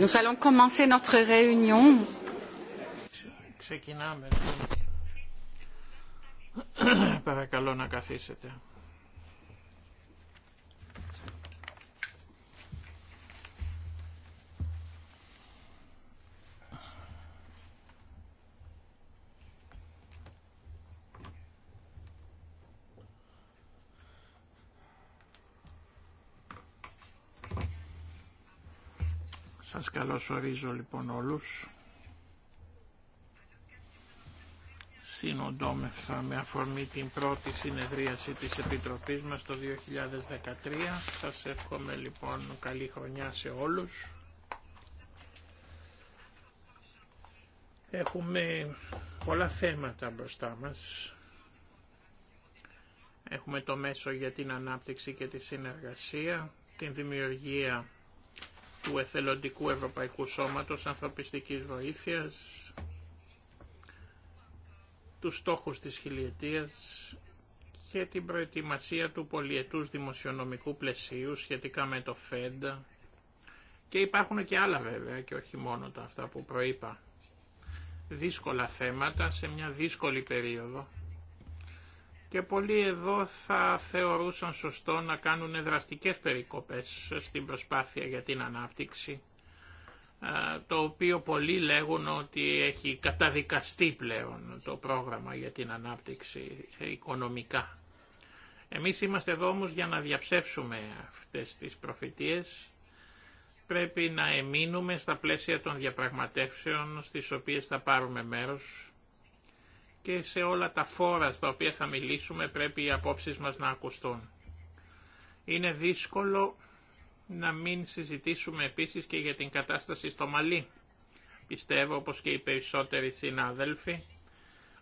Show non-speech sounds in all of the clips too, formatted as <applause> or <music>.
Nous allons commencer notre réunion. Ξεκινάμε. Παρακαλώ να καθίσετε. καλωσορίζω λοιπόν όλους. Συνοντόμεθα με αφορμή την πρώτη συνεδρίαση της Επιτροπής μας το 2013. Σας εύχομαι λοιπόν καλή χρονιά σε όλους. Έχουμε πολλά θέματα μπροστά μας. Έχουμε το μέσο για την ανάπτυξη και τη συνεργασία, την δημιουργία του Εθελοντικού Ευρωπαϊκού Σώματος Ανθρωπιστικής Βοήθειας, τους στόχους της χιλιετίας και την προετοιμασία του πολιετούς δημοσιονομικού πλαισίου σχετικά με το ΦΕΝΤ και υπάρχουν και άλλα βέβαια και όχι μόνο τα αυτά που προείπα. Δύσκολα θέματα σε μια δύσκολη περίοδο και πολλοί εδώ θα θεωρούσαν σωστό να κάνουν δραστικές περικοπές στην προσπάθεια για την ανάπτυξη, το οποίο πολλοί λέγουν ότι έχει καταδικαστεί πλέον το πρόγραμμα για την ανάπτυξη οικονομικά. Εμείς είμαστε εδώ όμως για να διαψεύσουμε αυτές τις προφητείες. Πρέπει να εμείνουμε στα πλαίσια των διαπραγματεύσεων στις οποίες θα πάρουμε μέρος και σε όλα τα φόρα στα οποία θα μιλήσουμε πρέπει οι απόψεις μας να ακουστούν. Είναι δύσκολο να μην συζητήσουμε επίσης και για την κατάσταση στο Μαλί. Πιστεύω, όπως και οι περισσότεροι συνάδελφοι,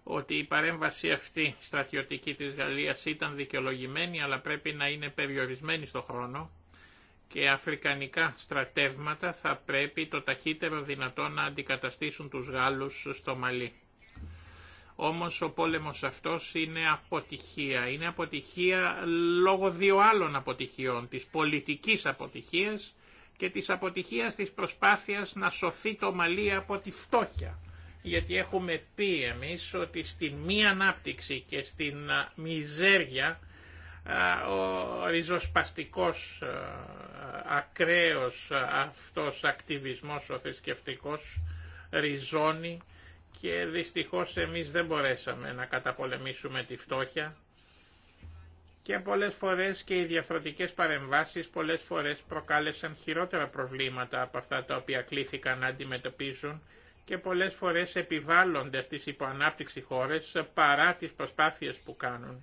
ότι η παρέμβαση αυτή στρατιωτική της Γαλλίας ήταν δικαιολογημένη, αλλά πρέπει να είναι περιορισμένη στο χρόνο και αφρικανικά στρατεύματα θα πρέπει το ταχύτερο δυνατό να αντικαταστήσουν τους Γάλλους στο Μαλί. Όμως ο πόλεμος αυτός είναι αποτυχία. Είναι αποτυχία λόγω δύο άλλων αποτυχιών, της πολιτικής αποτυχίας και της αποτυχίας της προσπάθειας να σωθεί το Μαλί από τη φτώχεια. Γιατί έχουμε πει εμείς ότι στην μη ανάπτυξη και στην μιζέρια ο ριζοσπαστικός ακραίος αυτός ακτιβισμός ο θρησκευτικός ριζώνει και δυστυχώς εμείς δεν μπορέσαμε να καταπολεμήσουμε τη φτώχεια και πολλές φορές και οι διαφορετικές παρεμβάσεις πολλές φορές προκάλεσαν χειρότερα προβλήματα από αυτά τα οποία κλήθηκαν να αντιμετωπίσουν και πολλές φορές επιβάλλονται στις υποανάπτυξη χώρες παρά τις προσπάθειες που κάνουν.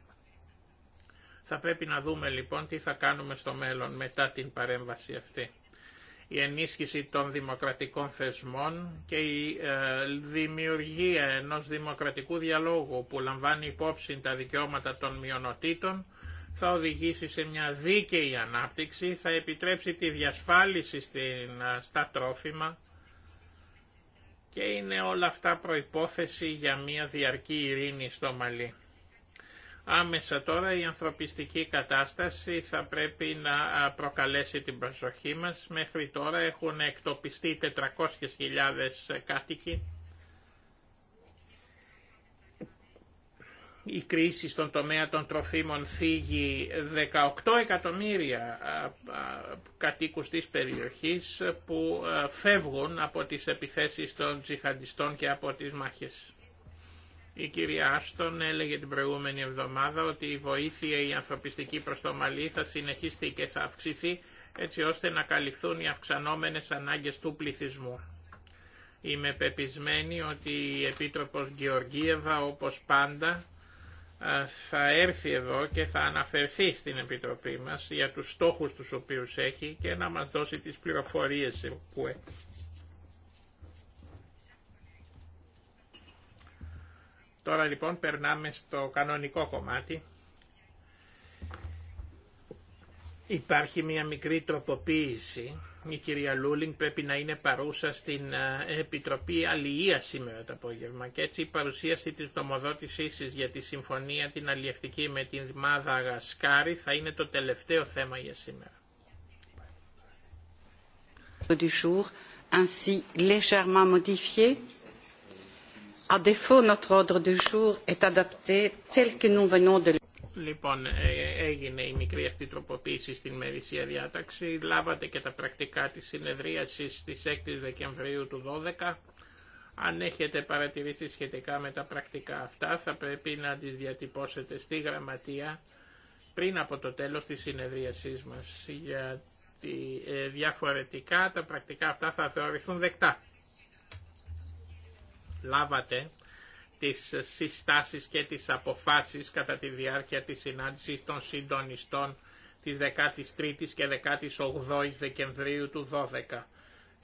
Θα πρέπει να δούμε λοιπόν τι θα κάνουμε στο μέλλον μετά την παρέμβαση αυτή η ενίσχυση των δημοκρατικών θεσμών και η ε, δημιουργία ενός δημοκρατικού διαλόγου που λαμβάνει υπόψη τα δικαιώματα των μειονοτήτων θα οδηγήσει σε μια δίκαιη ανάπτυξη, θα επιτρέψει τη διασφάλιση στην, ε, στα τρόφιμα και είναι όλα αυτά προϋπόθεση για μια διαρκή ειρήνη στο Μαλί. Άμεσα τώρα η ανθρωπιστική κατάσταση θα πρέπει να προκαλέσει την προσοχή μας. Μέχρι τώρα έχουν εκτοπιστεί 400.000 κάτοικοι. Η κρίση στον τομέα των τροφίμων φύγει 18 εκατομμύρια κατοίκους της περιοχής που φεύγουν από τις επιθέσεις των τζιχαντιστών και από τις μάχες. Η κυρία Άστον έλεγε την προηγούμενη εβδομάδα ότι η βοήθεια η ανθρωπιστική προς το Μαλή θα συνεχιστεί και θα αυξηθεί έτσι ώστε να καλυφθούν οι αυξανόμενες ανάγκες του πληθυσμού. Είμαι πεπισμένη ότι η Επίτροπος Γεωργίευα όπως πάντα θα έρθει εδώ και θα αναφερθεί στην Επιτροπή μας για τους στόχους τους οποίους έχει και να μας δώσει τις πληροφορίες που έχει. Τώρα λοιπόν περνάμε στο κανονικό κομμάτι. Υπάρχει μια μικρή τροποποίηση. Η κυρία Λούλινγκ πρέπει να είναι παρούσα στην ε, Επιτροπή Αλληλεία σήμερα το απόγευμα και έτσι η παρουσίαση της νομοδότησής για τη συμφωνία την Αλληλευτική με την Μάδα Αγασκάρη θα είναι το τελευταίο θέμα για σήμερα. Λοιπόν, έγινε η μικρή αυτή τροποποίηση στην μερισία διάταξη. Λάβατε και τα πρακτικά της συνεδρίασης της 6 Δεκεμβρίου του 12. Αν έχετε παρατηρήσει σχετικά με τα πρακτικά αυτά, θα πρέπει να τις διατυπώσετε στη γραμματεία πριν από το τέλος της συνεδρίασής μας, γιατί ε, διαφορετικά τα πρακτικά αυτά θα θεωρηθούν δεκτά λάβατε τις συστάσεις και τις αποφάσεις κατά τη διάρκεια της συνάντησης των συντονιστών της 13ης και 18ης Δεκεμβρίου του 12.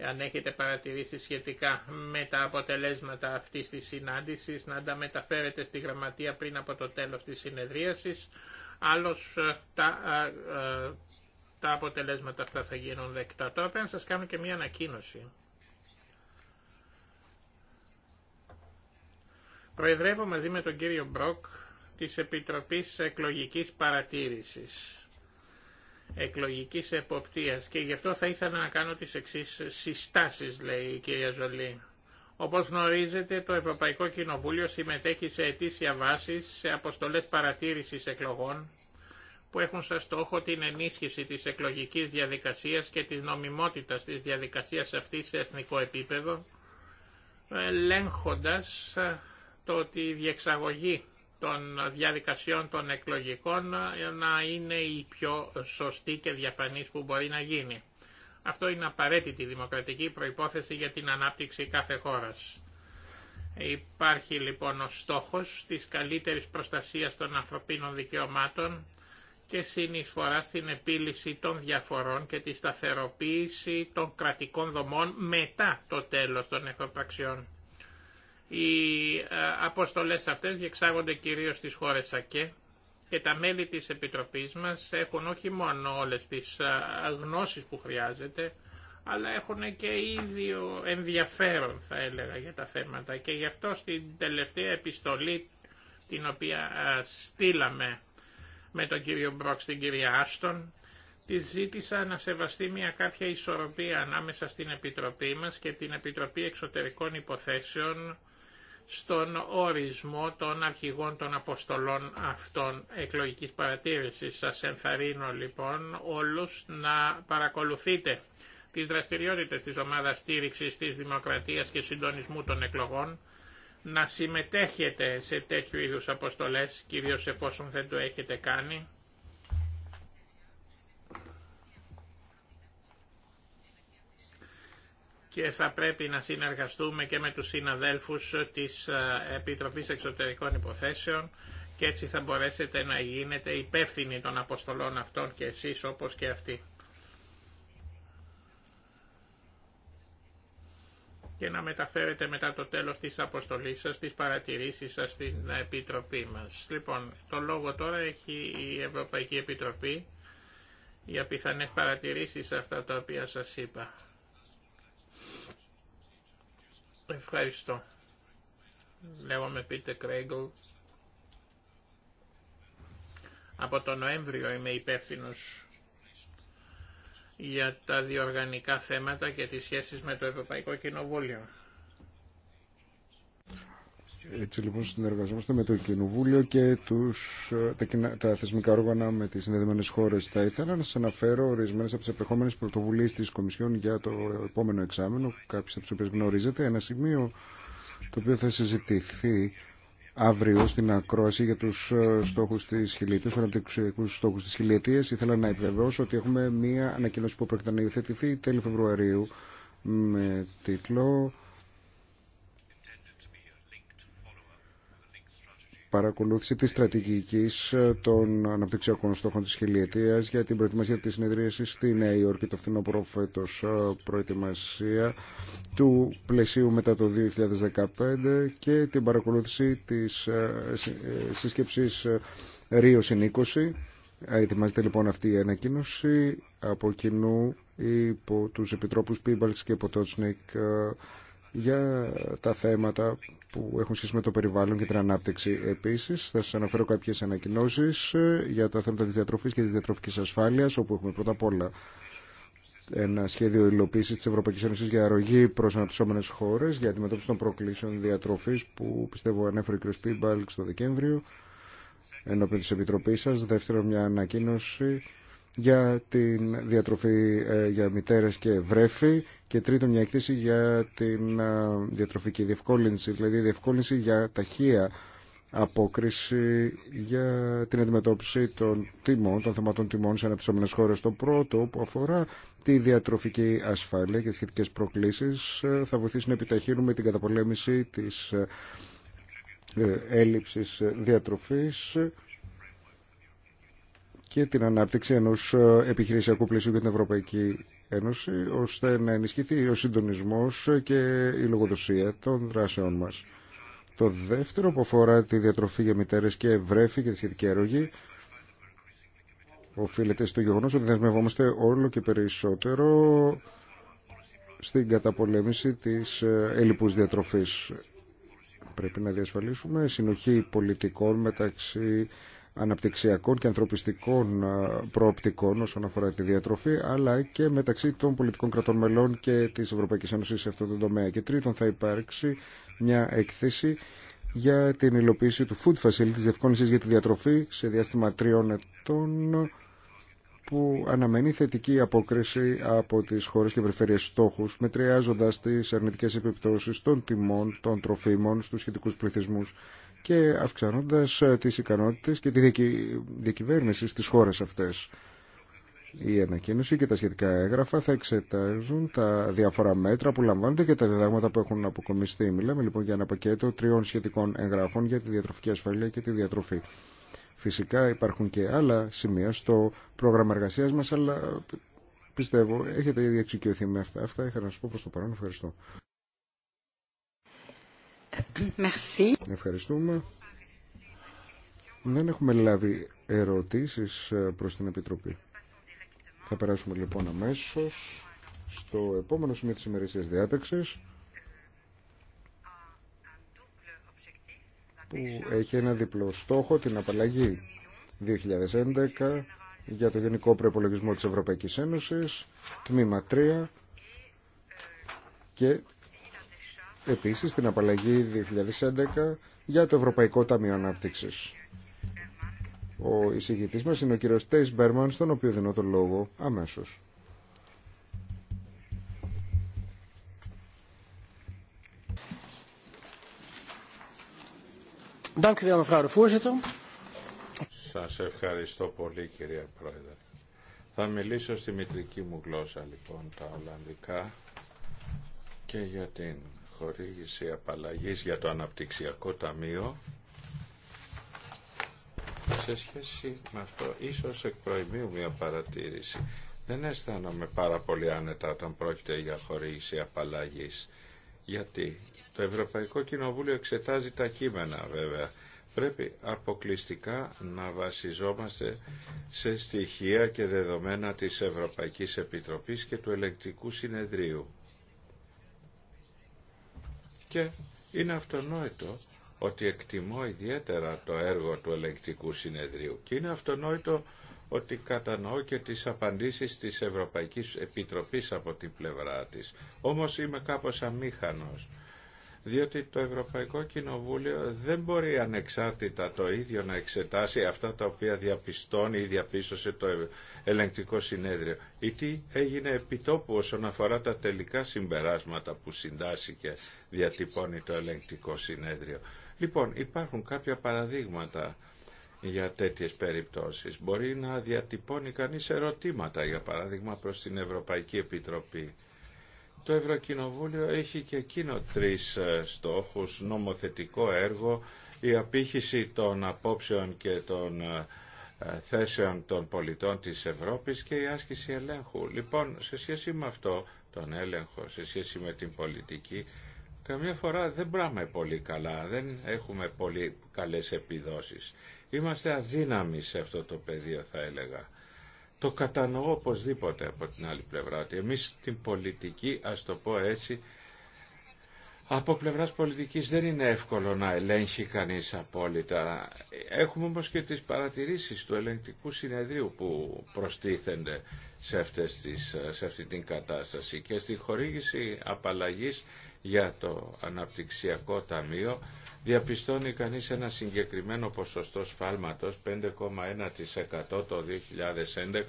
Αν έχετε παρατηρήσει σχετικά με τα αποτελέσματα αυτής της συνάντησης, να τα μεταφέρετε στη γραμματεία πριν από το τέλος της συνεδρίασης, άλλως ε, τα, ε, ε, τα αποτελέσματα αυτά θα γίνουν δεκτά. Τώρα πρέπει να σας κάνω και μια ανακοίνωση. Προεδρεύω μαζί με τον κύριο Μπροκ της Επιτροπής Εκλογικής Παρατήρησης, Εκλογικής Εποπτείας και γι' αυτό θα ήθελα να κάνω τις εξής συστάσεις, λέει η κυρία Ζολή. Όπως γνωρίζετε, το Ευρωπαϊκό Κοινοβούλιο συμμετέχει σε αιτήσια βάση σε αποστολές παρατήρησης εκλογών που έχουν σαν στόχο την ενίσχυση της εκλογικής διαδικασίας και της νομιμότητας της διαδικασίας αυτής σε εθνικό επίπεδο, το ότι η διεξαγωγή των διαδικασιών των εκλογικών να είναι η πιο σωστή και διαφανής που μπορεί να γίνει. Αυτό είναι απαραίτητη δημοκρατική προϋπόθεση για την ανάπτυξη κάθε χώρας. Υπάρχει λοιπόν ο στόχος της καλύτερης προστασίας των ανθρωπίνων δικαιωμάτων και συνεισφορά στην επίλυση των διαφορών και τη σταθεροποίηση των κρατικών δομών μετά το τέλος των εχθροπραξιών. Οι ε, αποστολές αυτές διεξάγονται κυρίως στις χώρες ΑΚΕ και τα μέλη της Επιτροπής μας έχουν όχι μόνο όλες τις ε, γνώσεις που χρειάζεται, αλλά έχουν και ίδιο ενδιαφέρον θα έλεγα για τα θέματα και γι' αυτό στην τελευταία επιστολή την οποία ε, στείλαμε με τον κύριο Μπροξ την κυρία Άστον, τη ζήτησα να σεβαστεί μια κάποια ισορροπία ανάμεσα στην Επιτροπή μας και την Επιτροπή Εξωτερικών Υποθέσεων στον ορισμό των αρχηγών των αποστολών αυτών εκλογικής παρατήρησης. Σας ενθαρρύνω λοιπόν όλους να παρακολουθείτε τις δραστηριότητες της ομάδας στήριξης της δημοκρατίας και συντονισμού των εκλογών, να συμμετέχετε σε τέτοιου είδους αποστολές, κυρίως εφόσον δεν το έχετε κάνει, και θα πρέπει να συνεργαστούμε και με τους συναδέλφους της ε, Επιτροπής Εξωτερικών Υποθέσεων και έτσι θα μπορέσετε να γίνετε υπεύθυνοι των αποστολών αυτών και εσείς όπως και αυτοί. και να μεταφέρετε μετά το τέλος της αποστολής σας, της παρατηρήσεις σας στην Επιτροπή μας. Λοιπόν, το λόγο τώρα έχει η Ευρωπαϊκή Επιτροπή για πιθανές παρατηρήσεις αυτά τα οποία σας είπα. Ευχαριστώ. Λέγομαι Πίτε Κρέγκλ. Από τον Νοέμβριο είμαι υπεύθυνο για τα διοργανικά θέματα και τις σχέσεις με το Ευρωπαϊκό Κοινοβούλιο. Έτσι λοιπόν συνεργαζόμαστε με το Κοινοβούλιο και τους, τα, θεσμικά όργανα με τις συνδεδεμένες χώρες. Θα ήθελα να σας αναφέρω ορισμένες από τις επερχόμενες πρωτοβουλίες της Κομισιόν για το επόμενο εξάμενο, κάποιες από τις οποίες γνωρίζετε. Ένα σημείο το οποίο θα συζητηθεί αύριο στην ακρόαση για τους ε, στόχους της χιλιετίας, τους στόχους της χιλιετίας. Ήθελα να επιβεβαιώσω ότι έχουμε μία ανακοίνωση που πρόκειται να υιοθετηθεί τέλη Φεβρουαρίου με τίτλο παρακολούθηση της στρατηγικής ε, των αναπτυξιακών στόχων της χιλιετίας για την προετοιμασία της συνεδρίασης στη Νέα Υόρκη το φθινόπωρο φέτος ε, προετοιμασία του πλαισίου μετά το 2015 και την παρακολούθηση της ε, σύσκεψης Ρίο συν Ετοιμάζεται λοιπόν αυτή η ανακοίνωση από κοινού υπό τους επιτρόπους Πίμπαλτς και Ποτότσνικ για τα θέματα που έχουν σχέση με το περιβάλλον και την ανάπτυξη. Επίση, θα σα αναφέρω κάποιε ανακοινώσει ε, για τα θέματα τη διατροφή και τη διατροφική ασφάλεια, όπου έχουμε πρώτα απ' όλα ένα σχέδιο υλοποίηση τη Ευρωπαϊκή Ένωση για αρρωγή προ αναπτυσσόμενε χώρε για αντιμετώπιση των προκλήσεων διατροφή που πιστεύω ανέφερε ο κ. Πίμπαλξ το Δεκέμβριο ενώπιον τη Επιτροπή σα. Δεύτερον, μια ανακοίνωση για την διατροφή ε, για μητέρες και βρέφη και τρίτον μια εκθέση για την ε, διατροφική διευκόλυνση, δηλαδή διευκόλυνση για ταχεία απόκριση για την αντιμετώπιση των τιμών, των θεμάτων τιμών σε αναπτυσσόμενες χώρες. Το πρώτο που αφορά τη διατροφική ασφάλεια και τις σχετικές προκλήσεις ε, θα βοηθήσει να επιταχύνουμε την καταπολέμηση της έλλειψης διατροφής και την ανάπτυξη ενός ε, επιχειρησιακού πλαισίου για την Ευρωπαϊκή Ένωση, ώστε να ενισχυθεί ο συντονισμός και η λογοδοσία των δράσεών μας. Το δεύτερο που αφορά τη διατροφή για μητέρες και βρέφη και τη σχετική έρωγη, οφείλεται στο γεγονός ότι δεσμευόμαστε όλο και περισσότερο στην καταπολέμηση της ε, ελλειπούς διατροφής. Πρέπει να διασφαλίσουμε συνοχή πολιτικών μεταξύ αναπτυξιακών και ανθρωπιστικών ε, προοπτικών όσον αφορά τη διατροφή, αλλά και μεταξύ των πολιτικών κρατών μελών και της Ευρωπαϊκής Ένωσης σε αυτό το τομέα. Και τρίτον θα υπάρξει μια εκθέση για την υλοποίηση του Food Facility, της διευκόνησης για τη διατροφή σε διάστημα τριών ετών που αναμένει θετική απόκριση από τις χώρες και περιφέρειες στόχους, μετριάζοντας τις αρνητικές επιπτώσεις των τιμών των τροφίμων στους σχετικούς πληθυσμούς και αυξάνοντας ε, τις ικανότητες και τη διακυβέρνηση στις χώρες αυτές. Η ανακοίνωση και τα σχετικά έγγραφα θα εξετάζουν τα διάφορα μέτρα που λαμβάνονται και τα διδάγματα που έχουν αποκομιστεί. Μιλάμε λοιπόν για ένα πακέτο τριών σχετικών εγγράφων για τη διατροφική ασφαλεία και τη διατροφή. Φυσικά υπάρχουν και άλλα σημεία στο πρόγραμμα εργασία μα, αλλά πιστεύω έχετε ήδη εξοικειωθεί με αυτά. Αυτά είχα να σα πω προ το παρόν. Ευχαριστώ. Ευχαριστούμε. Δεν έχουμε λάβει ερωτήσεις ε, προς την Επιτροπή. Θα περάσουμε λοιπόν αμέσως στο επόμενο σημείο της ημερησίας διάταξης που έχει ένα διπλό στόχο την απαλλαγή 2011 για το Γενικό Προπολογισμό της Ευρωπαϊκής Ένωσης τμήμα 3 και επίσης την απαλλαγή 2011 για το Ευρωπαϊκό Ταμείο Ανάπτυξης. Ο εισηγητής μας είναι ο κύριος Τέις Μπέρμαν, στον οποίο δίνω τον λόγο αμέσως. Σας ευχαριστώ πολύ κυρία Πρόεδρε. Θα μιλήσω στη μητρική μου γλώσσα λοιπόν τα Ολλανδικά και για την χορήγηση απαλλαγής για το Αναπτυξιακό Ταμείο σε σχέση με αυτό ίσως εκ προημίου μια παρατήρηση. Δεν αισθάνομαι πάρα πολύ άνετα όταν πρόκειται για χορήγηση απαλλαγής γιατί το Ευρωπαϊκό Κοινοβούλιο εξετάζει τα κείμενα βέβαια. Πρέπει αποκλειστικά να βασιζόμαστε σε στοιχεία και δεδομένα της Ευρωπαϊκής Επιτροπής και του Ελεκτικού Συνεδρίου. Και είναι αυτονόητο ότι εκτιμώ ιδιαίτερα το έργο του ελεγκτικού συνεδρίου και είναι αυτονόητο ότι κατανοώ και τις απαντήσεις της Ευρωπαϊκής Επιτροπής από την πλευρά της. Όμως είμαι κάπως αμήχανος διότι το Ευρωπαϊκό Κοινοβούλιο δεν μπορεί ανεξάρτητα το ίδιο να εξετάσει αυτά τα οποία διαπιστώνει ή διαπίστωσε το ελεγκτικό συνέδριο ή τι έγινε επιτόπου όσον αφορά τα τελικά συμπεράσματα που συντάσσει και διατυπώνει το ελεγκτικό συνέδριο. Λοιπόν, υπάρχουν κάποια παραδείγματα για τέτοιες περιπτώσεις. Μπορεί να διατυπώνει κανείς ερωτήματα, για παράδειγμα, προς την Ευρωπαϊκή Επιτροπή το Ευρωκοινοβούλιο έχει και εκείνο τρεις ε, στόχους, νομοθετικό έργο, η απήχηση των απόψεων και των ε, ε, θέσεων των πολιτών της Ευρώπης και η άσκηση ελέγχου. Λοιπόν, σε σχέση με αυτό, τον έλεγχο, σε σχέση με την πολιτική, καμιά φορά δεν πράμε πολύ καλά, δεν έχουμε πολύ καλές επιδόσεις. Είμαστε αδύναμοι σε αυτό το πεδίο, θα έλεγα. Το κατανοώ οπωσδήποτε από την άλλη πλευρά, ότι εμείς την πολιτική, ας το πω έτσι, από πλευράς πολιτικής δεν είναι εύκολο να ελέγχει κανείς απόλυτα. Έχουμε όμως και τις παρατηρήσεις του ελεγκτικού συνεδρίου που προστίθενται σε, αυτές τις, σε αυτή την κατάσταση και στη χορήγηση απαλλαγής για το Αναπτυξιακό Ταμείο διαπιστώνει κανείς ένα συγκεκριμένο ποσοστό σφάλματος 5,1% το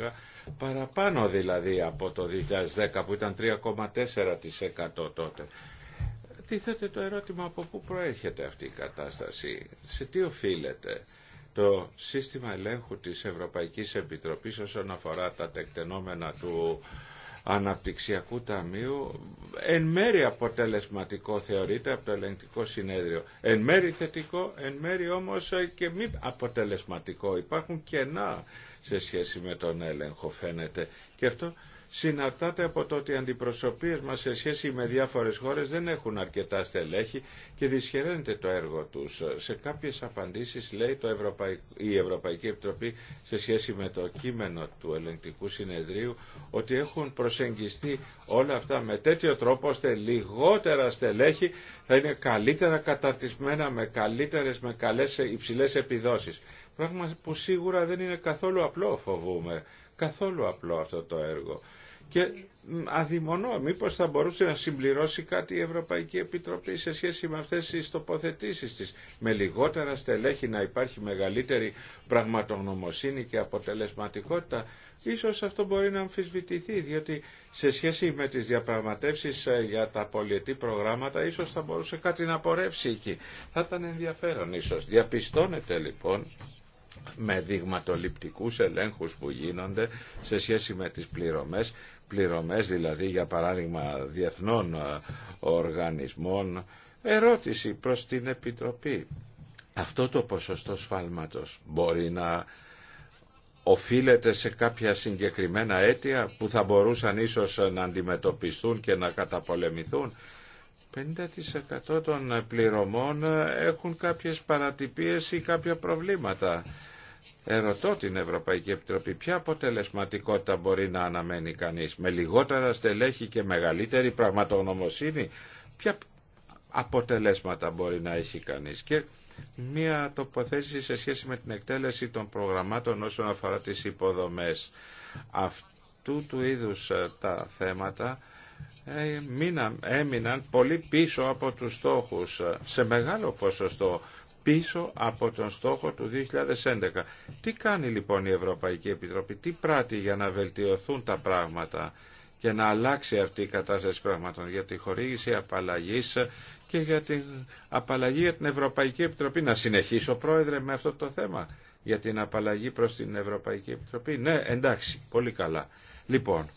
2011 παραπάνω δηλαδή από το 2010 που ήταν 3,4% τότε. Τίθεται το ερώτημα από πού προέρχεται αυτή η κατάσταση, σε τι οφείλεται το σύστημα ελέγχου της Ευρωπαϊκής Επιτροπής όσον αφορά τα τεκτενόμενα του Αναπτυξιακού Ταμείου εν μέρη αποτελεσματικό θεωρείται από το ελεγκτικό συνέδριο. Εν μέρη θετικό, εν μέρη όμως ε, και μη αποτελεσματικό. Υπάρχουν κενά σε σχέση με τον έλεγχο φαίνεται. Και αυτό συναρτάται από το ότι οι αντιπροσωπείες μας σε σχέση με διάφορε χώρε δεν έχουν αρκετά στελέχη και δυσχεραίνεται το έργο του. Σε κάποιε απαντήσει, λέει το η Ευρωπαϊκή Επιτροπή σε σχέση με το κείμενο του ελεγκτικού συνεδρίου ότι έχουν προσεγγιστεί όλα αυτά με τέτοιο τρόπο ώστε λιγότερα στελέχη θα είναι καλύτερα καταρτισμένα με καλύτερε, με καλέ υψηλέ επιδόσει. Πράγμα που σίγουρα δεν είναι καθόλου απλό φοβούμε. Καθόλου απλό αυτό το έργο και αδειμονώ μήπω θα μπορούσε να συμπληρώσει κάτι η Ευρωπαϊκή Επιτροπή σε σχέση με αυτέ τι τοποθετήσει τη με λιγότερα στελέχη να υπάρχει μεγαλύτερη πραγματογνωμοσύνη και αποτελεσματικότητα Ίσως αυτό μπορεί να αμφισβητηθεί, διότι σε σχέση με τι διαπραγματεύσει ε, για τα πολιετή προγράμματα, ίσω θα μπορούσε κάτι να πορεύσει εκεί. Θα ήταν ενδιαφέρον ίσω. Διαπιστώνεται λοιπόν με δειγματοληπτικούς ελέγχους που γίνονται σε σχέση με τις πληρωμές, πληρωμές δηλαδή για παράδειγμα διεθνών ε, οργανισμών. Ερώτηση προς την Επιτροπή. Αυτό το ποσοστό σφάλματος μπορεί να οφείλεται σε κάποια συγκεκριμένα αίτια που θα μπορούσαν ίσως να αντιμετωπιστούν και να καταπολεμηθούν. 50% των πληρωμών έχουν κάποιες παρατυπίες ή κάποια προβλήματα. Ερωτώ την Ευρωπαϊκή Επιτροπή ποια αποτελεσματικότητα μπορεί να αναμένει κανείς με λιγότερα στελέχη και μεγαλύτερη πραγματογνωμοσύνη ποια αποτελέσματα μπορεί να έχει κανείς και μία τοποθέτηση σε σχέση με την εκτέλεση των προγραμμάτων όσον αφορά τις υποδομές αυτού του είδους ε, τα θέματα ε, έμειναν πολύ πίσω από τους στόχους ε, σε μεγάλο ποσοστό πίσω από τον στόχο του 2011. Τι κάνει λοιπόν η Ευρωπαϊκή Επιτροπή, τι πράττει για να βελτιωθούν τα πράγματα και να αλλάξει αυτή η κατάσταση πράγματων για τη χορήγηση απαλλαγή και για την απαλλαγή για την Ευρωπαϊκή Επιτροπή. Να συνεχίσω, Πρόεδρε, με αυτό το θέμα για την απαλλαγή προς την Ευρωπαϊκή Επιτροπή. Ναι, εντάξει, πολύ καλά. Λοιπόν,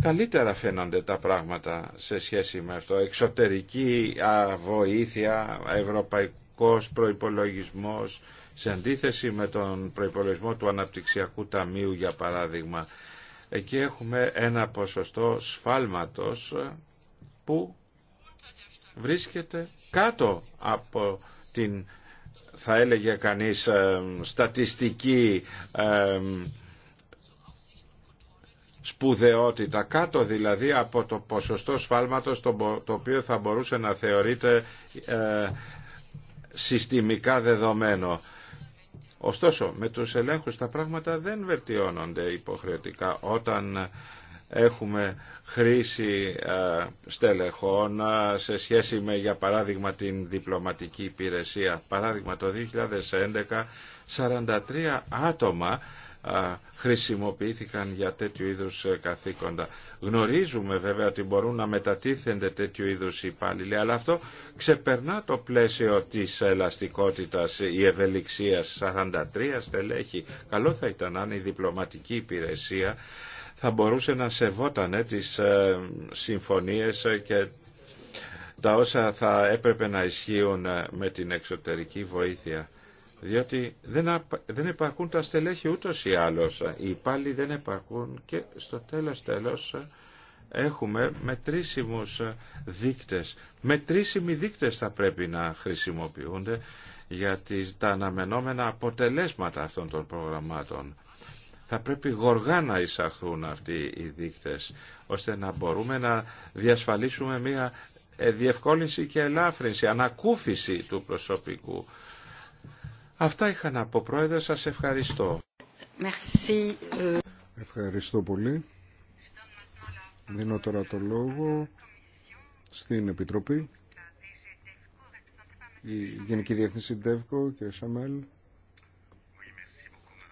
καλύτερα φαίνονται τα πράγματα σε σχέση με αυτό. Εξωτερική βοήθεια, ευρωπαϊκή προϋπολογισμός σε αντίθεση με τον προϋπολογισμό του Αναπτυξιακού Ταμείου για παράδειγμα. Εκεί έχουμε ένα ποσοστό σφάλματος που βρίσκεται κάτω από την θα έλεγε κανείς ε, στατιστική ε, σπουδαιότητα, κάτω δηλαδή από το ποσοστό σφάλματος το οποίο θα μπορούσε να θεωρείται ε, συστημικά δεδομένο. Ωστόσο, με τους ελέγχους τα πράγματα δεν βελτιώνονται υποχρεωτικά όταν έχουμε χρήση ε, στελεχών ε, σε σχέση με, για παράδειγμα, την διπλωματική υπηρεσία. Παράδειγμα, το 2011, 43 άτομα χρησιμοποιήθηκαν για τέτοιου είδους ε, καθήκοντα. Γνωρίζουμε βέβαια ότι μπορούν να μετατίθενται τέτοιου είδους υπάλληλοι, αλλά αυτό ξεπερνά το πλαίσιο της ελαστικότητας ή ευελιξία 43 στελέχη. Καλό θα ήταν αν η διπλωματική υπηρεσία θα μπορούσε να σεβότανε τις ε, συμφωνίες και τα όσα θα έπρεπε να ισχύουν ε, με την εξωτερική βοήθεια διότι δεν, δεν υπάρχουν τα στελέχη ούτως ή άλλως. Οι υπάλληλοι δεν υπάρχουν και στο τέλος τέλος έχουμε μετρήσιμους δείκτες. Μετρήσιμοι δείκτες θα πρέπει να χρησιμοποιούνται για τα αναμενόμενα αποτελέσματα αυτών των προγραμμάτων. Θα πρέπει γοργά να εισαχθούν αυτοί οι δείκτες, ώστε να μπορούμε να διασφαλίσουμε μια ε, διευκόλυνση και ελάφρυνση, ανακούφιση του προσωπικού Αυτά είχα να πω, Πρόεδρε. Σας ευχαριστώ. Ε. Ευχαριστώ πολύ. Δίνω τώρα το λόγο στην Επιτροπή. Η Γενική Διεύθυνση ΔΕΒΚΟ, κύριε Σαμέλ.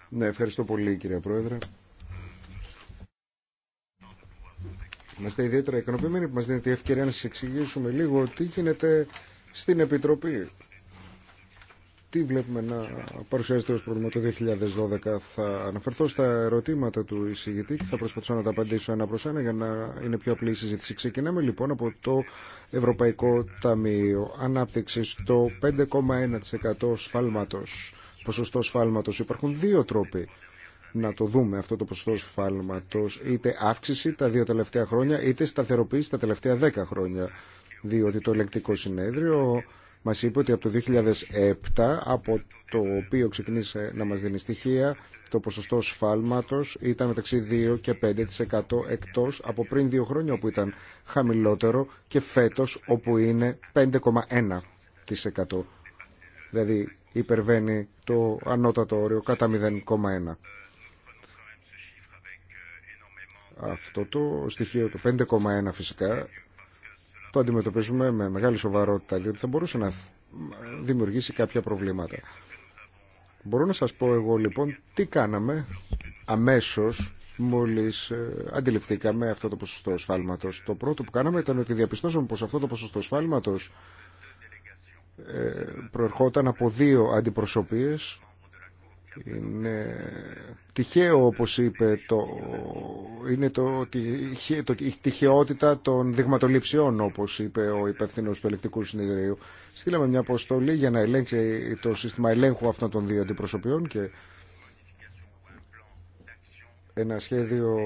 Ναι, ευχαριστώ πολύ κύριε Πρόεδρε. Είμαστε ιδιαίτερα ικανοποιημένοι που μας δίνεται η ευκαιρία να σας εξηγήσουμε λίγο τι γίνεται στην Επιτροπή τι βλέπουμε να παρουσιάζεται ως πρόβλημα το 2012. Θα αναφερθώ στα ερωτήματα του εισηγητή και θα προσπαθήσω να τα απαντήσω ένα προς ένα για να είναι πιο απλή η συζήτηση. Ξεκινάμε λοιπόν από το Ευρωπαϊκό Ταμείο Ανάπτυξης, το 5,1% σφάλματος, ποσοστό σφάλματος. Υπάρχουν δύο τρόποι να το δούμε αυτό το ποσοστό σφάλματος, είτε αύξηση τα δύο τελευταία χρόνια, είτε σταθεροποίηση τα τελευταία δέκα χρόνια. Διότι το ελεκτικό συνέδριο μας είπε ότι από το 2007, από το οποίο ξεκίνησε να μας δίνει στοιχεία, το ποσοστό σφάλματος ήταν μεταξύ 2 και 5% εκτός από πριν δύο χρόνια όπου ήταν χαμηλότερο και φέτος όπου είναι 5,1%. Δηλαδή υπερβαίνει το ανώτατο όριο κατά 0,1%. Αυτό το στοιχείο το 5,1 φυσικά το αντιμετωπίζουμε με μεγάλη σοβαρότητα, διότι θα μπορούσε να δημιουργήσει κάποια προβλήματα. Μπορώ να σας πω εγώ λοιπόν τι κάναμε αμέσως μόλις ε, αντιληφθήκαμε αυτό το ποσοστό σφάλματος. Το πρώτο που κάναμε ήταν ότι διαπιστώσαμε πως αυτό το ποσοστό σφάλματος ε, προερχόταν από δύο αντιπροσωπείες είναι τυχαίο όπως είπε το, είναι το, η τυχαιότητα των δειγματοληψιών όπως είπε ο υπεύθυνο του ελεκτικού συνεδρίου. Στείλαμε μια αποστολή για να ελέγξει το σύστημα ελέγχου αυτών των δύο αντιπροσωπιών και ένα σχέδιο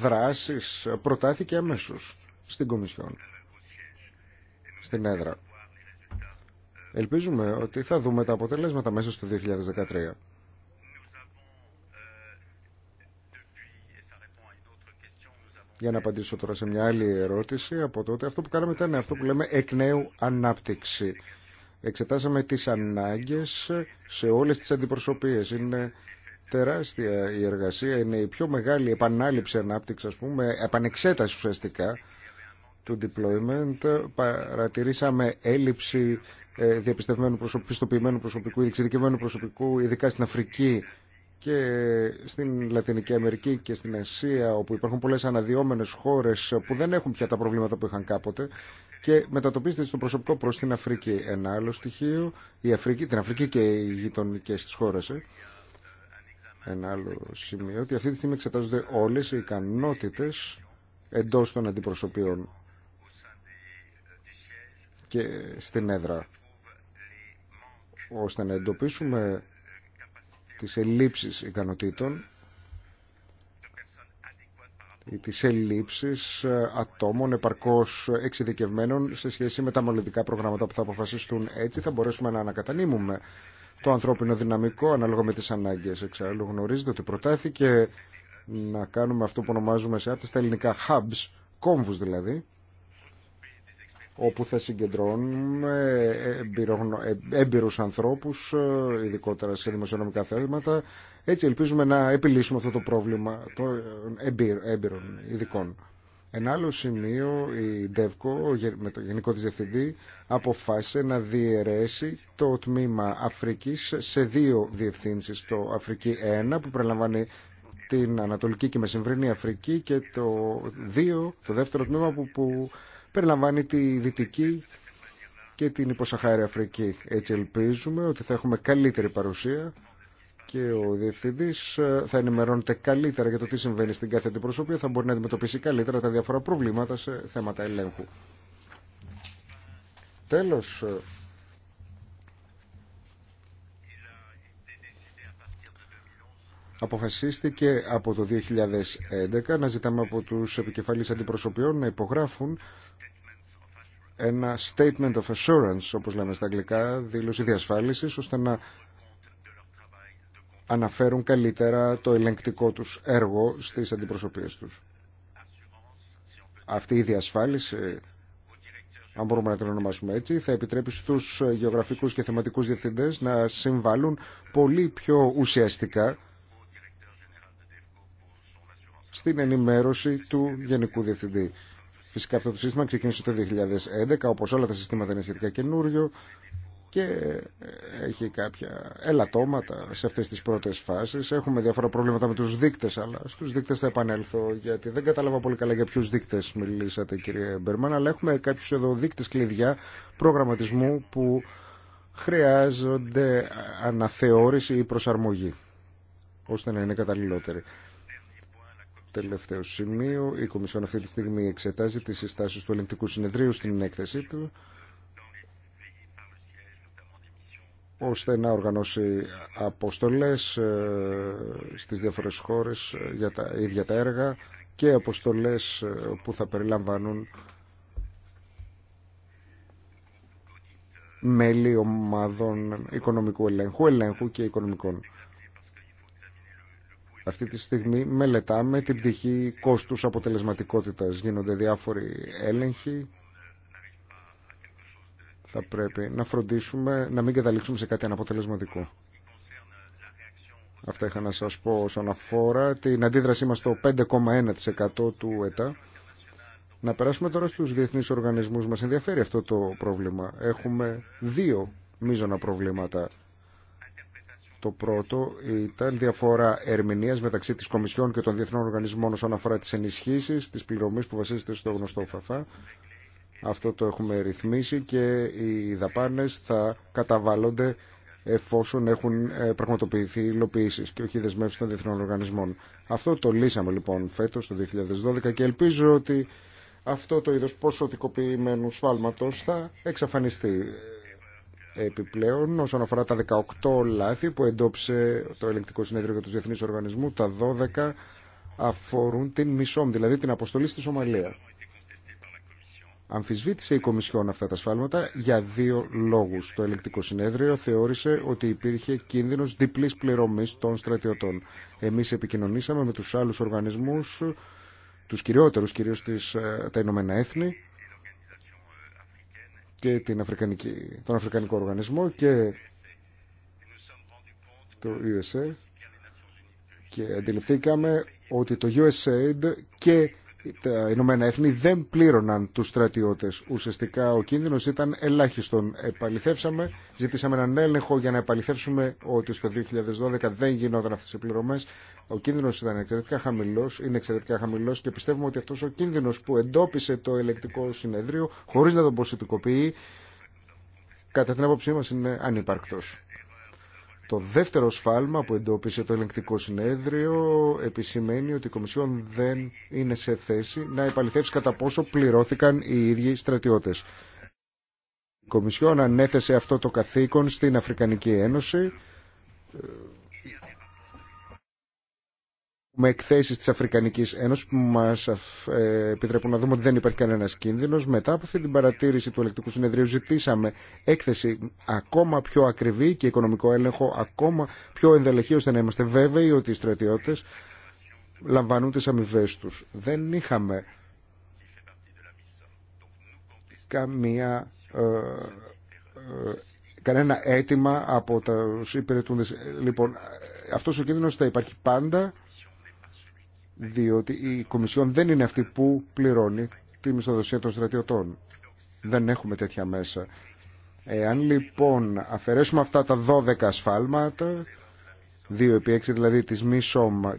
δράσης προτάθηκε αμέσως στην Κομισιόν, στην έδρα. Ελπίζουμε ότι θα δούμε τα αποτελέσματα μέσα στο 2013. Για να απαντήσω τώρα σε μια άλλη ερώτηση από τότε, αυτό που κάναμε ήταν αυτό που λέμε εκ νέου ανάπτυξη. Εξετάσαμε τις ανάγκες σε όλες τις αντιπροσωπείες. Είναι τεράστια η εργασία, είναι η πιο μεγάλη επανάληψη ανάπτυξη, ας πούμε, επανεξέταση ουσιαστικά του deployment. Παρατηρήσαμε έλλειψη ε, διαπιστευμένου προσωπικού, πιστοποιημένου προσωπικού, εξειδικευμένου προσωπικού, ειδικά στην Αφρική και στην Λατινική Αμερική και στην Ασία όπου υπάρχουν πολλές αναδυόμενες χώρες που δεν έχουν πια τα προβλήματα που είχαν κάποτε και μετατοπίζεται στο προσωπικό προς την Αφρική ένα άλλο στοιχείο η Αφρική, την Αφρική και οι γειτονικέ της χώρες ε. ένα άλλο σημείο ότι αυτή τη στιγμή εξετάζονται όλες οι ικανότητες εντός των αντιπροσωπείων και στην έδρα ώστε να εντοπίσουμε της ελλείψεις ικανοτήτων ή της ελλείψεις ε, ατόμων επαρκώς εξειδικευμένων σε σχέση με τα μολυντικά προγράμματα που θα αποφασιστούν. Έτσι θα μπορέσουμε να ανακατανύμουμε το ανθρώπινο δυναμικό ανάλογα με τις ανάγκες. Εξάλλου γνωρίζετε ότι προτάθηκε να κάνουμε αυτό που ονομάζουμε σε άπτες τα ελληνικά hubs, κόμβους δηλαδή, όπου θα συγκεντρώνουμε ε, έμπειρους ανθρώπους, ε, ειδικότερα σε δημοσιονομικά θέματα. Έτσι ελπίζουμε να επιλύσουμε αυτό το πρόβλημα των ε, έμπειρων ειδικών. Ένα άλλο σημείο, η ΔΕΒΚΟ, με το Γενικό της Διευθυντή, αποφάσισε να διαιρέσει το τμήμα Αφρικής σε δύο διευθύνσεις. Το Αφρική 1 που προλαμβάνει την Ανατολική και Μεσημβρινή Αφρική και το 2, το δεύτερο τμήμα που, που περιλαμβάνει τη Δυτική και την Υποσαχάρη Αφρική. Έτσι ελπίζουμε ότι θα έχουμε καλύτερη παρουσία και ο διευθυντή ε, θα ενημερώνεται καλύτερα για το τι συμβαίνει στην κάθε αντιπροσωπεία, θα μπορεί να αντιμετωπίσει καλύτερα τα διάφορα προβλήματα σε θέματα ελέγχου. Τέλος, ε, αποφασίστηκε από το 2011 να ζητάμε από τους επικεφαλείς αντιπροσωπιών να υπογράφουν ένα statement of assurance, όπως λέμε στα αγγλικά, δήλωση διασφάλισης, ώστε να αναφέρουν καλύτερα το ελεγκτικό τους έργο στις αντιπροσωπείες τους. Αυτή η διασφάλιση, αν μπορούμε να την ονομάσουμε έτσι, θα επιτρέπει στους γεωγραφικούς και θεματικούς διευθυντές να συμβάλλουν πολύ πιο ουσιαστικά στην ενημέρωση του Γενικού Διευθυντή Φυσικά αυτό το σύστημα ξεκίνησε το 2011, όπως όλα τα συστήματα είναι σχετικά καινούριο και έχει κάποια ελαττώματα σε αυτές τις πρώτες φάσεις. Έχουμε διάφορα προβλήματα με τους δείκτες, αλλά στους δείκτες θα επανέλθω, γιατί δεν κατάλαβα πολύ καλά για ποιους δείκτες μιλήσατε κύριε Μπερμαν, αλλά έχουμε κάποιους εδώ δείκτες κλειδιά προγραμματισμού που χρειάζονται αναθεώρηση ή προσαρμογή, ώστε να είναι καταλληλότεροι τελευταίο σημείο. Η Κομισιόν αυτή τη στιγμή εξετάζει τις συστάσεις του Ελεγκτικού Συνεδρίου στην έκθεσή του ώστε να οργανώσει αποστολές ε, στις διάφορες χώρες ε, για τα ίδια τα έργα και αποστολές ε, που θα περιλαμβάνουν μέλη ομάδων οικονομικού ελέγχου, ελέγχου και οικονομικών αυτή τη στιγμή μελετάμε την πτυχή κόστους αποτελεσματικότητας. Γίνονται διάφοροι έλεγχοι. Θα πρέπει να φροντίσουμε να μην καταλήξουμε σε κάτι αναποτελεσματικό. Αυτά είχα να σας πω όσον αφορά την αντίδρασή μας στο 5,1% του ΕΤΑ. Να περάσουμε τώρα στους διεθνείς οργανισμούς. Μας ενδιαφέρει αυτό το πρόβλημα. Έχουμε δύο μείζωνα προβλήματα το πρώτο ήταν διαφορά ερμηνεία μεταξύ τη Κομισιόν και των διεθνών οργανισμών όσον αφορά τι ενισχύσει, τη πληρωμή που βασίζεται στο γνωστό ΦΑΦΑ. Αυτό το έχουμε ρυθμίσει και οι δαπάνε θα καταβάλλονται εφόσον έχουν ε, πραγματοποιηθεί υλοποιήσει και όχι δεσμεύσει των διεθνών οργανισμών. Αυτό το λύσαμε λοιπόν φέτο το 2012 και ελπίζω ότι αυτό το είδο ποσοτικοποιημένου σφάλματο θα εξαφανιστεί. Επιπλέον, όσον αφορά τα 18 λάθη που εντόψε το Ελεκτικό συνέδριο για του διεθνεί Οργανισμού, τα 12 αφορούν την Μισόμ, δηλαδή την αποστολή στη Σομαλία. Αμφισβήτησε η Κομισιόν αυτά τα σφάλματα για δύο λόγους. Το ελεκτικό συνέδριο θεώρησε ότι υπήρχε κίνδυνος διπλής πληρωμής των στρατιωτών. Εμείς επικοινωνήσαμε με τους άλλους οργανισμούς, τους κυριότερους κυρίως της, ε, τα Ηνωμένα Έθνη, και τον Αφρικανικό Οργανισμό και το USA και αντιληφθήκαμε ότι το USAID και τα Ηνωμένα Έθνη δεν πλήρωναν τους στρατιώτες. Ουσιαστικά ο κίνδυνος ήταν ελάχιστον. Επαληθεύσαμε, ζητήσαμε έναν έλεγχο για να επαληθεύσουμε ότι στο 2012 δεν γινόταν αυτές οι πληρωμές. Ο κίνδυνος ήταν εξαιρετικά χαμηλός, είναι εξαιρετικά χαμηλός και πιστεύουμε ότι αυτός ο κίνδυνος που εντόπισε το ελεκτικό συνεδρίο, χωρίς να τον ποσοτικοποιεί, κατά την άποψή μας είναι ανύπαρκτος. Το δεύτερο σφάλμα που εντόπισε το ελεγκτικό συνέδριο επισημαίνει ότι η Κομισιόν δεν είναι σε θέση να επαληθεύσει κατά πόσο πληρώθηκαν οι ίδιοι στρατιώτες. Η Κομισιόν ανέθεσε αυτό το καθήκον στην Αφρικανική Ένωση με εκθέσεις της Αφρικανικής Ένωσης που μας ε, επιτρέπουν να δούμε ότι δεν υπάρχει κανένας κίνδυνος. Μετά από αυτή την παρατήρηση του ελεκτικού συνεδρίου ζητήσαμε έκθεση ακόμα πιο ακριβή και οικονομικό έλεγχο ακόμα πιο ενδελεχή ώστε να είμαστε βέβαιοι ότι οι στρατιώτες λαμβάνουν τις αμοιβέ τους. Δεν είχαμε καμία, ε, ε, κανένα αίτημα από τα υπηρετούντες. Λοιπόν, αυτός ο κίνδυνος θα υπάρχει πάντα διότι η Κομισιόν δεν είναι αυτή που πληρώνει τη μισθοδοσία των στρατιωτών. Δεν έχουμε τέτοια μέσα. Εάν λοιπόν αφαιρέσουμε αυτά τα 12 ασφάλματα, 2 επί 6 δηλαδή της μη σώμα,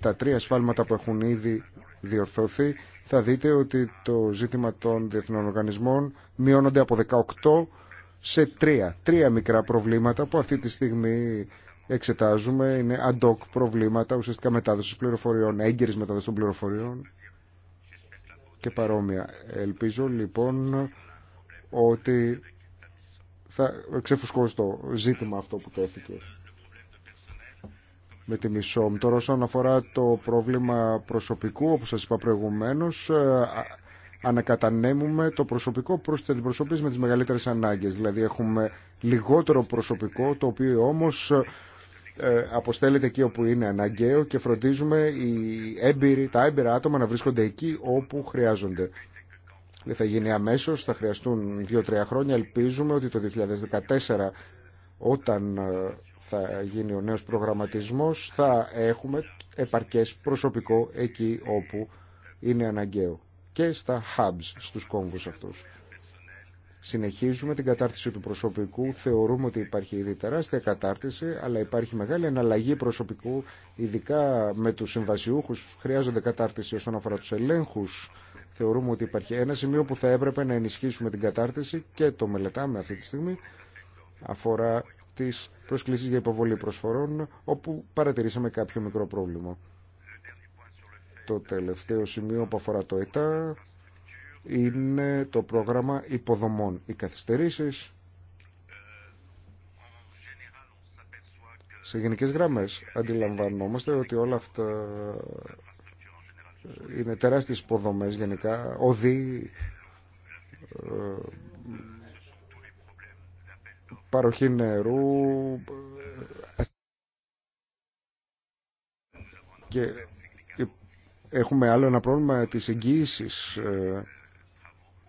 τα 3 ασφάλματα που έχουν ήδη διορθώθει, θα δείτε ότι το ζήτημα των διεθνών οργανισμών μειώνονται από 18 σε 3. Τρία μικρά προβλήματα που αυτή τη στιγμή εξετάζουμε είναι ad hoc προβλήματα, ουσιαστικά μετάδοση πληροφοριών, έγκαιρη μετάδοση των πληροφοριών και παρόμοια. Ελπίζω λοιπόν ότι θα ξεφουσκώσει το ζήτημα αυτό που τέθηκε με τη Μισόμ. Τώρα όσον αφορά το πρόβλημα προσωπικού, όπως σας είπα προηγουμένως, ε, ανακατανέμουμε το προσωπικό προς την αντιπροσωπεί με τις μεγαλύτερες ανάγκες. Δηλαδή έχουμε λιγότερο προσωπικό, το οποίο όμως ε, αποστέλλεται εκεί όπου είναι αναγκαίο και φροντίζουμε οι έμπειροι, τα έμπειρα άτομα να βρίσκονται εκεί όπου χρειάζονται. Δεν θα γίνει αμέσως, θα χρειαστούν 2-3 χρόνια. Ελπίζουμε ότι το 2014 όταν ε, θα γίνει ο νέος προγραμματισμός θα έχουμε επαρκές προσωπικό εκεί όπου είναι αναγκαίο και στα hubs, στους κόμβους αυτούς. Συνεχίζουμε την κατάρτιση του προσωπικού. Θεωρούμε ότι υπάρχει ήδη τεράστια κατάρτιση, αλλά υπάρχει μεγάλη εναλλαγή προσωπικού, ειδικά με του συμβασιούχου. Χρειάζονται κατάρτιση όσον αφορά του ελέγχου. Θεωρούμε ότι υπάρχει ένα σημείο που θα έπρεπε να ενισχύσουμε την κατάρτιση και το μελετάμε αυτή τη στιγμή. Αφορά τι προσκλήσει για υποβολή προσφορών, όπου παρατηρήσαμε κάποιο μικρό πρόβλημα. Το τελευταίο σημείο που αφορά το ΕΤΑ είναι το πρόγραμμα υποδομών. Οι καθυστερήσεις σε γενικές γραμμές αντιλαμβανόμαστε ότι όλα αυτά είναι τεράστιες υποδομές γενικά, οδοί, ε, παροχή νερού ε, και έχουμε άλλο ένα πρόβλημα της εγγύησης ε,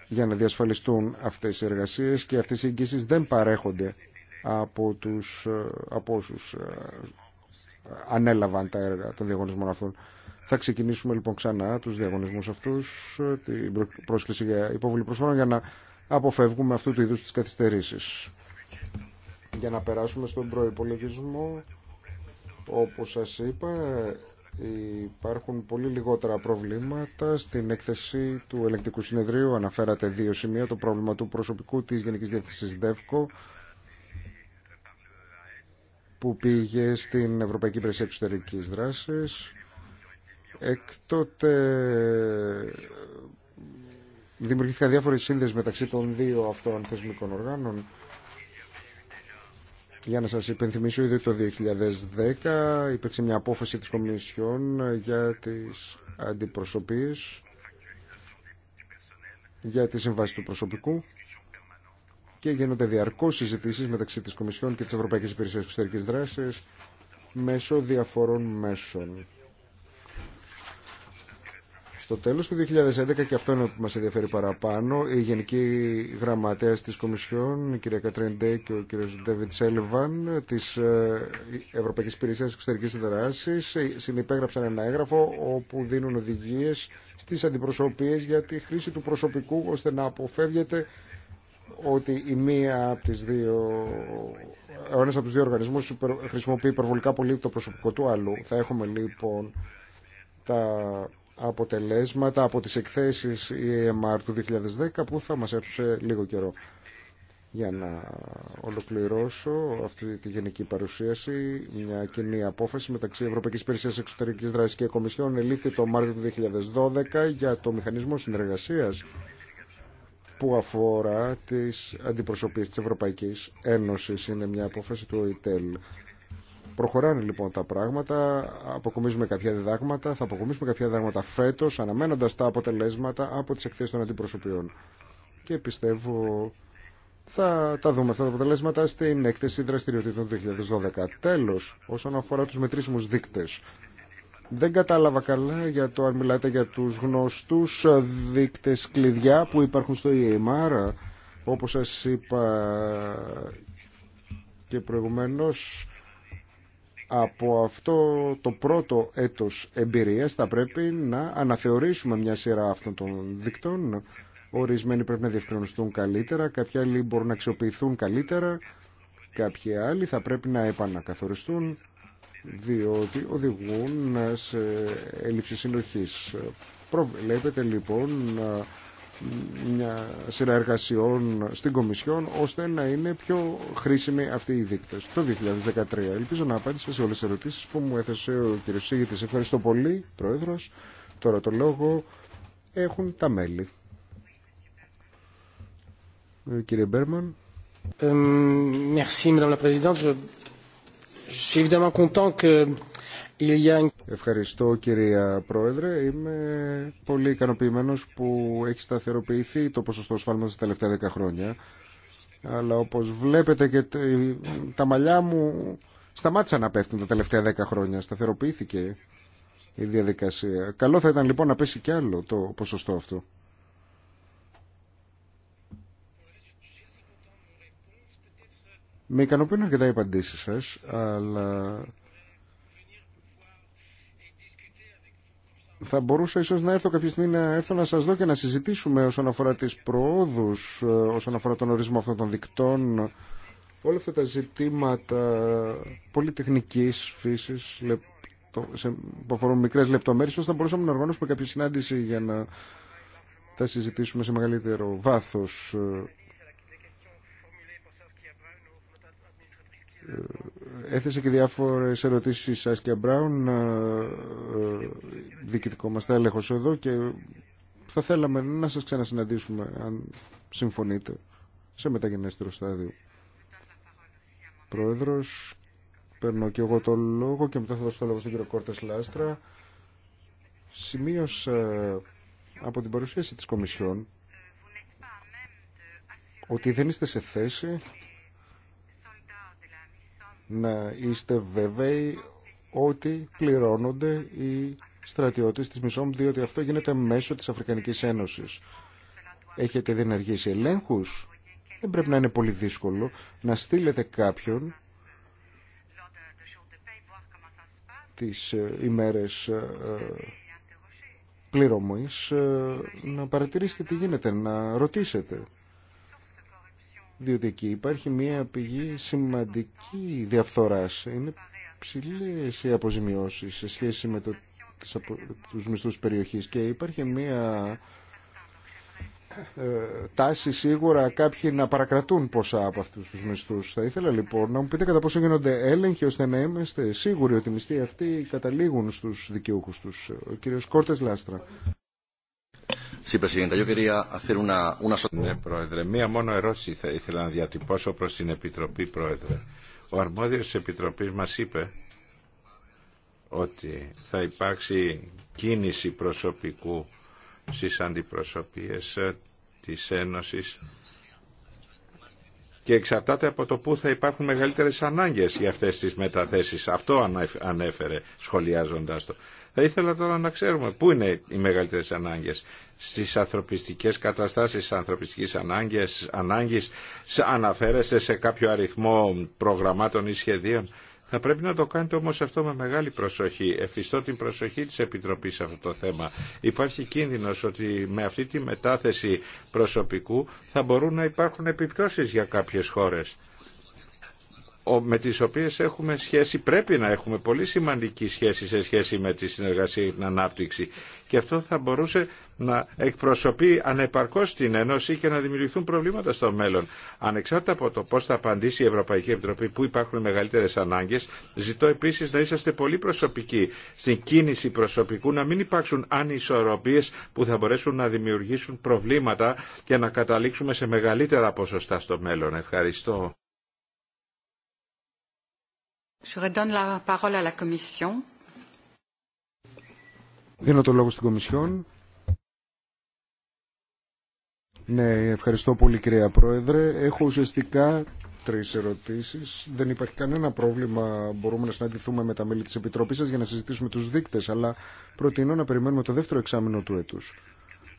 για να διασφαλιστούν αυτές οι εργασίες και αυτές οι εγγύσεις δεν παρέχονται από, τους, από όσους ε, ανέλαβαν τα έργα των διαγωνισμών αυτών. Θα ξεκινήσουμε λοιπόν ξανά τους διαγωνισμούς αυτούς, ε, την πρόσκληση για υπόβλη προσφόρων για να αποφεύγουμε αυτού του είδους τις καθυστερήσεις. Για να περάσουμε στον προϋπολογισμό, όπως σας είπα, Υπάρχουν πολύ λιγότερα προβλήματα. Στην έκθεση του ελεκτικού συνεδρίου αναφέρατε δύο σημεία. Το πρόβλημα του προσωπικού της Γενικής Διεύθυνσης ΔΕΦΚΟ που πήγε στην Ευρωπαϊκή Υπηρεσία Εξωτερικής Δράσης. Εκτότε δημιουργήθηκαν διάφορες σύνδεσεις μεταξύ των δύο αυτών θεσμικών οργάνων. Για να σας υπενθυμίσω ήδη το 2010 υπήρξε μια απόφαση της Κομισιόν για τις αντιπροσωπείες για τη συμβάση του προσωπικού και γίνονται διαρκώς συζητήσεις μεταξύ της Κομισιόν και της Ευρωπαϊκής Υπηρεσίας Εξωτερικής Δράσης μέσω διαφορών μέσων. Στο τέλος του 2011, και αυτό είναι που μας ενδιαφέρει παραπάνω, η Γενική Γραμματέας της Κομισιόν, η κυρία Κατρέντε και ο κύριος Ντέβιτ Σέλβαν της ε, Ευρωπαϊκής Υπηρεσίας Εξωτερικής Δράσης ε, συνυπέγραψαν ένα έγγραφο όπου δίνουν οδηγίες στις αντιπροσωπείες για τη χρήση του προσωπικού ώστε να αποφεύγεται ότι η μία από τις δύο, ο ένας από τους δύο οργανισμούς χρησιμοποιεί υπερβολικά πολύ το προσωπικό του άλλου. Θα έχουμε λοιπόν τα αποτελέσματα από τις εκθέσεις EMR του 2010 που θα μας έρθουν λίγο καιρό. Για να ολοκληρώσω αυτή τη γενική παρουσίαση, μια κοινή απόφαση μεταξύ Ευρωπαϊκής Υπηρεσίας Εξωτερικής Δράσης και Κομισιόν ελήφθη το Μάρτιο του 2012 για το μηχανισμό συνεργασίας που αφορά τις αντιπροσωπείς της Ευρωπαϊκής Ένωσης. Είναι μια απόφαση του ΟΙΤΕΛ Προχωράνε λοιπόν τα πράγματα, αποκομίζουμε κάποια διδάγματα, θα αποκομίσουμε κάποια διδάγματα φέτο, αναμένοντα τα αποτελέσματα από τι εκθέσει των αντιπροσωπιών. Και πιστεύω θα τα δούμε αυτά τα αποτελέσματα στην έκθεση δραστηριοτήτων του 2012. Τέλο, όσον αφορά του μετρήσιμου δείκτε. Δεν κατάλαβα καλά για το αν μιλάτε για τους γνωστούς δείκτες κλειδιά που υπάρχουν στο EMR. Όπως σας είπα και προηγουμένως, από αυτό το πρώτο έτος εμπειρίας θα πρέπει να αναθεωρήσουμε μια σειρά αυτών των δικτών. Ορισμένοι πρέπει να διευκρινιστούν καλύτερα, κάποιοι άλλοι μπορούν να αξιοποιηθούν καλύτερα, κάποιοι άλλοι θα πρέπει να επανακαθοριστούν διότι οδηγούν σε έλλειψη συνοχής. Προβλέπετε λοιπόν μια σειρά εργασιών στην Κομισιόν ώστε να είναι πιο χρήσιμοι αυτοί οι δείκτες. Το 2013 ελπίζω να απάντησα σε όλες τις ερωτήσεις που μου έθεσε ο κ. Σίγητης. Ευχαριστώ πολύ, Πρόεδρος. Τώρα το λόγο έχουν τα μέλη. Ε, κύριε Μπέρμαν. Ευχαριστώ, Madame la Είμαι Je suis Ευχαριστώ κυρία Πρόεδρε. Είμαι πολύ ικανοποιημένος που έχει σταθεροποιηθεί το ποσοστό σφάλματος τα τελευταία 10 χρόνια. Αλλά όπως βλέπετε και τα μαλλιά μου σταμάτησαν να πέφτουν τα τελευταία 10 χρόνια. Σταθεροποιήθηκε η διαδικασία. Καλό θα ήταν λοιπόν να πέσει κι άλλο το ποσοστό αυτό. Με ικανοποιούν αρκετά οι απαντήσεις σας, αλλά θα μπορούσα ίσως να έρθω κάποια στιγμή να έρθω να σας δω και να συζητήσουμε όσον αφορά τις προόδους, ε, όσον αφορά τον ορισμό αυτών των δικτών, όλα αυτά τα ζητήματα πολυτεχνικής φύσης, λεπτο, σε, που αφορούν μικρές λεπτομέρειες, ώστε να μπορούσαμε να οργανώσουμε κάποια συνάντηση για να τα συζητήσουμε σε μεγαλύτερο βάθος. Ε, έθεσε και διάφορες ερωτήσεις η Σάσκια Μπράουν, ε, ε, διοικητικό μας εδώ και θα θέλαμε να σας ξανασυναντήσουμε αν συμφωνείτε σε μεταγενέστερο στάδιο. Πρόεδρος, παίρνω και εγώ το λόγο και μετά θα δώσω το λόγο στον κύριο Κόρτες Λάστρα. Σημείωσα από την παρουσίαση της Κομισιόν ότι δεν είστε σε θέση να είστε βέβαιοι ότι πληρώνονται οι στρατιώτες της Μισόμ, διότι αυτό γίνεται μέσω της Αφρικανικής Ένωσης. Έχετε διενεργήσει ελέγχους. Δεν πρέπει να είναι πολύ δύσκολο να στείλετε κάποιον τις ε, ημέρες ε, ε, πληρωμής να παρατηρήσετε τι γίνεται, να ρωτήσετε διότι εκεί υπάρχει μια πηγή σημαντική διαφθοράς. Είναι ψηλέ οι αποζημιώσεις σε σχέση με το, τους μισθούς περιοχής και υπάρχει μια ε, τάση σίγουρα κάποιοι να παρακρατούν ποσά από αυτού του μισθού. Θα ήθελα λοιπόν να μου πείτε κατά πόσο γίνονται έλεγχοι ώστε να είμαστε σίγουροι ότι οι μισθοί αυτοί καταλήγουν στου δικαιούχου του. Ο κύριο Κόρτε Λάστρα. Ναι, Πρόεδρε, μία μόνο ερώτηση θα ήθελα να διατυπώσω προς την Επιτροπή, Πρόεδρε. Ο αρμόδιος της Επιτροπής μας είπε ότι θα υπάρξει κίνηση προσωπικού στις αντιπροσωπίες ε, της Ένωσης και εξαρτάται από το πού θα υπάρχουν μεγαλύτερες ανάγκες για αυτές τις μεταθέσεις. Αυτό ανέφερε σχολιάζοντας το. Θα ήθελα τώρα να ξέρουμε πού είναι οι μεγαλύτερες ανάγκες στις ανθρωπιστικές καταστάσεις, στις ανθρωπιστικές ανάγκες, σε αναφέρεστε σε κάποιο αριθμό προγραμμάτων ή σχεδίων. Θα πρέπει να το κάνετε όμως αυτό με μεγάλη προσοχή. Εφιστώ την προσοχή της Επιτροπής σε αυτό το θέμα. Υπάρχει κίνδυνος ότι με αυτή τη μετάθεση προσωπικού θα μπορούν να υπάρχουν επιπτώσεις για κάποιες χώρες με τις οποίες έχουμε σχέση, πρέπει να έχουμε πολύ σημαντική σχέση σε σχέση με τη συνεργασία και την ανάπτυξη. Και αυτό θα μπορούσε να εκπροσωπεί ανεπαρκώς την Ένωση και να δημιουργηθούν προβλήματα στο μέλλον. Ανεξάρτητα από το πώς θα απαντήσει η Ευρωπαϊκή Επιτροπή, που υπάρχουν μεγαλύτερες ανάγκες, ζητώ επίσης να είσαστε πολύ προσωπικοί στην κίνηση προσωπικού, να μην υπάρξουν ανισορροπίες που θα μπορέσουν να δημιουργήσουν προβλήματα και να καταλήξουμε σε μεγαλύτερα ποσοστά στο μέλλον. Ευχαριστώ. Δίνω το λόγο στην Κομισιόν. Ναι, ευχαριστώ πολύ κυρία Πρόεδρε. Έχω ουσιαστικά τρεις ερωτήσεις. Δεν υπάρχει κανένα πρόβλημα. Μπορούμε να συναντηθούμε με τα μέλη της Επιτροπής σας για να συζητήσουμε τους δείκτες, αλλά προτείνω να περιμένουμε το δεύτερο εξάμεινο του έτους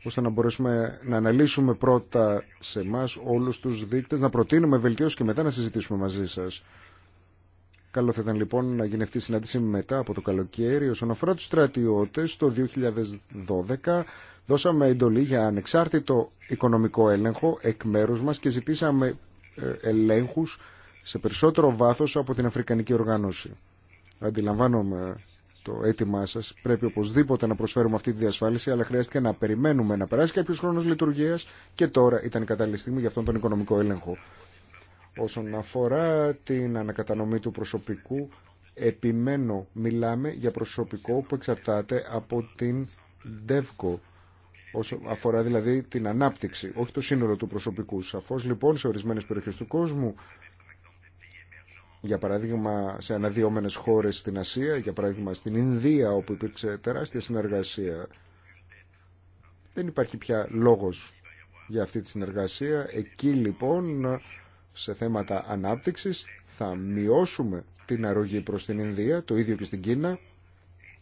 ώστε να μπορέσουμε να αναλύσουμε πρώτα σε εμά όλους τους δείκτες, να προτείνουμε βελτίωση και μετά να συζητήσουμε μαζί σας. Καλό θα ήταν λοιπόν να γίνει αυτή η συνάντηση μετά από το καλοκαίρι. Όσον αφορά του στρατιώτε, το 2012 δώσαμε εντολή για ανεξάρτητο οικονομικό έλεγχο εκ μέρου μα και ζητήσαμε ε, ελέγχου σε περισσότερο βάθο από την Αφρικανική Οργάνωση. Αντιλαμβάνομαι το αίτημά σα. Πρέπει οπωσδήποτε να προσφέρουμε αυτή τη διασφάλιση, αλλά χρειάστηκε να περιμένουμε να περάσει κάποιο χρόνο λειτουργία και τώρα ήταν η κατάλληλη στιγμή για αυτόν τον οικονομικό έλεγχο. Όσον αφορά την ανακατανομή του προσωπικού, επιμένω μιλάμε για προσωπικό που εξαρτάται από την DEVCO, όσο αφορά δηλαδή την ανάπτυξη, όχι το σύνολο του προσωπικού. Σαφώς λοιπόν σε ορισμένες περιοχές του κόσμου, για παράδειγμα σε αναδυόμενες χώρες στην Ασία, για παράδειγμα στην Ινδία όπου υπήρξε τεράστια συνεργασία, δεν υπάρχει πια λόγος για αυτή τη συνεργασία. Εκεί λοιπόν σε θέματα ανάπτυξης, θα μειώσουμε την αρρωγή προς την Ινδία, το ίδιο και στην Κίνα,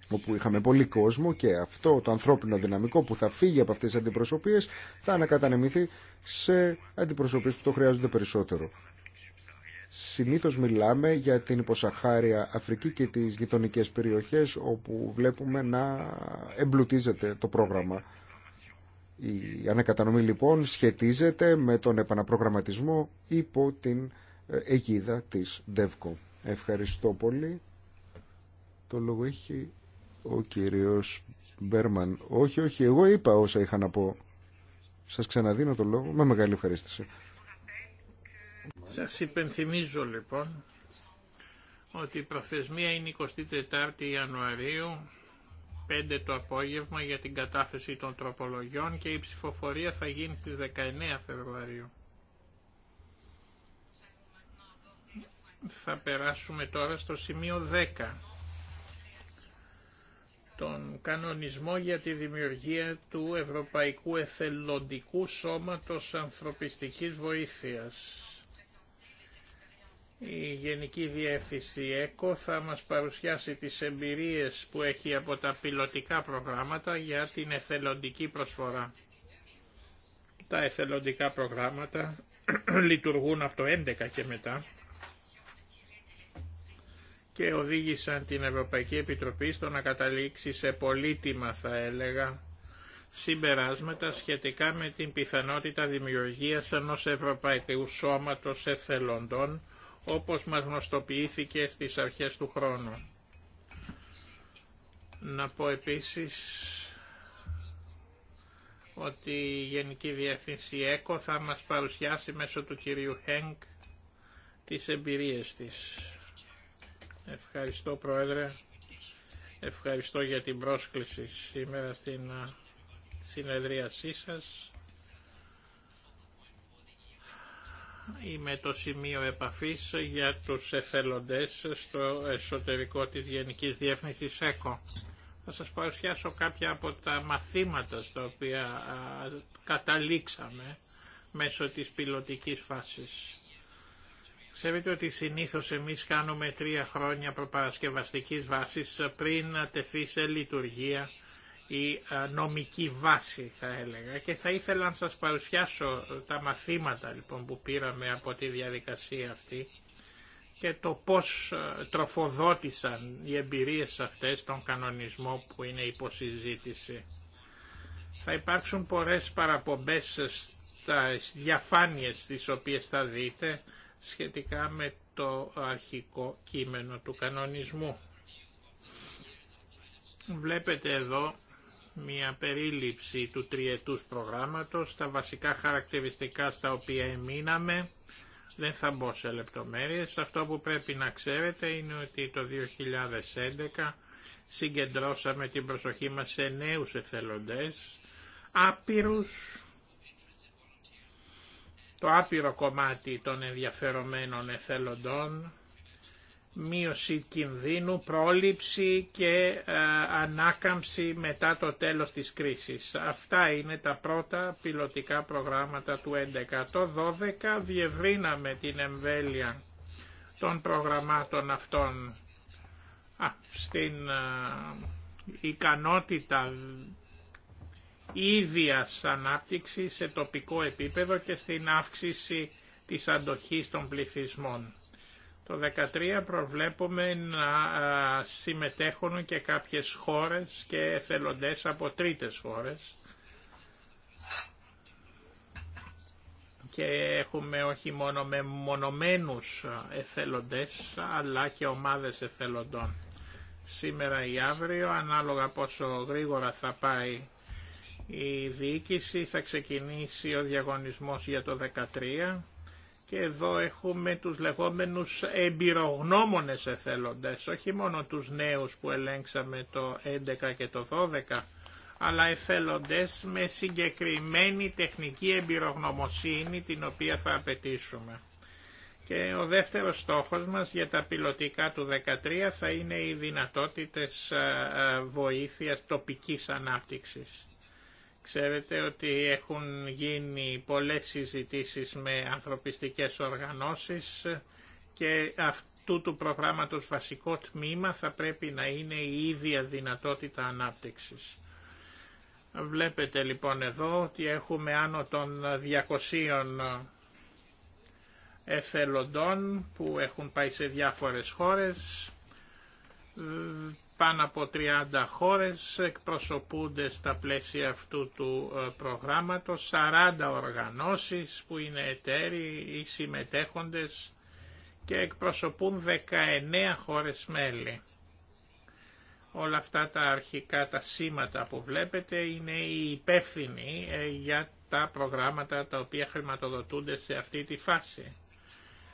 όπου είχαμε πολύ κόσμο και αυτό το ανθρώπινο δυναμικό που θα φύγει από αυτές τις αντιπροσωπείες θα ανακατανεμηθεί σε αντιπροσωπείες που το χρειάζονται περισσότερο. Συνήθως μιλάμε για την υποσαχάρια Αφρική και τις γειτονικές περιοχές όπου βλέπουμε να εμπλουτίζεται το πρόγραμμα η ανακατανομή λοιπόν σχετίζεται με τον επαναπρογραμματισμό υπό την ε, αιγίδα της ΔΕΒΚΟ. Ευχαριστώ πολύ. Το λόγο έχει ο κύριος Μπέρμαν. Όχι, όχι, εγώ είπα όσα είχα να πω. Σας ξαναδίνω το λόγο με μεγάλη ευχαρίστηση. Σας υπενθυμίζω λοιπόν ότι η προθεσμία είναι 24 24η Ιανουαρίου 5 το απόγευμα για την κατάθεση των τροπολογιών και η ψηφοφορία θα γίνει στις 19 Φεβρουαρίου. Θα περάσουμε τώρα στο σημείο 10 τον κανονισμό για τη δημιουργία του Ευρωπαϊκού Εθελοντικού Σώματος Ανθρωπιστικής Βοήθειας. Η Γενική Διεύθυνση ΕΚΟ θα μας παρουσιάσει τις εμπειρίες που έχει από τα πιλωτικά προγράμματα για την εθελοντική προσφορά. Τα εθελοντικά προγράμματα <clears throat> λειτουργούν από το 2011 και μετά και οδήγησαν την Ευρωπαϊκή Επιτροπή στο να καταλήξει σε πολύτιμα θα έλεγα συμπεράσματα σχετικά με την πιθανότητα δημιουργίας ενός Ευρωπαϊκού Σώματος Εθελοντών όπως μας γνωστοποιήθηκε στις αρχές του χρόνου. Να πω επίσης ότι η Γενική Διεύθυνση ΕΚΟ θα μας παρουσιάσει μέσω του κυρίου Χένκ τις εμπειρίες της. Ευχαριστώ Πρόεδρε, ευχαριστώ για την πρόσκληση σήμερα στην συνεδρίασή σας. Είμαι το σημείο επαφής για τους εθελοντές στο εσωτερικό της Γενικής Διεύθυνσης ΕΚΟ. Θα σας παρουσιάσω κάποια από τα μαθήματα στα οποία καταλήξαμε μέσω της πιλωτικής φάσης. Ξέρετε ότι συνήθως εμείς κάνουμε τρία χρόνια προπαρασκευαστικής βάσης πριν τεθεί σε λειτουργία η νομική βάση θα έλεγα και θα ήθελα να σας παρουσιάσω τα μαθήματα λοιπόν που πήραμε από τη διαδικασία αυτή και το πώς τροφοδότησαν οι εμπειρίες αυτές τον κανονισμό που είναι υποσυζήτηση. Θα υπάρξουν πολλές παραπομπές στις διαφάνειες τις οποίες θα δείτε σχετικά με το αρχικό κείμενο του κανονισμού. Βλέπετε εδώ μια περίληψη του τριετούς προγράμματος, τα βασικά χαρακτηριστικά στα οποία εμείναμε, δεν θα μπω σε λεπτομέρειες. Αυτό που πρέπει να ξέρετε είναι ότι το 2011 συγκεντρώσαμε την προσοχή μας σε νέους εθελοντές, άπειρους, το άπειρο κομμάτι των ενδιαφερομένων εθελοντών, μείωση κινδύνου, πρόληψη και ε, ανάκαμψη μετά το τέλος της κρίσης. Αυτά είναι τα πρώτα πιλωτικά προγράμματα του 11. Το 12 διευρύναμε την εμβέλεια των προγραμμάτων αυτών στην ε, ικανότητα ίδιας ανάπτυξης σε τοπικό επίπεδο και στην αύξηση της αντοχής των πληθυσμών. Το 2013 προβλέπουμε να συμμετέχουν και κάποιες χώρες και εθελοντές από τρίτες χώρες. Και έχουμε όχι μόνο με μονομένους εθελοντές, αλλά και ομάδες εθελοντών. Σήμερα ή αύριο, ανάλογα πόσο γρήγορα θα πάει η διοίκηση, θα ξεκινήσει ο διαγωνισμός για το 2013 και εδώ έχουμε τους λεγόμενους εμπειρογνώμονες εθελοντές, όχι μόνο τους νέους που ελέγξαμε το 11 και το 12, αλλά εθελοντές με συγκεκριμένη τεχνική εμπειρογνωμοσύνη την οποία θα απαιτήσουμε. Και ο δεύτερος στόχος μας για τα πιλωτικά του 13 θα είναι οι δυνατότητες ε, ε, βοήθειας τοπικής ανάπτυξης. Ξέρετε ότι έχουν γίνει πολλές συζητήσεις με ανθρωπιστικές οργανώσεις και αυτού του προγράμματος βασικό τμήμα θα πρέπει να είναι η ίδια δυνατότητα ανάπτυξης. Βλέπετε λοιπόν εδώ ότι έχουμε άνω των 200 εθελοντών που έχουν πάει σε διάφορες χώρες πάνω από 30 χώρες εκπροσωπούνται στα πλαίσια αυτού του ε, προγράμματος, 40 οργανώσεις που είναι εταίροι ή συμμετέχοντες και εκπροσωπούν 19 χώρες μέλη. Όλα αυτά τα αρχικά τα σήματα που βλέπετε είναι οι υπεύθυνοι ε, για τα προγράμματα τα οποία χρηματοδοτούνται σε αυτή τη φάση.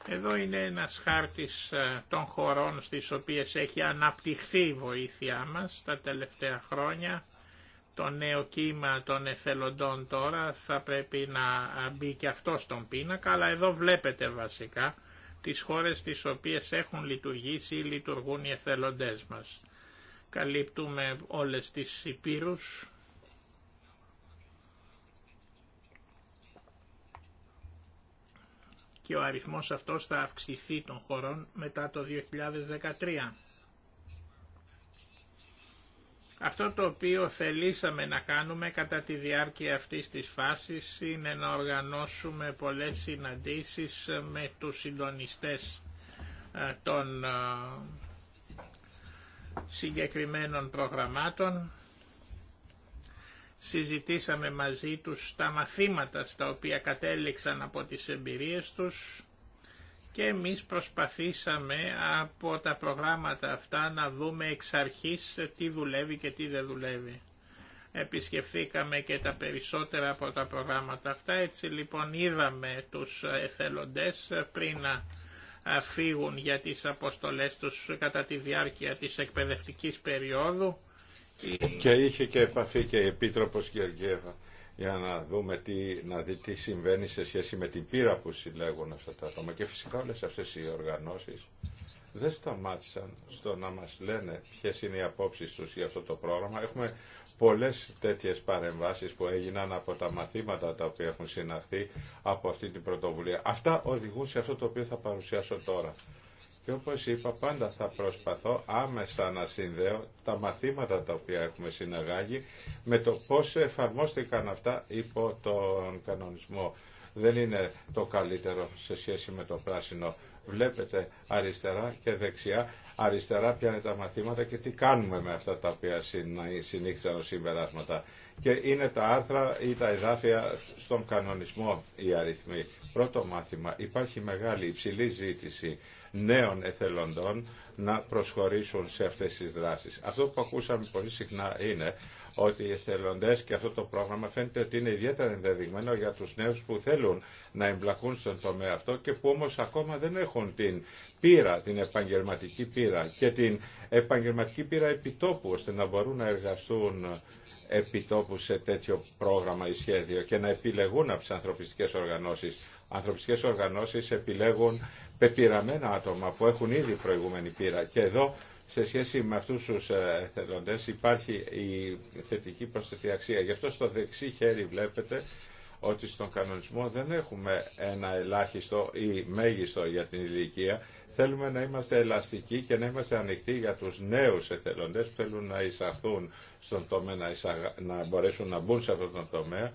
Εδώ είναι ένας χάρτης ε, των χωρών στις οποίες έχει αναπτυχθεί η βοήθειά μας τα τελευταία χρόνια. Το νέο κύμα των εθελοντών τώρα θα πρέπει να ε, μπει και αυτό στον πίνακα, αλλά εδώ βλέπετε βασικά τις χώρες στις οποίες έχουν λειτουργήσει ή λειτουργούν οι εθελοντές μας. Καλύπτουμε όλες τις υπήρους και ο αριθμός αυτός θα αυξηθεί των χωρών μετά το 2013. Αυτό το οποίο θελήσαμε να κάνουμε κατά τη διάρκεια αυτής της φάσης είναι να οργανώσουμε πολλές συναντήσεις με τους συντονιστές ε, των ε, συγκεκριμένων προγραμμάτων συζητήσαμε μαζί τους τα μαθήματα στα οποία κατέληξαν από τις εμπειρίες τους και εμείς προσπαθήσαμε από τα προγράμματα αυτά να δούμε εξ αρχής τι δουλεύει και τι δεν δουλεύει. Επισκεφθήκαμε και τα περισσότερα από τα προγράμματα αυτά, έτσι λοιπόν είδαμε τους εθελοντές πριν να φύγουν για τις αποστολές τους κατά τη διάρκεια της εκπαιδευτικής περίοδου και είχε και επαφή και η Επίτροπος Γεωργίευα για να δούμε τι, να δει τι συμβαίνει σε σχέση με την πείρα που συλλέγουν αυτά τα άτομα. Και φυσικά όλες αυτές οι οργανώσεις δεν σταμάτησαν στο να μας λένε ποιες είναι οι απόψεις τους για αυτό το πρόγραμμα. Έχουμε πολλές τέτοιες παρεμβάσεις που έγιναν από τα μαθήματα τα οποία έχουν συναχθεί από αυτή την πρωτοβουλία. Αυτά οδηγούν σε αυτό το οποίο θα παρουσιάσω τώρα. Και όπως είπα πάντα θα προσπαθώ άμεσα να συνδέω τα μαθήματα τα οποία έχουμε συναγάγει με το πώς εφαρμόστηκαν αυτά υπό τον κανονισμό. Δεν είναι το καλύτερο σε σχέση με το πράσινο. Βλέπετε αριστερά και δεξιά. Αριστερά ποια τα μαθήματα και τι κάνουμε με αυτά τα οποία συνήθισαν ως συμπεράσματα. Και είναι τα άρθρα ή τα εδάφια στον κανονισμό οι αριθμοί. Πρώτο μάθημα. Υπάρχει μεγάλη υψηλή ζήτηση νέων εθελοντών να προσχωρήσουν σε αυτές τις δράσεις. Αυτό που ακούσαμε πολύ συχνά είναι ότι οι εθελοντέ και αυτό το πρόγραμμα φαίνεται ότι είναι ιδιαίτερα ενδεδειγμένο για του νέου που θέλουν να εμπλακούν στον τομέα αυτό και που όμω ακόμα δεν έχουν την πείρα, την επαγγελματική πείρα και την επαγγελματική πείρα επιτόπου ώστε να μπορούν να εργαστούν επιτόπου σε τέτοιο πρόγραμμα ή σχέδιο και να επιλεγούν από τι ανθρωπιστικέ οργανώσει. Ανθρωπιστικές οργανώσεις επιλέγουν πεπειραμένα άτομα που έχουν ήδη προηγούμενη πείρα. Και εδώ σε σχέση με αυτούς τους ε, εθελοντές υπάρχει η θετική προσθετή αξία. Γι' αυτό στο δεξί χέρι βλέπετε ότι στον κανονισμό δεν έχουμε ένα ελάχιστο ή μέγιστο για την ηλικία. Θέλουμε να είμαστε ελαστικοί και να είμαστε ανοιχτοί για τους νέους εθελοντές που θέλουν να εισαχθούν στον τομέα, να, μπορέσουν να μπουν σε αυτόν τον τομέα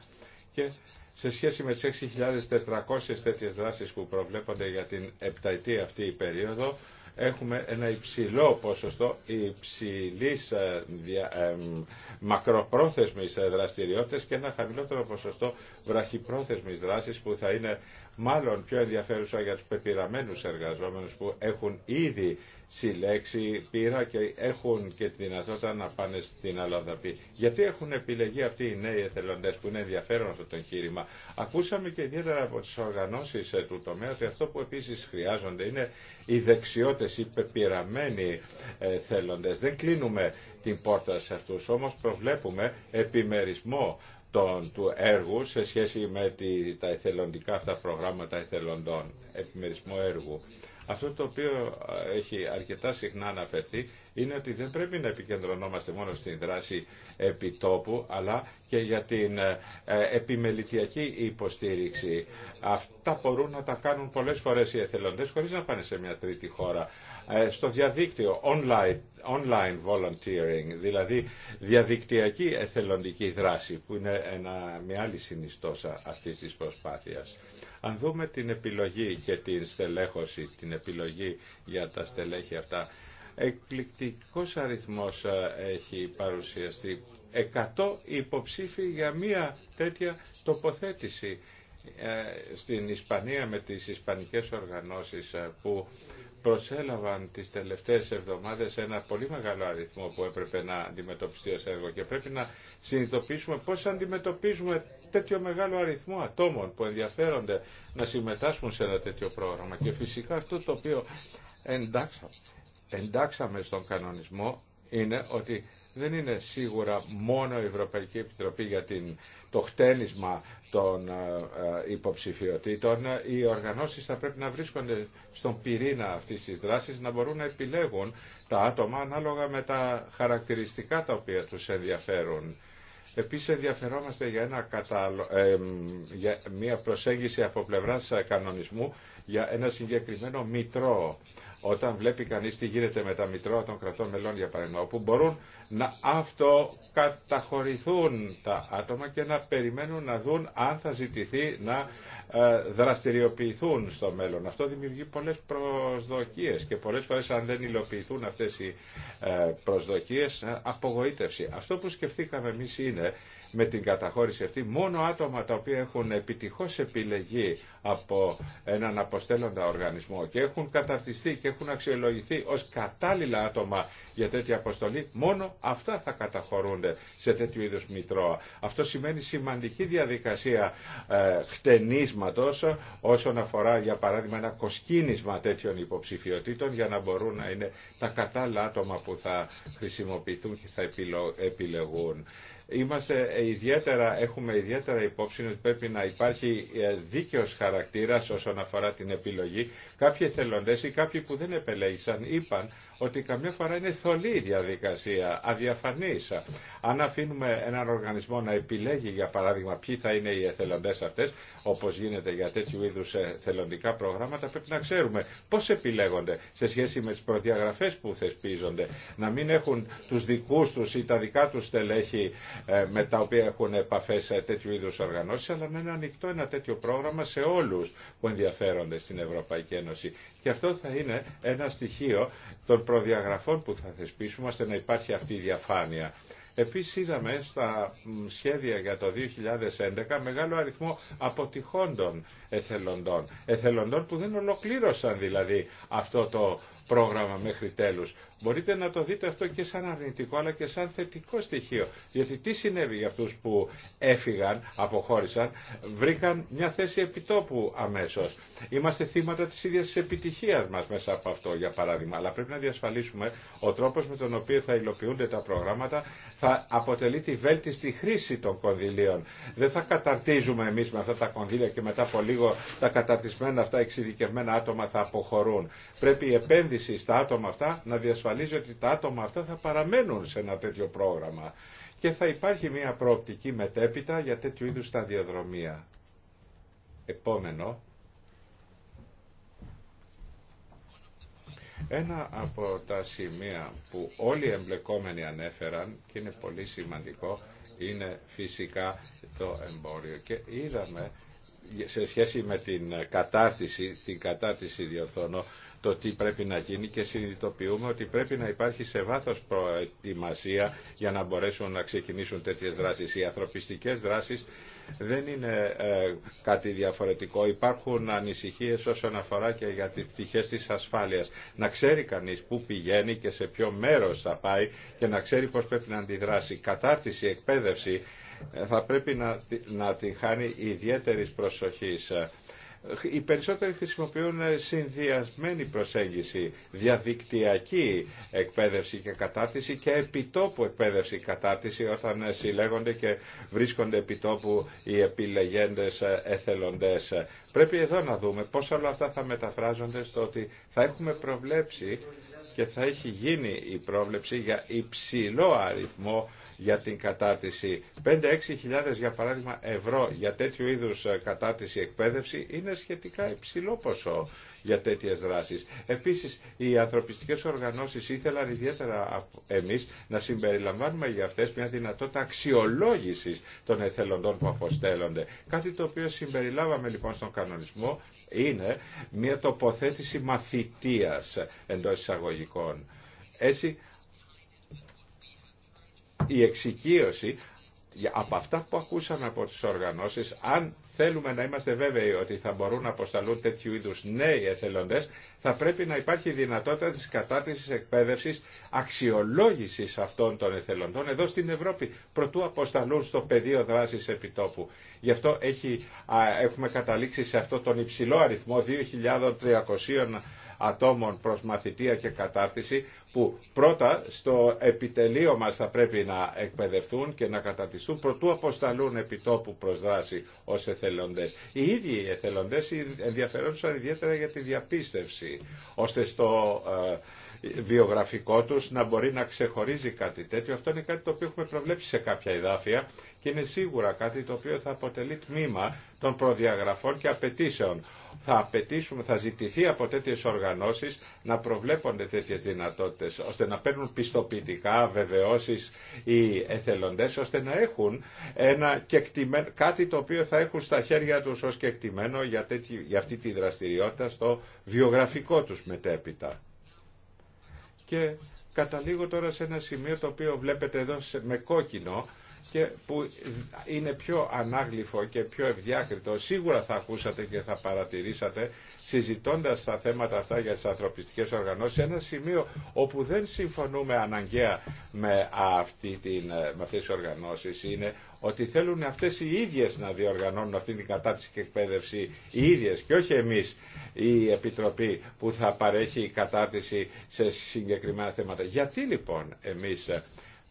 και σε σχέση με τις 6.400 τέτοιες δράσεις που προβλέπονται για την επταετή αυτή η περίοδο, έχουμε ένα υψηλό ποσοστό υψηλής ε, ε, μακροπρόθεσμης ε, δραστηριότητας και ένα χαμηλότερο ποσοστό βραχυπρόθεσμης δράσης που θα είναι μάλλον πιο ενδιαφέρουσα για τους πεπειραμένους εργαζόμενους που έχουν ήδη συλλέξει πείρα και έχουν και τη δυνατότητα να πάνε στην Αλαδαπή. Γιατί έχουν επιλεγεί αυτοί οι νέοι εθελοντές που είναι ενδιαφέρον αυτό το εγχείρημα. Ακούσαμε και ιδιαίτερα από τις οργανώσεις ε, του τομέα ότι αυτό που επίσης χρειάζονται είναι οι δεξιότητες, οι πεπειραμένοι εθελοντές. Δεν κλείνουμε την πόρτα σε αυτούς, όμως προβλέπουμε επιμερισμό των, του έργου σε σχέση με τα εθελοντικά αυτά προγράμματα εθελοντών, επιμερισμό έργου. Αυτό το οποίο ε, έχει αρκετά συχνά αναφερθεί είναι ότι δεν πρέπει να επικεντρωνόμαστε μόνο στην δράση επιτόπου, αλλά και για την ε, ε, επιμελητιακή υποστήριξη. Αυτά μπορούν να τα κάνουν πολλές φορές οι εθελοντές χωρίς να πάνε σε μια τρίτη χώρα. Ε, στο διαδίκτυο, online, online volunteering, δηλαδή διαδικτυακή εθελοντική δράση που είναι ένα, μια άλλη συνιστόσα αυτής της προσπάθειας. Αν δούμε την επιλογή και την στελέχωση, την επιλογή για τα στελέχη αυτά, εκπληκτικός αριθμός ε, έχει παρουσιαστεί. 100 υποψήφοι για μία τέτοια τοποθέτηση ε, στην Ισπανία με τις ισπανικές οργανώσεις που προσέλαβαν τις τελευταίες εβδομάδες ένα πολύ μεγάλο αριθμό που έπρεπε να αντιμετωπιστεί ως έργο και πρέπει να συνειδητοποιήσουμε πώς αντιμετωπίζουμε τέτοιο μεγάλο αριθμό ατόμων που ενδιαφέρονται να συμμετάσχουν σε ένα τέτοιο πρόγραμμα και φυσικά αυτό το οποίο εντάξαμε, εντάξαμε στον κανονισμό είναι ότι δεν είναι σίγουρα μόνο η Ευρωπαϊκή Επιτροπή για την το χτένισμα των ε, ε, υποψηφιωτήτων, οι οργανώσεις θα πρέπει να βρίσκονται στον πυρήνα αυτής της δράσης, να μπορούν να επιλέγουν τα άτομα ανάλογα με τα χαρακτηριστικά τα οποία τους ενδιαφέρουν. Επίσης ενδιαφερόμαστε για, ένα ε, μια προσέγγιση από πλευράς κανονισμού για ένα συγκεκριμένο μητρό. Όταν βλέπει κανεί τι γίνεται με τα μητρώα των κρατών μελών, για παράδειγμα, όπου μπορούν να αυτοκαταχωρηθούν τα άτομα και να περιμένουν να δουν αν θα ζητηθεί να ε, δραστηριοποιηθούν στο μέλλον. Αυτό δημιουργεί πολλέ προσδοκίε και πολλέ φορέ αν δεν υλοποιηθούν αυτέ οι ε, προσδοκίε, ε, απογοήτευση. Αυτό που σκεφτήκαμε εμεί είναι με την καταχώρηση αυτή μόνο άτομα τα οποία έχουν επιτυχώς επιλεγεί από έναν αποστέλλοντα οργανισμό και έχουν καταρτιστεί και έχουν αξιολογηθεί ως κατάλληλα άτομα για τέτοια αποστολή, μόνο αυτά θα καταχωρούνται σε τέτοιου είδους μητρώα. Αυτό σημαίνει σημαντική διαδικασία ε, χτενίσματος όσον αφορά για παράδειγμα ένα κοσκίνισμα τέτοιων υποψηφιωτήτων για να μπορούν να είναι τα κατάλληλα άτομα που θα χρησιμοποιηθούν και θα επιλεγούν. Είμαστε ιδιαίτερα, έχουμε ιδιαίτερα υπόψη ότι πρέπει να υπάρχει ε, δίκαιος χαρακτήρας όσον αφορά την επιλογή Κάποιοι εθελοντέ ή κάποιοι που δεν επελέγησαν είπαν ότι καμιά φορά είναι θολή η διαδικασία, αδιαφανή. Αν αφήνουμε έναν οργανισμό να επιλέγει, για παράδειγμα, ποιοι θα είναι οι εθελοντέ αυτέ, όπω γίνεται για τέτοιου είδου εθελοντικά προγράμματα, πρέπει να ξέρουμε πώ επιλέγονται σε σχέση με τι προδιαγραφέ που θεσπίζονται. Να μην έχουν του δικού του ή τα δικά του στελέχη ε, με τα οποία έχουν επαφέ τέτοιου είδου οργανώσει, αλλά να είναι ανοιχτό ένα τέτοιο πρόγραμμα σε όλου που ενδιαφέρονται στην Ευρωπαϊκή Ένωση και αυτό θα είναι ένα στοιχείο των προδιαγραφών που θα θεσπίσουμε ώστε να υπάρχει αυτή η διαφάνεια. Επίση είδαμε στα σχέδια για το 2011 μεγάλο αριθμό αποτυχόντων εθελοντών. Εθελοντών που δεν ολοκλήρωσαν δηλαδή αυτό το πρόγραμμα μέχρι τέλους. Μπορείτε να το δείτε αυτό και σαν αρνητικό αλλά και σαν θετικό στοιχείο. Γιατί τι συνέβη για αυτούς που έφυγαν, αποχώρησαν, βρήκαν μια θέση επιτόπου αμέσως. Είμαστε θύματα της ίδιας επιτυχίας μας μέσα από αυτό για παράδειγμα. Αλλά πρέπει να διασφαλίσουμε ο τρόπος με τον οποίο θα υλοποιούνται τα προγράμματα θα αποτελεί τη βέλτιστη χρήση των κονδυλίων. Δεν θα καταρτίζουμε εμείς με αυτά τα κονδύλια και μετά από λίγο τα καταρτισμένα αυτά εξειδικευμένα άτομα θα αποχωρούν. Πρέπει η επένδυση στα άτομα αυτά να διασφαλίζει ότι τα άτομα αυτά θα παραμένουν σε ένα τέτοιο πρόγραμμα και θα υπάρχει μια προοπτική μετέπειτα για τέτοιου είδους σταδιοδρομία. Επόμενο. Ένα από τα σημεία που όλοι οι εμπλεκόμενοι ανέφεραν και είναι πολύ σημαντικό είναι φυσικά το εμπόριο. Και είδαμε σε σχέση με την κατάρτιση, την κατάρτιση διορθώνω, το τι πρέπει να γίνει και συνειδητοποιούμε ότι πρέπει να υπάρχει σε βάθος προετοιμασία για να μπορέσουν να ξεκινήσουν τέτοιες δράσεις. Οι ανθρωπιστικές δράσεις δεν είναι ε, κάτι διαφορετικό. Υπάρχουν ανησυχίες όσον αφορά και για τις πτυχές της ασφάλειας. Να ξέρει κανείς πού πηγαίνει και σε ποιο μέρος θα πάει και να ξέρει πώς πρέπει να αντιδράσει. Κατάρτιση, εκπαίδευση ε, θα πρέπει να, να την χάνει ιδιαίτερης προσοχής οι περισσότεροι χρησιμοποιούν ε, συνδυασμένη προσέγγιση, διαδικτυακή εκπαίδευση και κατάρτιση και επιτόπου εκπαίδευση και κατάρτιση όταν ε, συλλέγονται και βρίσκονται επιτόπου οι επιλεγέντες ε, εθελοντές. Πρέπει εδώ να δούμε πώς όλα αυτά θα μεταφράζονται στο ότι θα έχουμε προβλέψει και θα έχει γίνει η πρόβλεψη για υψηλό αριθμό για την κατάρτιση. 5-6 για παράδειγμα ευρώ για τέτοιου είδους ε, κατάρτιση εκπαίδευση είναι σχετικά υψηλό ποσό για τέτοιες δράσεις. Επίσης, οι ανθρωπιστικέ οργανώσεις ήθελαν ιδιαίτερα εμείς να συμπεριλαμβάνουμε για αυτές μια δυνατότητα αξιολόγηση των εθελοντών που αποστέλλονται. Κάτι το οποίο συμπεριλάβαμε λοιπόν στον κανονισμό είναι μια τοποθέτηση μαθητείας εντός εισαγωγικών. Έτσι, η εξοικείωση από αυτά που ακούσαμε από τις οργανώσεις, αν θέλουμε να είμαστε βέβαιοι ότι θα μπορούν να αποσταλούν τέτοιου είδους νέοι εθελοντές, θα πρέπει να υπάρχει δυνατότητα της κατάρτισης εκπαίδευσης αξιολόγησης αυτών των εθελοντών εδώ στην Ευρώπη, προτού αποσταλούν στο πεδίο δράσης επιτόπου. Γι' αυτό έχει, έχουμε καταλήξει σε αυτό τον υψηλό αριθμό 2.300 ατόμων προς μαθητεία και κατάρτιση που πρώτα στο επιτελείο μας θα πρέπει να εκπαιδευτούν και να καταρτιστούν προτού αποσταλούν επιτόπου προς δράση ως εθελοντές. Οι ίδιοι οι εθελοντές ενδιαφερόντουσαν ιδιαίτερα για τη διαπίστευση, ώστε στο ε, βιογραφικό τους να μπορεί να ξεχωρίζει κάτι τέτοιο. Αυτό είναι κάτι το οποίο έχουμε προβλέψει σε κάποια εδάφια και είναι σίγουρα κάτι το οποίο θα αποτελεί τμήμα των προδιαγραφών και απαιτήσεων θα απαιτήσουμε, θα ζητηθεί από τέτοιες οργανώσεις να προβλέπονται τέτοιες δυνατότητες, ώστε να παίρνουν πιστοποιητικά, βεβαιώσεις οι εθελοντές, ώστε να έχουν ένα κάτι το οποίο θα έχουν στα χέρια τους ως κεκτημένο για, για αυτή τη δραστηριότητα στο βιογραφικό τους μετέπειτα. Και καταλήγω τώρα σε ένα σημείο το οποίο βλέπετε εδώ με κόκκινο, και που είναι πιο ανάγλυφο και πιο ευδιάκριτο. Σίγουρα θα ακούσατε και θα παρατηρήσατε συζητώντας τα θέματα αυτά για τις ανθρωπιστικές οργανώσεις ένα σημείο όπου δεν συμφωνούμε αναγκαία με, αυτή την, ε, με αυτές τις οργανώσεις είναι ότι θέλουν αυτές οι ίδιες να διοργανώνουν αυτή την κατάρτιση και εκπαίδευση οι ίδιες και όχι εμείς η Επιτροπή που θα παρέχει η κατάρτιση σε συγκεκριμένα θέματα. Γιατί λοιπόν εμείς ε,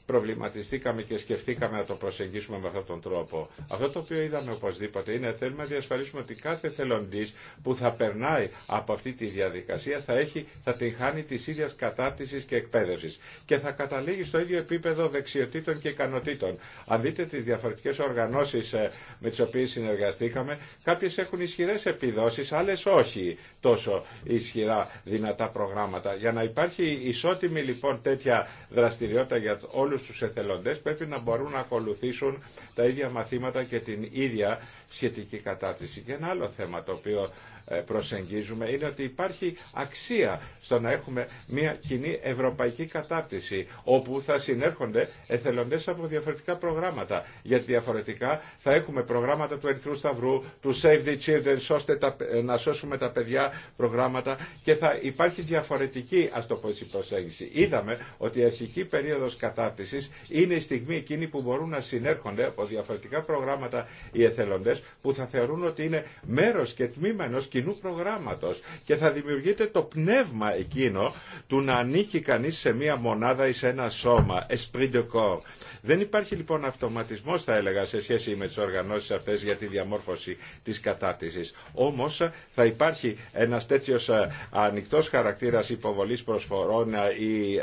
προβληματιστήκαμε και σκεφτήκαμε να το προσεγγίσουμε με αυτόν τον τρόπο. Αυτό το οποίο είδαμε οπωσδήποτε είναι θέλουμε να διασφαλίσουμε ότι κάθε θελοντή που θα περνάει από αυτή τη διαδικασία θα, έχει, θα την χάνει τη ίδια κατάρτιση και εκπαίδευση και θα καταλήγει στο ίδιο επίπεδο δεξιοτήτων και ικανοτήτων. Αν δείτε τι διαφορετικέ οργανώσει ε, με τι οποίε συνεργαστήκαμε, κάποιε έχουν ισχυρέ επιδόσει, άλλε όχι τόσο ισχυρά δυνατά προγράμματα. Για να υπάρχει ισότιμη λοιπόν τέτοια δραστηριότητα για όλους τους εθελοντές πρέπει να μπορούν να ακολουθήσουν τα ίδια μαθήματα και την ίδια σχετική κατάρτιση. Και ένα άλλο θέμα το οποίο ε, προσεγγίζουμε είναι ότι υπάρχει αξία στο να έχουμε μια κοινή ευρωπαϊκή κατάρτιση όπου θα συνέρχονται εθελοντές από διαφορετικά προγράμματα. Γιατί διαφορετικά θα έχουμε προγράμματα του Ερυθρού Σταυρού, του Save the Children, ώστε ε, να σώσουμε τα παιδιά προγράμματα και θα υπάρχει διαφορετική ας το προσέγγιση. Είδαμε ότι η αρχική περίοδος κατάρτισης είναι η στιγμή εκείνη που μπορούν να συνέρχονται από διαφορετικά προγράμματα οι εθελοντές που θα θεωρούν ότι είναι μέρος και τμήμα κοινού προγράμματος και θα δημιουργείται το πνεύμα εκείνο του να ανήκει κανείς σε μία μονάδα ή σε ένα σώμα, esprit de corps. Δεν υπάρχει λοιπόν αυτοματισμός θα έλεγα σε σχέση με τις οργανώσεις αυτές για τη διαμόρφωση της κατάρτισης. Όμως θα υπάρχει ένας τέτοιος ε, ανοιχτός χαρακτήρας υποβολής προσφορών ε, ή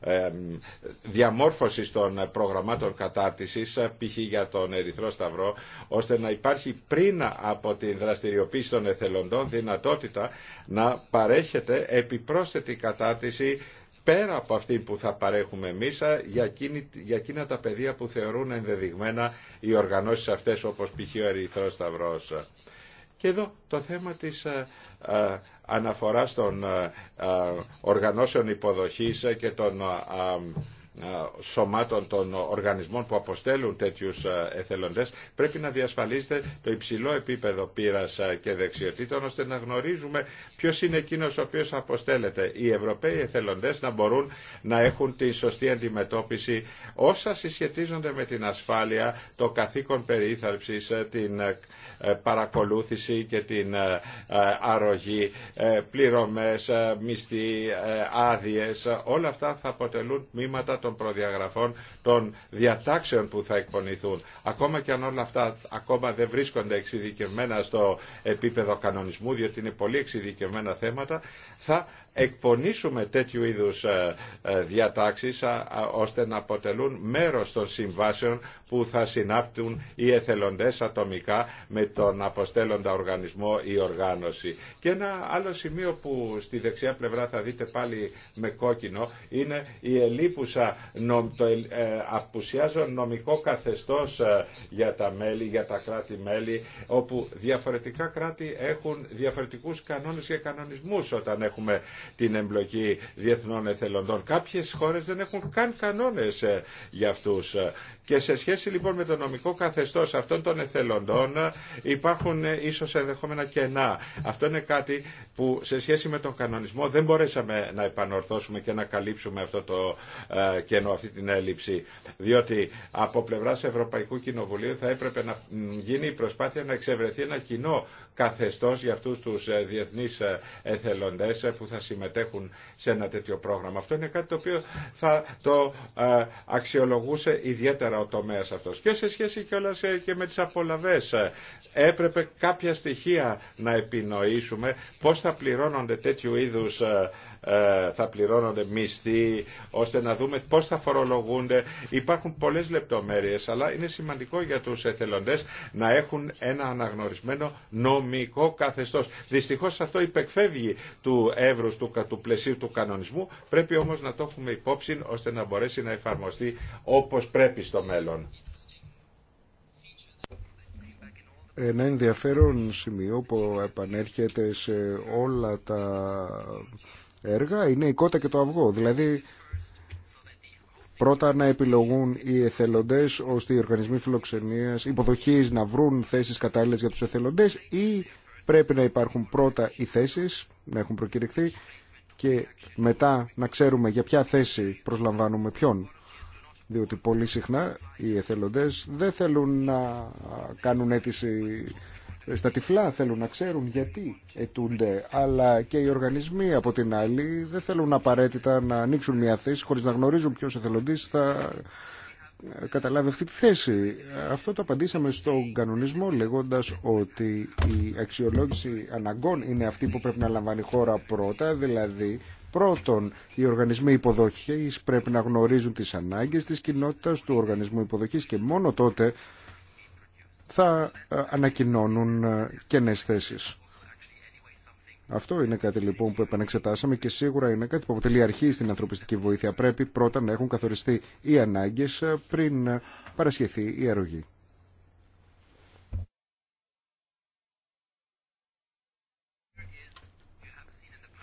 ε, διαμόρφωσης των προγραμμάτων κατάρτισης, π.χ. για τον Ερυθρό Σταυρό, ώστε να υπάρχει πριν από την δραστηριοποίηση των εθελοντών εθελοντών δυνατότητα να παρέχεται επιπρόσθετη κατάρτιση πέρα από αυτή που θα παρέχουμε εμείς για, για εκείνα τα πεδία που θεωρούν ενδεδειγμένα οι οργανώσεις αυτές όπως π.χ. ο Ερυθρός Σταυρός. Και εδώ το θέμα της αναφοράς των οργανώσεων υποδοχής και των σωμάτων των οργανισμών που αποστέλουν τέτοιους εθελοντές πρέπει να διασφαλίσετε το υψηλό επίπεδο πείρας και δεξιοτήτων ώστε να γνωρίζουμε ποιος είναι εκείνος ο οποίος αποστέλλεται. Οι Ευρωπαίοι εθελοντές να μπορούν να έχουν τη σωστή αντιμετώπιση όσα συσχετίζονται με την ασφάλεια, το καθήκον περίθαλψης, ε, την ε, ε, παρακολούθηση και την ε, ε, αρρωγή, πληρωμές, μισθή, άδειες. Όλα αυτά θα αποτελούν τμήματα των προδιαγραφών των διατάξεων που θα εκπονηθούν. Ακόμα και αν όλα αυτά ακόμα δεν βρίσκονται εξειδικευμένα στο επίπεδο κανονισμού, διότι είναι πολύ εξειδικευμένα θέματα, θα εκπονήσουμε τέτοιου είδους ε, ε, διατάξεις ώστε να αποτελούν μέρος των συμβάσεων που θα συνάπτουν οι εθελοντές ατομικά με τον αποστέλλοντα οργανισμό ή οργάνωση. Και ένα άλλο σημείο που στη δεξιά πλευρά θα δείτε πάλι με κόκκινο είναι η ελίπουσα, το ε, απουσιάζον νομικό καθεστώς για τα μέλη, για τα κράτη-μέλη, όπου διαφορετικά κράτη έχουν διαφορετικούς κανόνες και κανονισμούς όταν έχουμε την εμπλοκή διεθνών εθελοντών. Κάποιες χώρες δεν έχουν καν κανόνες ε, για αυτούς. Ε, και σε σχέση λοιπόν με το νομικό καθεστώς αυτών των εθελοντών ε, υπάρχουν ίσως ενδεχόμενα κενά. Αυτό είναι κάτι που σε σχέση με τον κανονισμό δεν μπορέσαμε να επανορθώσουμε και να καλύψουμε αυτό το κενό, αυτή την έλλειψη. Διότι από πλευράς Ευρωπαϊκού Κοινοβουλίου θα έπρεπε να γίνει η προσπάθεια να εξευρεθεί ένα κοινό καθεστώς για αυτούς τους διεθνείς εθελοντές που θα μετέχουν σε ένα τέτοιο πρόγραμμα. Αυτό είναι κάτι το οποίο θα το ε, αξιολογούσε ιδιαίτερα ο τομέας αυτός. Και σε σχέση σε, και με τις απολαβές ε, έπρεπε κάποια στοιχεία να επινοήσουμε πώς θα πληρώνονται τέτοιου είδους ε, ε, θα πληρώνονται μισθοί, ώστε να δούμε πώς θα φορολογούνται. Υπάρχουν πολλές λεπτομέρειες, αλλά είναι σημαντικό για τους εθελοντές να έχουν ένα αναγνωρισμένο νομικό καθεστώς. Δυστυχώς αυτό υπεκφεύγει του εύρους του, του πλαισίου του κανονισμού, πρέπει όμως να το έχουμε υπόψη ώστε να μπορέσει να εφαρμοστεί όπως πρέπει στο μέλλον. Ένα ενδιαφέρον σημείο που επανέρχεται σε όλα τα έργα είναι η κότα και το αυγό. Δηλαδή πρώτα να επιλογούν οι εθελοντές ώστε οι οργανισμοί φιλοξενίας υποδοχής να βρουν θέσεις κατάλληλες για τους εθελοντές ή πρέπει να υπάρχουν πρώτα οι θέσεις να έχουν προκηρυχθεί και μετά να ξέρουμε για ποια θέση προσλαμβάνουμε ποιον. Διότι πολύ συχνά οι εθελοντές δεν θέλουν να κάνουν αίτηση ε, στα τυφλά θέλουν να ξέρουν γιατί αιτούνται, αλλά και οι οργανισμοί από την άλλη δεν θέλουν απαραίτητα να ανοίξουν μια θέση χωρίς να γνωρίζουν ποιος εθελοντής θα ε, καταλάβει αυτή τη θέση. Αυτό το απαντήσαμε στον κανονισμό λέγοντας ότι η αξιολόγηση αναγκών είναι αυτή που πρέπει να λαμβάνει η χώρα πρώτα, δηλαδή Πρώτον, οι οργανισμοί υποδοχής πρέπει να γνωρίζουν τις ανάγκες της κοινότητας του οργανισμού υποδοχής και μόνο τότε θα ε, ανακοινώνουν ε, καινέ θέσεις. Αυτό είναι κάτι λοιπόν που επανεξετάσαμε και σίγουρα είναι κάτι που αποτελεί αρχή στην ανθρωπιστική βοήθεια. Πρέπει πρώτα να έχουν καθοριστεί οι ανάγκες ε, πριν παρασχεθεί η αρρωγή.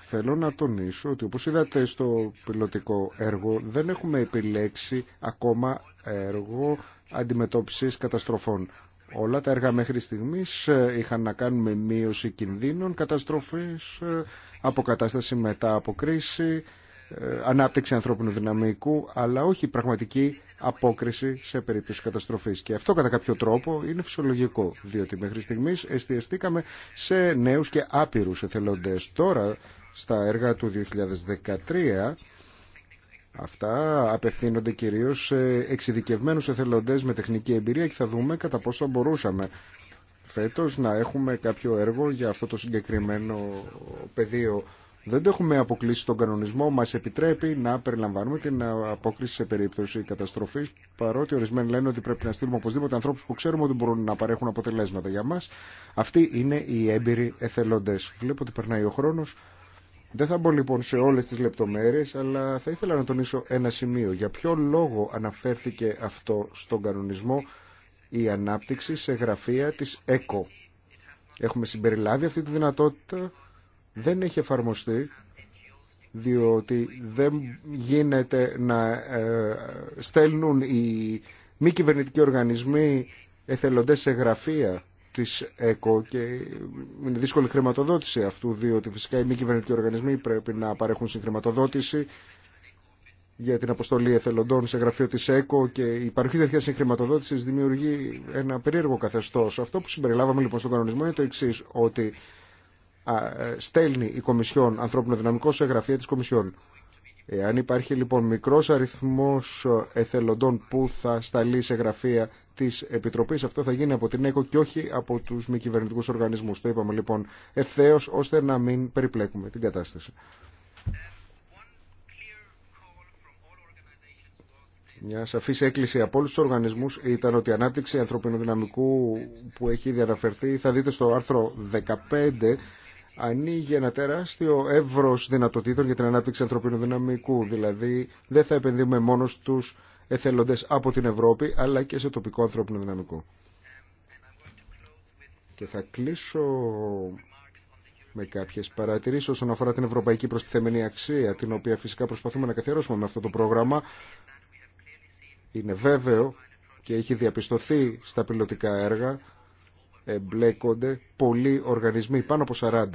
Θέλω να τονίσω ότι όπως είδατε στο πιλωτικό έργο δεν έχουμε επιλέξει ακόμα έργο αντιμετώπισης καταστροφών. Όλα τα έργα μέχρι στιγμής ε, είχαν να κάνουν με μείωση κινδύνων, καταστροφής, ε, αποκατάσταση μετά από κρίση, ε, ανάπτυξη ανθρώπινου δυναμικού, αλλά όχι πραγματική απόκριση σε περίπτωση καταστροφής. Και αυτό κατά κάποιο τρόπο είναι φυσιολογικό, διότι μέχρι στιγμής εστιαστήκαμε σε νέους και άπειρους εθελοντές. Τώρα, στα έργα του 2013, Αυτά απευθύνονται κυρίω σε εξειδικευμένου εθελοντέ με τεχνική εμπειρία και θα δούμε κατά πόσο θα μπορούσαμε Φέτο να έχουμε κάποιο έργο για αυτό το συγκεκριμένο πεδίο. Δεν το έχουμε αποκλείσει στον κανονισμό, Μα επιτρέπει να περιλαμβάνουμε την απόκριση σε περίπτωση καταστροφή, παρότι ορισμένοι λένε ότι πρέπει να στείλουμε οπωσδήποτε ανθρώπου που ξέρουμε ότι μπορούν να παρέχουν αποτελέσματα για μα. Αυτοί είναι οι έμπειροι εθελοντέ. Βλέπω ότι περνάει ο χρόνο. Δεν θα μπω λοιπόν σε όλες τις λεπτομέρειες, αλλά θα ήθελα να τονίσω ένα σημείο. Για ποιο λόγο αναφέρθηκε αυτό στον κανονισμό η ανάπτυξη σε γραφεία της ΕΚΟ. Έχουμε συμπεριλάβει αυτή τη δυνατότητα, δεν έχει εφαρμοστεί, διότι δεν γίνεται να ε, στέλνουν οι μη κυβερνητικοί οργανισμοί εθελοντές σε γραφεία της ΕΚΟ και είναι δύσκολη χρηματοδότηση αυτού διότι φυσικά οι μη κυβερνητικοί οργανισμοί πρέπει να παρέχουν συγχρηματοδότηση για την αποστολή εθελοντών σε γραφείο της ΕΚΟ και η παροχή τέτοια συγχρηματοδότησης δημιουργεί ένα περίεργο καθεστώ. Αυτό που συμπεριλάβαμε λοιπόν στον κανονισμό είναι το εξή ότι στέλνει η Κομισιόν ανθρώπινο δυναμικό σε γραφεία τη Κομισιόν. Εάν υπάρχει λοιπόν μικρό αριθμό εθελοντών που θα σταλεί σε γραφεία της Επιτροπής. Αυτό θα γίνει από την ΕΚΟ και όχι από τους μη κυβερνητικού οργανισμούς. Το είπαμε λοιπόν ευθέω ώστε να μην περιπλέκουμε την κατάσταση. Μια σαφή έκκληση από όλου του οργανισμού ήταν ότι η ανάπτυξη ανθρωπίνου δυναμικού που έχει ήδη αναφερθεί, θα δείτε στο άρθρο 15, ανοίγει ένα τεράστιο εύρο δυνατοτήτων για την ανάπτυξη ανθρωπίνου δυναμικού. Δηλαδή, δεν θα επενδύουμε μόνο στου εθελοντές από την Ευρώπη αλλά και σε τοπικό ανθρώπινο δυναμικό. Και θα κλείσω με κάποιες παρατηρήσεις όσον αφορά την ευρωπαϊκή προστιθέμενη αξία, την οποία φυσικά προσπαθούμε να καθιερώσουμε με αυτό το πρόγραμμα. Είναι βέβαιο και έχει διαπιστωθεί στα πιλωτικά έργα, εμπλέκονται πολλοί οργανισμοί, πάνω από 40.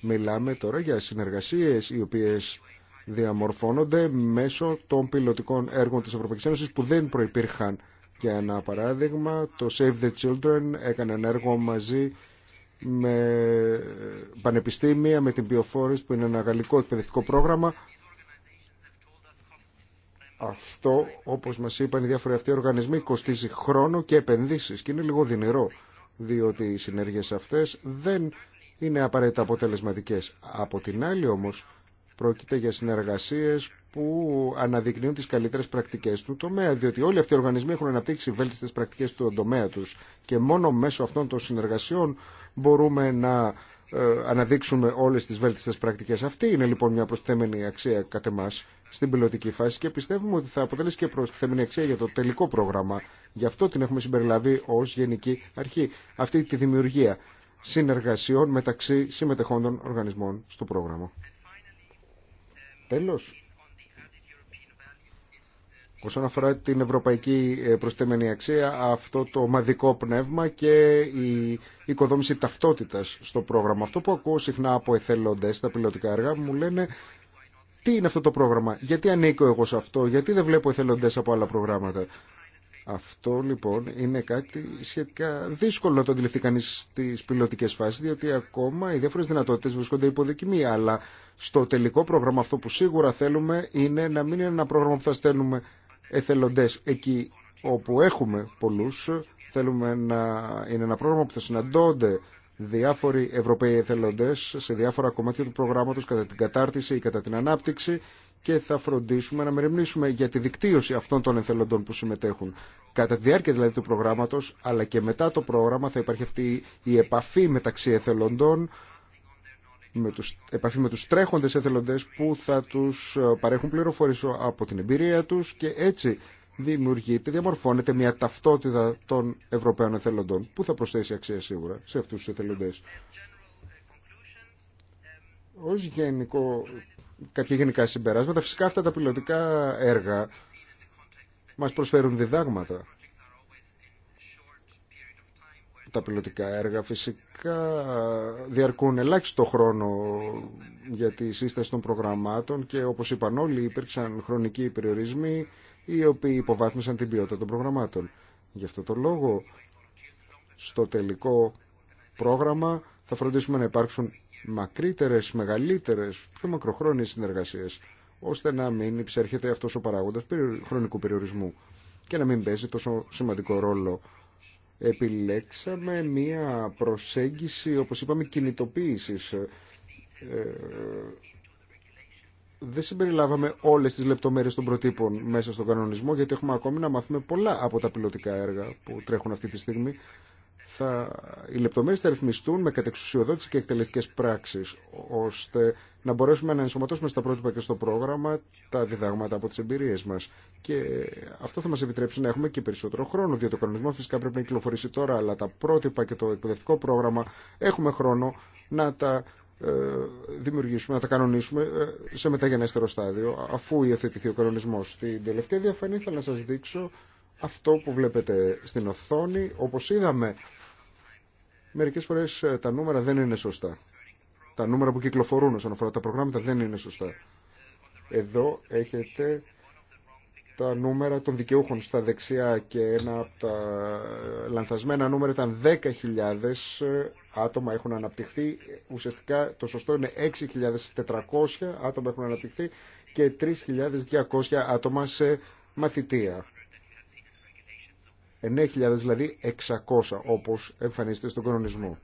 Μιλάμε τώρα για συνεργασίες οι οποίες διαμορφώνονται μέσω των πιλωτικών έργων της Ευρωπαϊκής Ένωσης που δεν προϋπήρχαν. Για ένα παράδειγμα, το Save the Children έκανε ένα έργο μαζί με πανεπιστήμια, με την Bioforest που είναι ένα γαλλικό εκπαιδευτικό πρόγραμμα. Αυτό, όπως μας είπαν οι διάφοροι αυτοί οργανισμοί, κοστίζει χρόνο και επενδύσεις και είναι λίγο δυνηρό, διότι οι συνέργειες αυτές δεν είναι απαραίτητα αποτελεσματικές. Από την άλλη όμως, Πρόκειται για συνεργασίες που αναδεικνύουν τις καλύτερες πρακτικές του τομέα, διότι όλοι αυτοί οι οργανισμοί έχουν αναπτύξει βέλτιστες πρακτικές του τομέα τους και μόνο μέσω αυτών των συνεργασιών μπορούμε να ε, αναδείξουμε όλες τις βέλτιστες πρακτικές. Αυτή είναι λοιπόν μια προσθέμενη αξία κατ' εμάς στην πιλωτική φάση και πιστεύουμε ότι θα αποτελέσει και προσθέμενη αξία για το τελικό πρόγραμμα. Γι' αυτό την έχουμε συμπεριλαβεί ως γενική αρχή αυτή τη δημιουργία συνεργασιών μεταξύ συμμετεχόντων οργανισμών στο πρόγραμμα. Τέλος, όσον αφορά την ευρωπαϊκή ε, προσθέμενη αξία, αυτό το ομαδικό πνεύμα και η οικοδόμηση ταυτότητας στο πρόγραμμα. Αυτό που ακούω συχνά από εθελοντές στα πιλωτικά έργα μου λένε τι είναι αυτό το πρόγραμμα, γιατί ανήκω εγώ σε αυτό, γιατί δεν βλέπω εθελοντές από άλλα προγράμματα. Αυτό λοιπόν είναι κάτι σχετικά δύσκολο να το αντιληφθεί κανεί στι πιλωτικέ φάσει, διότι ακόμα οι διάφορε δυνατότητε βρίσκονται υποδοκιμή. Αλλά στο τελικό πρόγραμμα αυτό που σίγουρα θέλουμε είναι να μην είναι ένα πρόγραμμα που θα στέλνουμε εθελοντές εκεί όπου έχουμε πολλούς. Θέλουμε να είναι ένα πρόγραμμα που θα συναντώνται διάφοροι Ευρωπαίοι εθελοντές σε διάφορα κομμάτια του προγράμματος κατά την κατάρτιση ή κατά την ανάπτυξη και θα φροντίσουμε να μεριμνήσουμε για τη δικτύωση αυτών των εθελοντών που συμμετέχουν. Κατά τη διάρκεια δηλαδή του προγράμματος αλλά και μετά το πρόγραμμα θα υπάρχει αυτή η επαφή μεταξύ εθελοντών με τους, επαφή με τους τρέχοντες εθελοντές που θα τους ε, παρέχουν πληροφορίες από την εμπειρία τους και έτσι δημιουργείται, διαμορφώνεται μια ταυτότητα των Ευρωπαίων εθελοντών που θα προσθέσει αξία σίγουρα σε αυτούς τους εθελοντές. Ως γενικό, κάποια γενικά συμπεράσματα, φυσικά αυτά τα πιλωτικά έργα μας προσφέρουν διδάγματα τα πιλωτικά έργα φυσικά διαρκούν ελάχιστο χρόνο για τη σύσταση των προγραμμάτων και όπως είπαν όλοι υπήρξαν χρονικοί περιορισμοί οι οποίοι υποβάθμισαν την ποιότητα των προγραμμάτων. Γι' αυτό το λόγο στο τελικό πρόγραμμα θα φροντίσουμε να υπάρξουν μακρύτερες, μεγαλύτερες, πιο μακροχρόνιες συνεργασίες ώστε να μην υψέρχεται αυτός ο παράγοντας χρονικού περιορισμού και να μην παίζει τόσο σημαντικό ρόλο επιλέξαμε μία προσέγγιση, όπως είπαμε, κινητοποίησης. Ε, ε, δεν συμπεριλάβαμε όλες τις λεπτομέρειες των προτύπων μέσα στον κανονισμό, γιατί έχουμε ακόμη να μάθουμε πολλά από τα πιλωτικά έργα που τρέχουν αυτή τη στιγμή. Θα, οι λεπτομέρειες θα ρυθμιστούν με κατεξουσιοδότηση και εκτελεστικές πράξεις, ώστε να μπορέσουμε να ενσωματώσουμε στα πρότυπα και στο πρόγραμμα τα διδάγματα από τι εμπειρίε μα. Και αυτό θα μα επιτρέψει να έχουμε και περισσότερο χρόνο, διότι ο κανονισμό φυσικά πρέπει να κυκλοφορήσει τώρα, αλλά τα πρότυπα και το εκπαιδευτικό πρόγραμμα έχουμε χρόνο να τα ε, δημιουργήσουμε, να τα κανονίσουμε ε, σε μεταγενέστερο στάδιο, αφού υιοθετηθεί ο κανονισμό. Στην τελευταία διαφανή θα να σα δείξω αυτό που βλέπετε στην οθόνη. Όπω είδαμε, μερικέ φορέ ε, τα νούμερα δεν είναι σωστά. Τα νούμερα που κυκλοφορούν όσον αφορά τα προγράμματα δεν είναι σωστά. Εδώ έχετε τα νούμερα των δικαιούχων στα δεξιά και ένα από τα λανθασμένα νούμερα ήταν 10.000 άτομα έχουν αναπτυχθεί. Ουσιαστικά το σωστό είναι 6.400 άτομα έχουν αναπτυχθεί και 3.200 άτομα σε μαθητεία. 9.000 δηλαδή 600 όπως εμφανίζεται στον κανονισμό.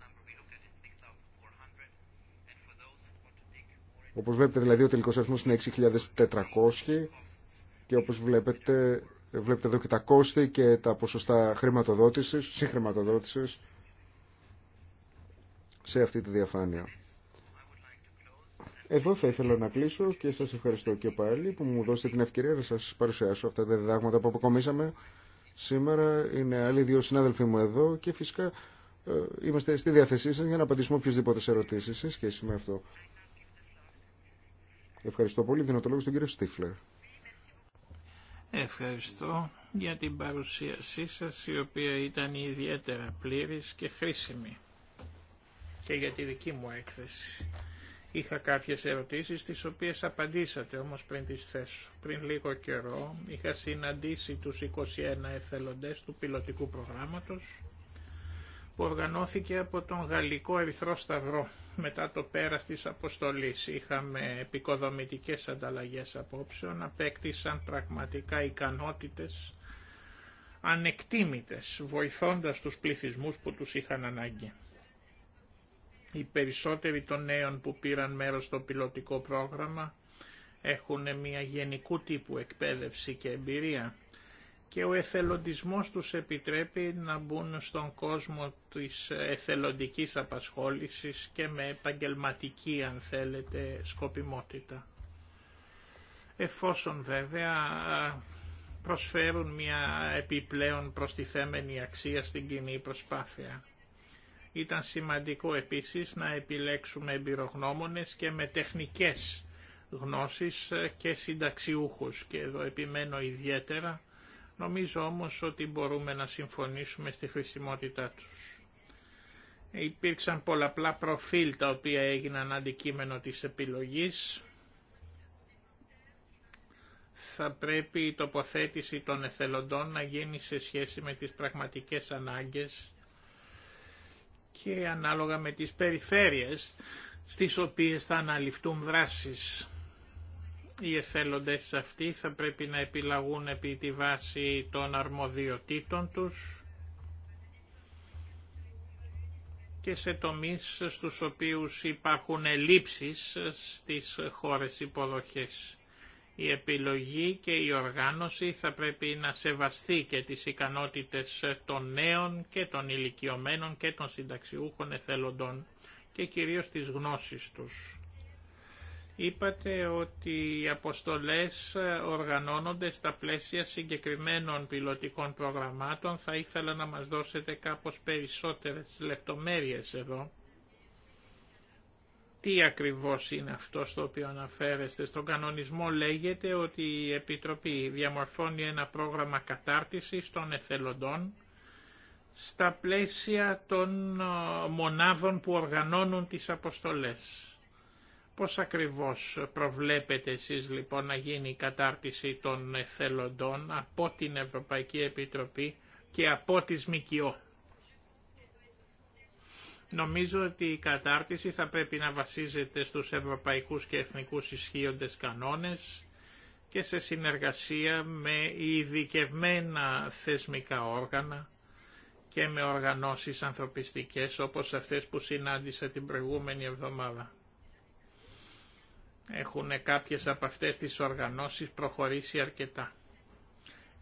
Όπως βλέπετε δηλαδή ο τελικός αριθμός είναι 6.400 και όπως βλέπετε, βλέπετε εδώ και τα κόστη και τα ποσοστά χρηματοδότησης, συγχρηματοδότησης σε αυτή τη διαφάνεια. Εδώ θα ήθελα να κλείσω και σας ευχαριστώ και πάλι που μου δώσετε την ευκαιρία να σας παρουσιάσω αυτά τα διδάγματα που αποκομίσαμε σήμερα. Είναι άλλοι δύο συνάδελφοί μου εδώ και φυσικά ε, είμαστε στη διάθεσή σας για να απαντήσουμε οποιασδήποτε ερωτήσεις σε σχέση με αυτό. Ευχαριστώ πολύ. Δίνω κύριο Στίφλερ. Ευχαριστώ για την παρουσίασή σας η οποία ήταν ιδιαίτερα πλήρης και χρήσιμη και για τη δική μου έκθεση. Είχα κάποιες ερωτήσεις τις οποίες απαντήσατε όμως πριν τις θέσω. Πριν λίγο καιρό είχα συναντήσει τους 21 εθελοντές του πιλωτικού προγράμματος που οργανώθηκε από τον Γαλλικό Ερυθρό Σταυρό μετά το πέρας της αποστολής. Είχαμε επικοδομητικές ανταλλαγές απόψεων, απέκτησαν πραγματικά ικανότητες ανεκτήμητες, βοηθώντας τους πληθυσμούς που τους είχαν ανάγκη. Οι περισσότεροι των νέων που πήραν μέρος στο πιλωτικό πρόγραμμα έχουν μια γενικού τύπου εκπαίδευση και εμπειρία και ο εθελοντισμός τους επιτρέπει να μπουν στον κόσμο της εθελοντικής απασχόλησης και με επαγγελματική αν θέλετε σκοπιμότητα. Εφόσον βέβαια προσφέρουν μια επιπλέον προστιθέμενη αξία στην κοινή προσπάθεια. Ήταν σημαντικό επίσης να επιλέξουμε εμπειρογνώμονες και με τεχνικές γνώσεις και συνταξιούχους και εδώ επιμένω ιδιαίτερα Νομίζω όμως ότι μπορούμε να συμφωνήσουμε στη χρησιμότητά τους. Υπήρξαν πολλαπλά προφίλ τα οποία έγιναν αντικείμενο της επιλογής. Θα πρέπει η τοποθέτηση των εθελοντών να γίνει σε σχέση με τις πραγματικές ανάγκες και ανάλογα με τις περιφέρειες στις οποίες θα αναλυφθούν δράσεις. Οι εθελοντές αυτοί θα πρέπει να επιλαγούν επί τη βάση των αρμοδιοτήτων τους και σε τομείς στους οποίους υπάρχουν ελλείψεις στις χώρες υποδοχές. Η επιλογή και η οργάνωση θα πρέπει να σεβαστεί και τις ικανότητες των νέων και των ηλικιωμένων και των συνταξιούχων εθελοντών και κυρίως τις γνώσεις τους. Είπατε ότι οι αποστολές οργανώνονται στα πλαίσια συγκεκριμένων πιλωτικών προγραμμάτων. Θα ήθελα να μας δώσετε κάπως περισσότερες λεπτομέρειες εδώ. Τι ακριβώς είναι αυτό στο οποίο αναφέρεστε. Στον κανονισμό λέγεται ότι η Επιτροπή διαμορφώνει ένα πρόγραμμα κατάρτισης των εθελοντών στα πλαίσια των ε, μονάδων που οργανώνουν τις αποστολές. Πώς ακριβώς προβλέπετε εσείς λοιπόν να γίνει η κατάρτιση των εθελοντών από την Ευρωπαϊκή Επιτροπή και από τις ΜΚΟ. Νομίζω ότι η κατάρτιση θα πρέπει να βασίζεται στους ευρωπαϊκούς και εθνικούς ισχύοντες κανόνες και σε συνεργασία με ειδικευμένα θεσμικά όργανα και με οργανώσεις ανθρωπιστικές όπως αυτές που συνάντησα την προηγούμενη εβδομάδα. Έχουν κάποιες από αυτές τις οργανώσεις προχωρήσει αρκετά.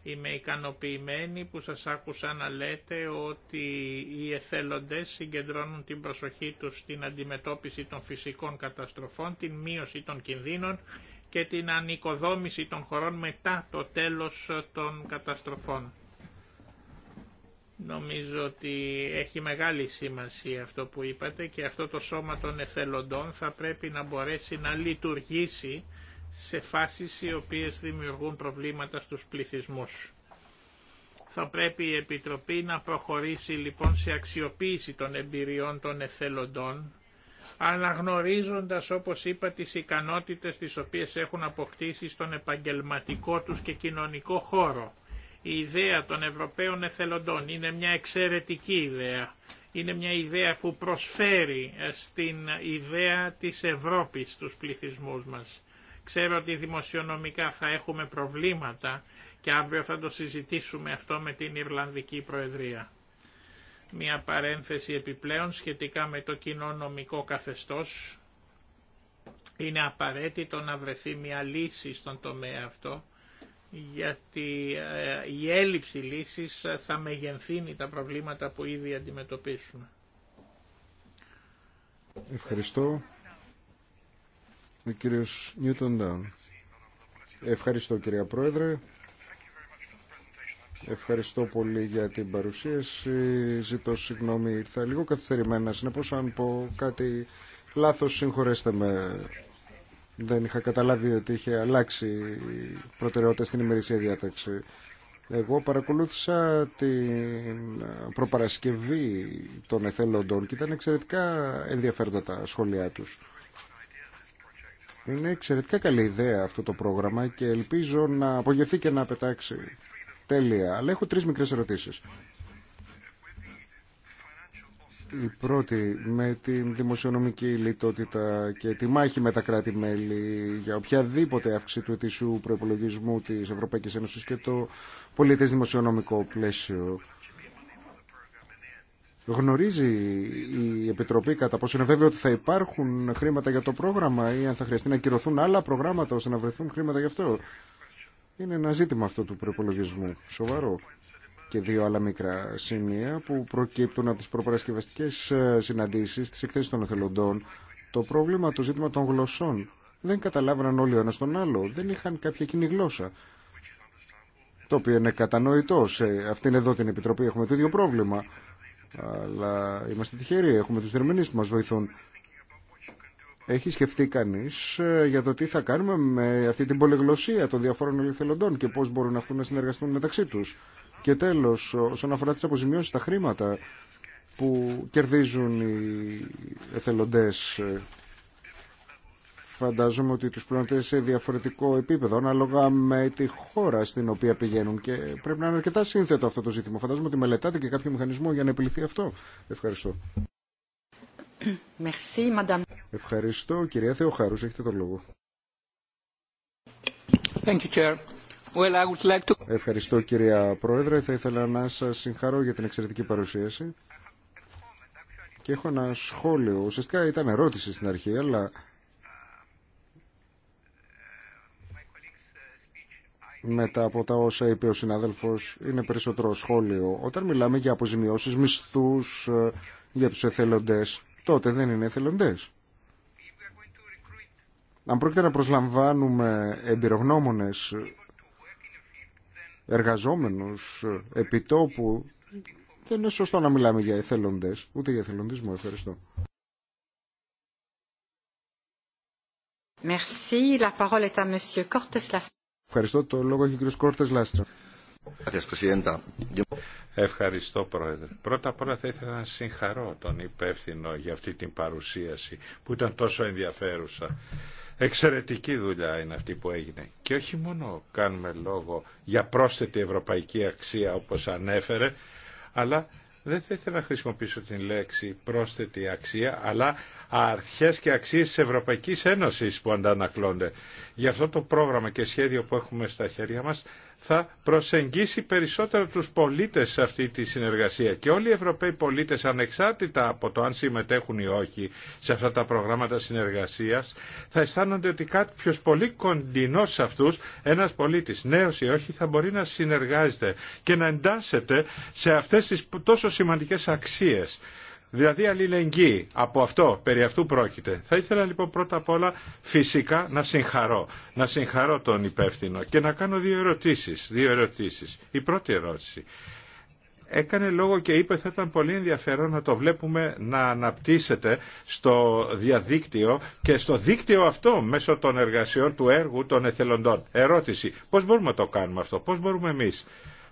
Είμαι ικανοποιημένη που σας άκουσα να λέτε ότι οι εθελοντές συγκεντρώνουν την προσοχή τους στην αντιμετώπιση των φυσικών καταστροφών, την μείωση των κινδύνων και την ανοικοδόμηση των χωρών μετά το τέλος των καταστροφών. Νομίζω ότι έχει μεγάλη σημασία αυτό που είπατε και αυτό το σώμα των εθελοντών θα πρέπει να μπορέσει να λειτουργήσει σε φάσεις οι οποίες δημιουργούν προβλήματα στους πληθυσμούς. Θα πρέπει η Επιτροπή να προχωρήσει λοιπόν σε αξιοποίηση των εμπειριών των εθελοντών, αναγνωρίζοντας όπως είπα τις ικανότητες τις οποίες έχουν αποκτήσει στον επαγγελματικό τους και κοινωνικό χώρο η ιδέα των Ευρωπαίων εθελοντών είναι μια εξαιρετική ιδέα. Είναι μια ιδέα που προσφέρει ε, στην ιδέα της Ευρώπης τους πληθυσμούς μας. Ξέρω ότι δημοσιονομικά θα έχουμε προβλήματα και αύριο θα το συζητήσουμε αυτό με την Ιρλανδική Προεδρία. Μια παρένθεση επιπλέον σχετικά με το κοινό νομικό καθεστώς. Είναι απαραίτητο να βρεθεί μια λύση στον τομέα αυτό γιατί ε, η έλλειψη λύσης ε, θα μεγενθύνει τα προβλήματα που ήδη αντιμετωπίσουμε. Ευχαριστώ. Ο κύριος Νιούτον Ντάουν. Ευχαριστώ κυρία Πρόεδρε. Ευχαριστώ πολύ για την παρουσίαση. Ζητώ συγγνώμη, ήρθα λίγο καθυστερημένα. Συνεπώς αν πω κάτι λάθος, συγχωρέστε με. Δεν είχα καταλάβει ότι είχε αλλάξει προτεραιότητα στην ημερησία διάταξη. Εγώ παρακολούθησα την προπαρασκευή των εθελοντών και ήταν εξαιρετικά ενδιαφέροντα τα σχόλιά τους. Είναι εξαιρετικά καλή ιδέα αυτό το πρόγραμμα και ελπίζω να απογευθεί και να πετάξει τέλεια. Αλλά έχω τρεις μικρές ερωτήσεις. Η πρώτη με την δημοσιονομική λιτότητα και τη μάχη με τα κράτη-μέλη για οποιαδήποτε αύξηση του ετήσιου προπολογισμού της Ευρωπαϊκής Ένωσης και το πολίτες δημοσιονομικό πλαίσιο. Γνωρίζει η Επιτροπή κατά πόσο είναι βέβαιο ότι θα υπάρχουν χρήματα για το πρόγραμμα ή αν θα χρειαστεί να κυρωθούν άλλα προγράμματα ώστε να βρεθούν χρήματα γι' αυτό. Είναι ένα ζήτημα αυτό του προπολογισμού. Σοβαρό και δύο άλλα μικρά σημεία που προκύπτουν από τις προπαρασκευαστικές ε, συναντήσεις της εκθέσης των εθελοντών. Το πρόβλημα, το ζήτημα των γλωσσών. Δεν καταλάβαιναν όλοι ο ένας τον άλλο. Δεν είχαν κάποια κοινή γλώσσα. Το οποίο είναι κατανοητό. Σε αυτήν εδώ την Επιτροπή έχουμε το ίδιο πρόβλημα. Αλλά είμαστε τυχεροί. Έχουμε τους δερμηνείς που μας βοηθούν. Έχει σκεφτεί κανεί ε, για το τι θα κάνουμε με αυτή την πολυγλωσία των διαφόρων εθελοντών και πώ μπορούν αυτού να συνεργαστούν μεταξύ του. Και τέλος, όσον αφορά τις αποζημιώσεις, τα χρήματα που κερδίζουν οι εθελοντές φαντάζομαι ότι τους πληρώνετε σε διαφορετικό επίπεδο ανάλογα με τη χώρα στην οποία πηγαίνουν και πρέπει να είναι αρκετά σύνθετο αυτό το ζήτημα. Φαντάζομαι ότι μελετάτε και κάποιο μηχανισμό για να επιληθεί αυτό. Ευχαριστώ. Merci, Ευχαριστώ. Κυρία Θεοχάρους, έχετε το λόγο. Thank you, Chair. Ευχαριστώ κυρία Πρόεδρε. Θα ήθελα να σας συγχαρώ για την εξαιρετική παρουσίαση. Και έχω ένα σχόλιο. Ουσιαστικά ήταν ερώτηση στην αρχή, αλλά... Μετά από τα όσα είπε ο συνάδελφος, είναι περισσότερο σχόλιο. Όταν μιλάμε για αποζημιώσεις μισθούς ε, για τους εθελοντές, τότε δεν είναι εθελοντές. Αν πρόκειται να προσλαμβάνουμε εμπειρογνώμονες εργαζόμενους επιτόπου δεν είναι σωστό να μιλάμε για εθελοντές, ούτε για εθελοντισμό. Ευχαριστώ. Merci. La parole est à Monsieur Cortes Ευχαριστώ. Το λόγο έχει ο Κόρτες Λάστρα. Ευχαριστώ Πρόεδρε. Πρώτα απ' όλα θα ήθελα να συγχαρώ τον υπεύθυνο για αυτή την παρουσίαση που ήταν τόσο ενδιαφέρουσα. Εξαιρετική δουλειά είναι αυτή που έγινε. Και όχι μόνο κάνουμε λόγο για πρόσθετη ευρωπαϊκή αξία όπως ανέφερε, αλλά δεν θα ήθελα να χρησιμοποιήσω την λέξη πρόσθετη αξία, αλλά αρχές και αξίες της Ευρωπαϊκής Ένωσης που αντανακλώνται. Γι' αυτό το πρόγραμμα και σχέδιο που έχουμε στα χέρια μας θα προσεγγίσει περισσότερο τους πολίτες σε αυτή τη συνεργασία και όλοι οι Ευρωπαίοι πολίτες ανεξάρτητα από το αν συμμετέχουν ή όχι σε αυτά τα προγράμματα συνεργασίας θα αισθάνονται ότι κάποιος πολύ κοντινός σε αυτούς, ένας πολίτης νέος ή όχι θα μπορεί να συνεργάζεται και να εντάσσεται σε αυτές τις τόσο σημαντικές αξίες δηλαδή αλληλεγγύη. Από αυτό, περί αυτού πρόκειται. Θα ήθελα λοιπόν πρώτα απ' όλα φυσικά να συγχαρώ, να συγχαρώ τον υπεύθυνο και να κάνω δύο ερωτήσεις. Δύο ερωτήσεις. Η πρώτη ερώτηση έκανε λόγο και είπε θα ήταν πολύ ενδιαφέρον να το βλέπουμε να αναπτύσσεται στο διαδίκτυο και στο δίκτυο αυτό μέσω των εργασιών του έργου των εθελοντών. Ερώτηση, πώς μπορούμε να το κάνουμε αυτό, πώς μπορούμε εμείς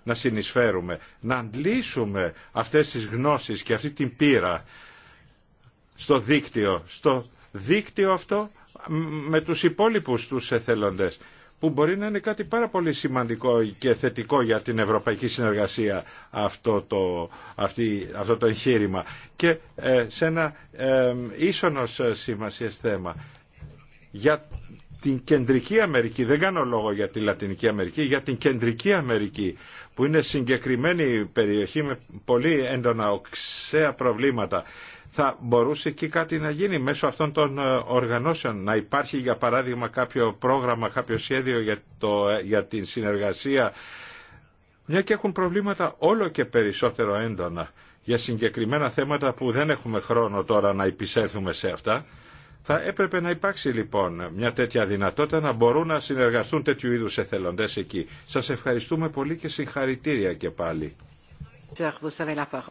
να συνεισφέρουμε, να αντλήσουμε αυτές τις γνώσεις και αυτή την πείρα στο δίκτυο, στο δίκτυο αυτό με τους υπόλοιπους τους εθελοντές που μπορεί να είναι κάτι πάρα πολύ σημαντικό και θετικό για την ευρωπαϊκή συνεργασία αυτό το, αυτή, αυτό το εγχείρημα και ε, σε ένα ε, ίσονος ε, θέμα την Κεντρική Αμερική, δεν κάνω λόγο για τη Λατινική Αμερική, για την Κεντρική Αμερική που είναι συγκεκριμένη περιοχή με πολύ έντονα οξέα προβλήματα. Θα μπορούσε εκεί κάτι να γίνει μέσω αυτών των ε, οργανώσεων, να υπάρχει για παράδειγμα κάποιο πρόγραμμα, κάποιο σχέδιο για, το, ε, για την συνεργασία, μια και έχουν προβλήματα όλο και περισσότερο έντονα για συγκεκριμένα θέματα που δεν έχουμε χρόνο τώρα να επισέλθουμε σε αυτά. Θα έπρεπε να υπάρξει λοιπόν μια τέτοια δυνατότητα να μπορούν να συνεργαστούν τέτοιου είδους εθελοντές εκεί. Σας ευχαριστούμε πολύ και συγχαρητήρια και πάλι.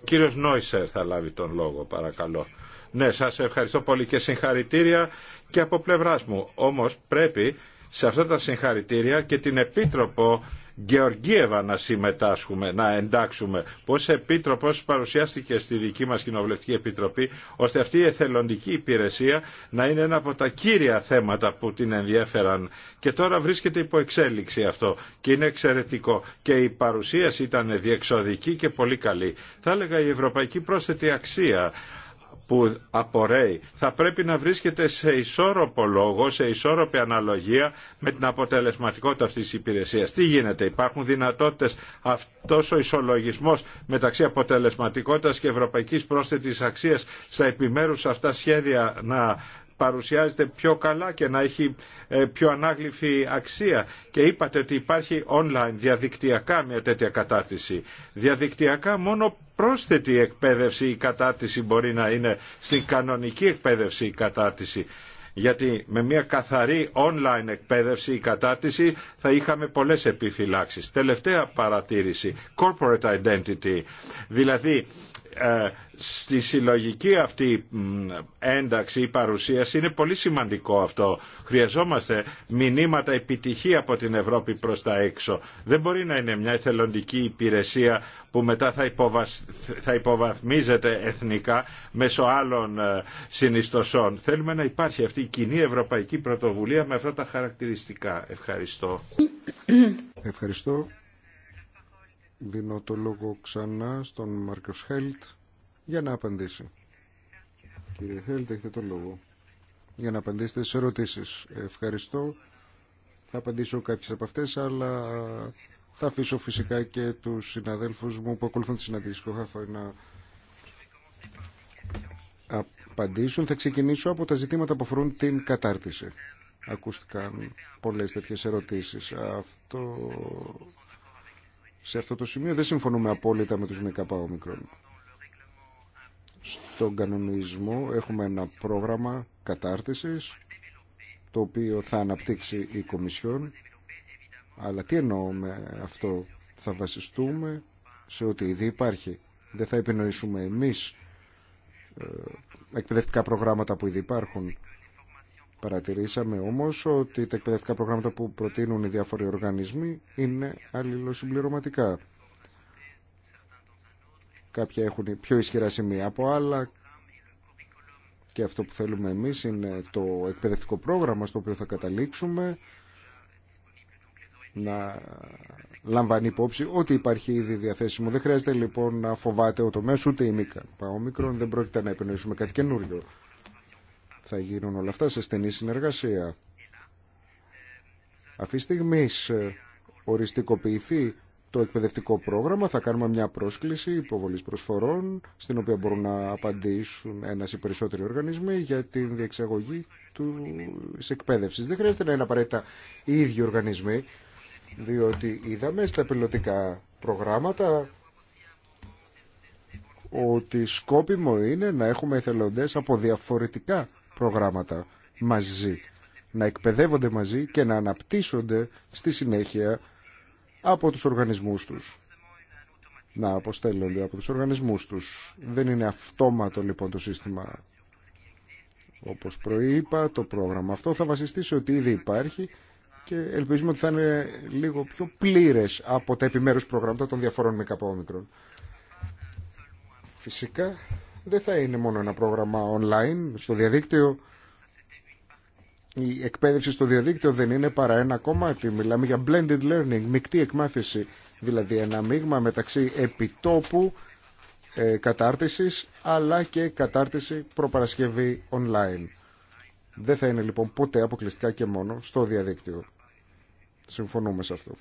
Κύριος Νόισερ θα λάβει τον λόγο παρακαλώ. Ναι, σας ευχαριστώ πολύ και συγχαρητήρια και από πλευράς μου. Όμως πρέπει σε αυτά τα συγχαρητήρια και την Επίτροπο Γεωργίευα να συμμετάσχουμε, να εντάξουμε. Πώς επίτροπος παρουσιάστηκε στη δική μας Κοινοβουλευτική Επιτροπή, ώστε αυτή η εθελοντική υπηρεσία να είναι ένα από τα κύρια θέματα που την ενδιέφεραν. Και τώρα βρίσκεται υπό εξέλιξη αυτό και είναι εξαιρετικό. Και η παρουσίαση ήταν διεξοδική και πολύ καλή. Θα έλεγα η ευρωπαϊκή πρόσθετη αξία που απορρέει θα πρέπει να βρίσκεται σε ισόρροπο λόγο, σε ισόρροπη αναλογία με την αποτελεσματικότητα αυτής της υπηρεσίας. Τι γίνεται, υπάρχουν δυνατότητες αυτός ο ισολογισμός μεταξύ αποτελεσματικότητας και ευρωπαϊκής πρόσθετης αξίας στα επιμέρους αυτά σχέδια να παρουσιάζεται πιο καλά και να έχει ε, πιο ανάγλυφη αξία. Και είπατε ότι υπάρχει online διαδικτυακά μια τέτοια κατάρτιση. Διαδικτυακά μόνο πρόσθετη εκπαίδευση ή κατάρτιση μπορεί να είναι στην κανονική εκπαίδευση ή κατάρτιση γιατί με μια καθαρή online εκπαίδευση ή κατάρτιση θα είχαμε πολλές επιφυλάξεις. Τελευταία παρατήρηση, corporate identity, δηλαδή ε, στη συλλογική αυτή ένταξη ή παρουσίαση είναι πολύ σημαντικό αυτό. Χρειαζόμαστε μηνύματα επιτυχή από την Ευρώπη προς τα έξω. Δεν μπορεί να είναι μια εθελοντική υπηρεσία που μετά θα, θα υποβαθμίζεται εθνικά μέσω άλλων ε, συνιστοσών. Θέλουμε να υπάρχει αυτή η κοινή ευρωπαϊκή πρωτοβουλία με αυτά τα χαρακτηριστικά. Ευχαριστώ. Ευχαριστώ. Δίνω το λόγο ξανά στον Μάρκο Χέλτ για να απαντήσει. Κύριε Χέλτ, έχετε το λόγο για να απαντήσετε σε ερωτήσεις. Ευχαριστώ. Θα απαντήσω κάποιες από αυτές, αλλά θα αφήσω φυσικά και του συναδέλφους μου που ακολουθούν τη συναντήση που να απαντήσουν. Θα ξεκινήσω από τα ζητήματα που αφορούν την κατάρτιση. Ακούστηκαν πολλές τέτοιες ερωτήσεις. Αυτό σε αυτό το σημείο δεν συμφωνούμε απόλυτα με τους ΜΚΟ. Στον κανονισμό έχουμε ένα πρόγραμμα κατάρτισης το οποίο θα αναπτύξει η Κομισιόν. Αλλά τι εννοώ με αυτό. Θα βασιστούμε σε ό,τι ήδη υπάρχει. Δεν θα επινοήσουμε εμείς ε, εκπαιδευτικά προγράμματα που ήδη υπάρχουν. Παρατηρήσαμε όμως ότι τα εκπαιδευτικά προγράμματα που προτείνουν οι διάφοροι οργανισμοί είναι αλληλοσυμπληρωματικά. Κάποια έχουν πιο ισχυρά σημεία από άλλα και αυτό που θέλουμε εμείς είναι το εκπαιδευτικό πρόγραμμα στο οποίο θα καταλήξουμε να λαμβάνει υπόψη ότι υπάρχει ήδη διαθέσιμο. Δεν χρειάζεται λοιπόν να φοβάται ο τομέας ούτε η μήκα. Ο μικρόν δεν πρόκειται να επινοήσουμε κάτι καινούριο. Θα γίνουν όλα αυτά σε στενή συνεργασία. Αυτή τη στιγμή ε, οριστικοποιηθεί το εκπαιδευτικό πρόγραμμα, θα κάνουμε μια πρόσκληση υποβολής προσφορών, στην οποία μπορούν να απαντήσουν ένας ή περισσότεροι οργανισμοί για την διεξαγωγή του εκπαίδευση. Δεν χρειάζεται να είναι απαραίτητα οι ίδιοι οργανισμοί, διότι είδαμε στα πιλωτικά προγράμματα ότι σκόπιμο είναι να έχουμε εθελοντές από διαφορετικά προγράμματα μαζί, να εκπαιδεύονται μαζί και να αναπτύσσονται στη συνέχεια από τους οργανισμούς τους. Να αποστέλλονται από τους οργανισμούς τους. Δεν είναι αυτόματο λοιπόν το σύστημα. Όπως προείπα, το πρόγραμμα αυτό θα βασιστεί σε ότι ήδη υπάρχει και ελπίζουμε ότι θα είναι λίγο πιο πλήρες από τα επιμέρους προγράμματα των διαφορών μικαπόμικρων. Φυσικά δεν θα είναι μόνο ένα πρόγραμμα online στο διαδίκτυο. Η εκπαίδευση στο διαδίκτυο δεν είναι παρά ένα κομμάτι. Μιλάμε για blended learning, μεικτή εκμάθηση, δηλαδή ένα μείγμα μεταξύ επιτόπου ε, κατάρτισης αλλά και κατάρτιση προπαρασκευή online. Δεν θα είναι λοιπόν ποτέ αποκλειστικά και μόνο στο διαδίκτυο. Συμφωνούμε σε αυτό.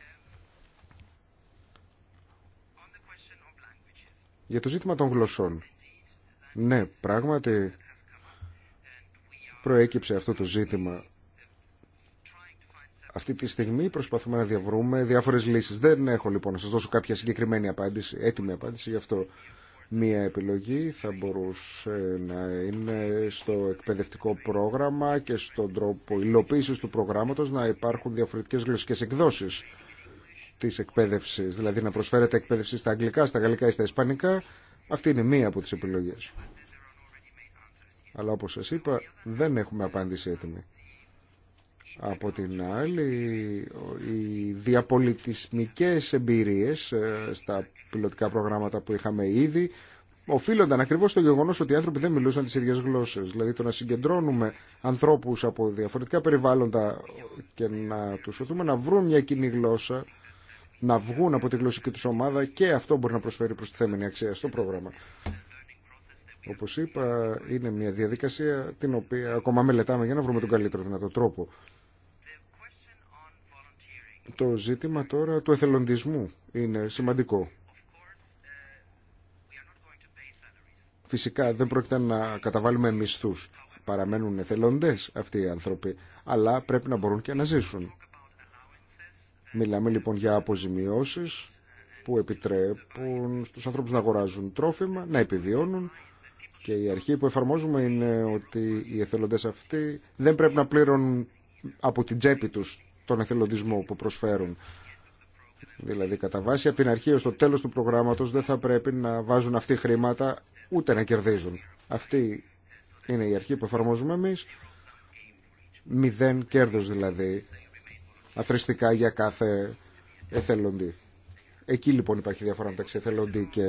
Για το ζήτημα των γλωσσών. Ναι, πράγματι προέκυψε αυτό το ζήτημα. Αυτή τη στιγμή προσπαθούμε να διαβρούμε διάφορες λύσεις. Δεν έχω λοιπόν να σας δώσω κάποια συγκεκριμένη απάντηση, έτοιμη απάντηση, γι' αυτό μία επιλογή θα μπορούσε να είναι στο εκπαιδευτικό πρόγραμμα και στον τρόπο υλοποίηση του προγράμματος να υπάρχουν διαφορετικές γλωσσικές εκδόσεις της εκπαίδευσης, δηλαδή να προσφέρεται εκπαίδευση στα αγγλικά, στα γαλλικά ή στα ισπανικά αυτή είναι μία από τις επιλογές. Αλλά όπως σας είπα δεν έχουμε απάντηση έτοιμη. Από την άλλη, οι διαπολιτισμικές εμπειρίες ε, στα πιλωτικά προγράμματα που είχαμε ήδη οφείλονταν ακριβώς στο γεγονός ότι οι άνθρωποι δεν μιλούσαν τις ίδιες γλώσσες. Δηλαδή το να συγκεντρώνουμε ανθρώπους από διαφορετικά περιβάλλοντα και να τους οθούμε να βρουν μια κοινή γλώσσα να βγουν από τη γλωσσική του ομάδα και αυτό μπορεί να προσφέρει θέμενη αξία στο πρόγραμμα. Όπως είπα, είναι μια διαδικασία την οποία ακόμα μελετάμε για να βρούμε τον καλύτερο δυνατό τρόπο. Το ζήτημα τώρα του εθελοντισμού είναι σημαντικό. Φυσικά δεν πρόκειται να καταβάλουμε μισθούς. Παραμένουν εθελοντές αυτοί οι άνθρωποι, αλλά πρέπει να μπορούν και να ζήσουν. Μιλάμε λοιπόν για αποζημιώσεις που επιτρέπουν στους ανθρώπους να αγοράζουν τρόφιμα, να επιβιώνουν και η αρχή που εφαρμόζουμε είναι ότι οι εθελοντές αυτοί δεν πρέπει να πλήρωνουν από την τσέπη τους τον εθελοντισμό που προσφέρουν. Δηλαδή κατά βάση από την αρχή ως το τέλος του προγράμματος δεν θα πρέπει να βάζουν αυτοί χρήματα ούτε να κερδίζουν. Αυτή είναι η αρχή που εφαρμόζουμε εμείς. Μηδέν κέρδος δηλαδή αθρηστικά για κάθε εθελοντή. Εκεί λοιπόν υπάρχει διαφορά μεταξύ εθελοντή και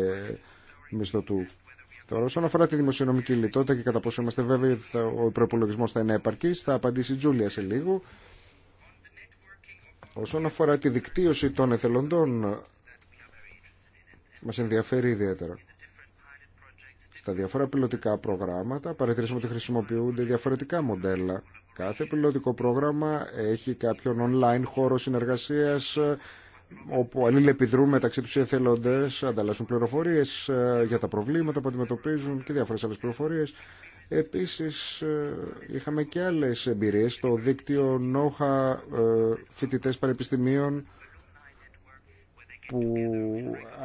μισθωτού. Τώρα, όσον αφορά τη δημοσιονομική λιτότητα και κατά πόσο είμαστε βέβαιοι ότι ο προπολογισμό θα είναι επαρκή, θα απαντήσει η Τζούλια σε λίγο. Όσον αφορά τη δικτύωση των εθελοντών, μα ενδιαφέρει ιδιαίτερα. Στα διάφορα πιλωτικά προγράμματα παρατηρήσαμε ότι χρησιμοποιούνται διαφορετικά μοντέλα Κάθε πιλωτικό πρόγραμμα έχει κάποιον online χώρο συνεργασίας όπου αλληλεπιδρούν μεταξύ τους οι εθελοντές, ανταλλάσσουν πληροφορίες ε, για τα προβλήματα που αντιμετωπίζουν και διάφορες άλλες πληροφορίες. Επίσης ε, είχαμε και άλλες εμπειρίες στο δίκτυο Νόχα ε, φοιτητές πανεπιστημίων που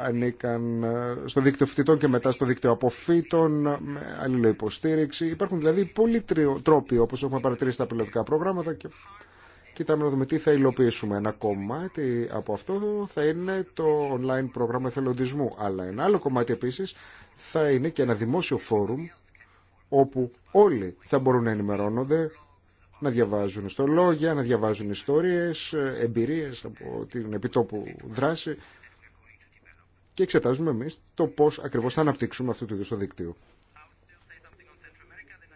ανήκαν ε, στο δίκτυο φοιτητών και μετά στο δίκτυο αποφύτων, με αλληλοϊποστήριξη. Υπάρχουν δηλαδή πολλοί τρόποι όπως έχουμε παρατηρήσει τα πιλωτικά προγράμματα και κοιτάμε να δούμε τι θα υλοποιήσουμε. Ένα κομμάτι από αυτό θα είναι το online πρόγραμμα εθελοντισμού, αλλά ένα άλλο κομμάτι επίσης θα είναι και ένα δημόσιο φόρουμ όπου όλοι θα μπορούν να ενημερώνονται να διαβάζουν ιστολόγια, να διαβάζουν ιστορίες, εμπειρίες από την επιτόπου δράση και εξετάζουμε εμείς το πώς ακριβώς θα αναπτύξουμε αυτού του είδους το δίκτυο.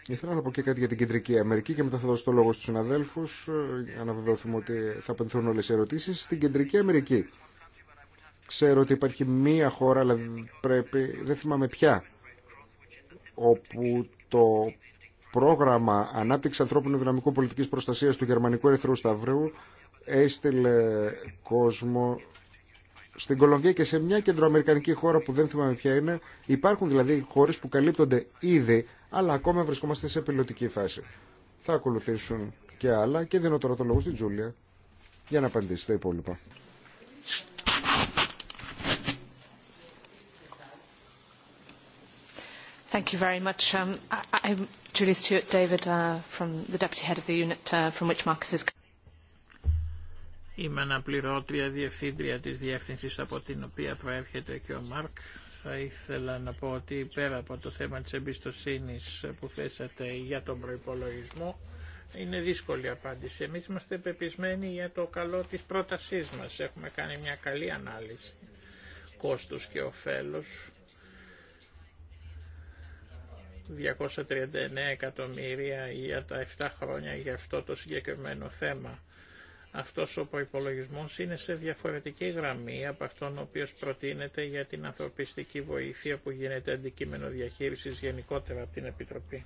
Ήθελα να πω και κάτι για την Κεντρική Αμερική και μετά θα δώσω το λόγο στους συναδέλφους ε, για να βεβαιωθούμε ότι θα απαντηθούν όλες οι ερωτήσεις. Στην Κεντρική Αμερική ξέρω ότι υπάρχει μία χώρα, αλλά πρέπει, δεν θυμάμαι ποια, όπου το πρόγραμμα ανάπτυξη ανθρώπινου δυναμικού πολιτική Προστασία του Γερμανικού Ερυθρού Σταυρού έστειλε κόσμο στην Κολομβία και σε μια κεντροαμερικανική χώρα που δεν θυμάμαι ποια είναι. Υπάρχουν δηλαδή χώρε που καλύπτονται ήδη, αλλά ακόμα βρισκόμαστε σε πιλωτική φάση. Θα ακολουθήσουν και άλλα και δίνω τώρα το λόγο στην Τζούλια για να απαντήσει τα υπόλοιπα. Thank you very much. Um, Julie Stewart David uh, from the Είμαι αναπληρώτρια διευθύντρια της διεύθυνσης από την οποία προέρχεται και ο Μάρκ. Θα ήθελα να πω ότι πέρα από το θέμα της εμπιστοσύνης που θέσατε για τον προϋπολογισμό, είναι δύσκολη απάντηση. Εμείς είμαστε πεπισμένοι για το καλό της πρότασής μας. Έχουμε κάνει μια καλή ανάλυση κόστους και ωφέλους 239 εκατομμύρια για τα 7 χρόνια για αυτό το συγκεκριμένο θέμα. Αυτός ο προϋπολογισμός είναι σε διαφορετική γραμμή από αυτόν ο οποίος προτείνεται για την ανθρωπιστική βοήθεια που γίνεται αντικείμενο διαχείρισης γενικότερα από την Επιτροπή.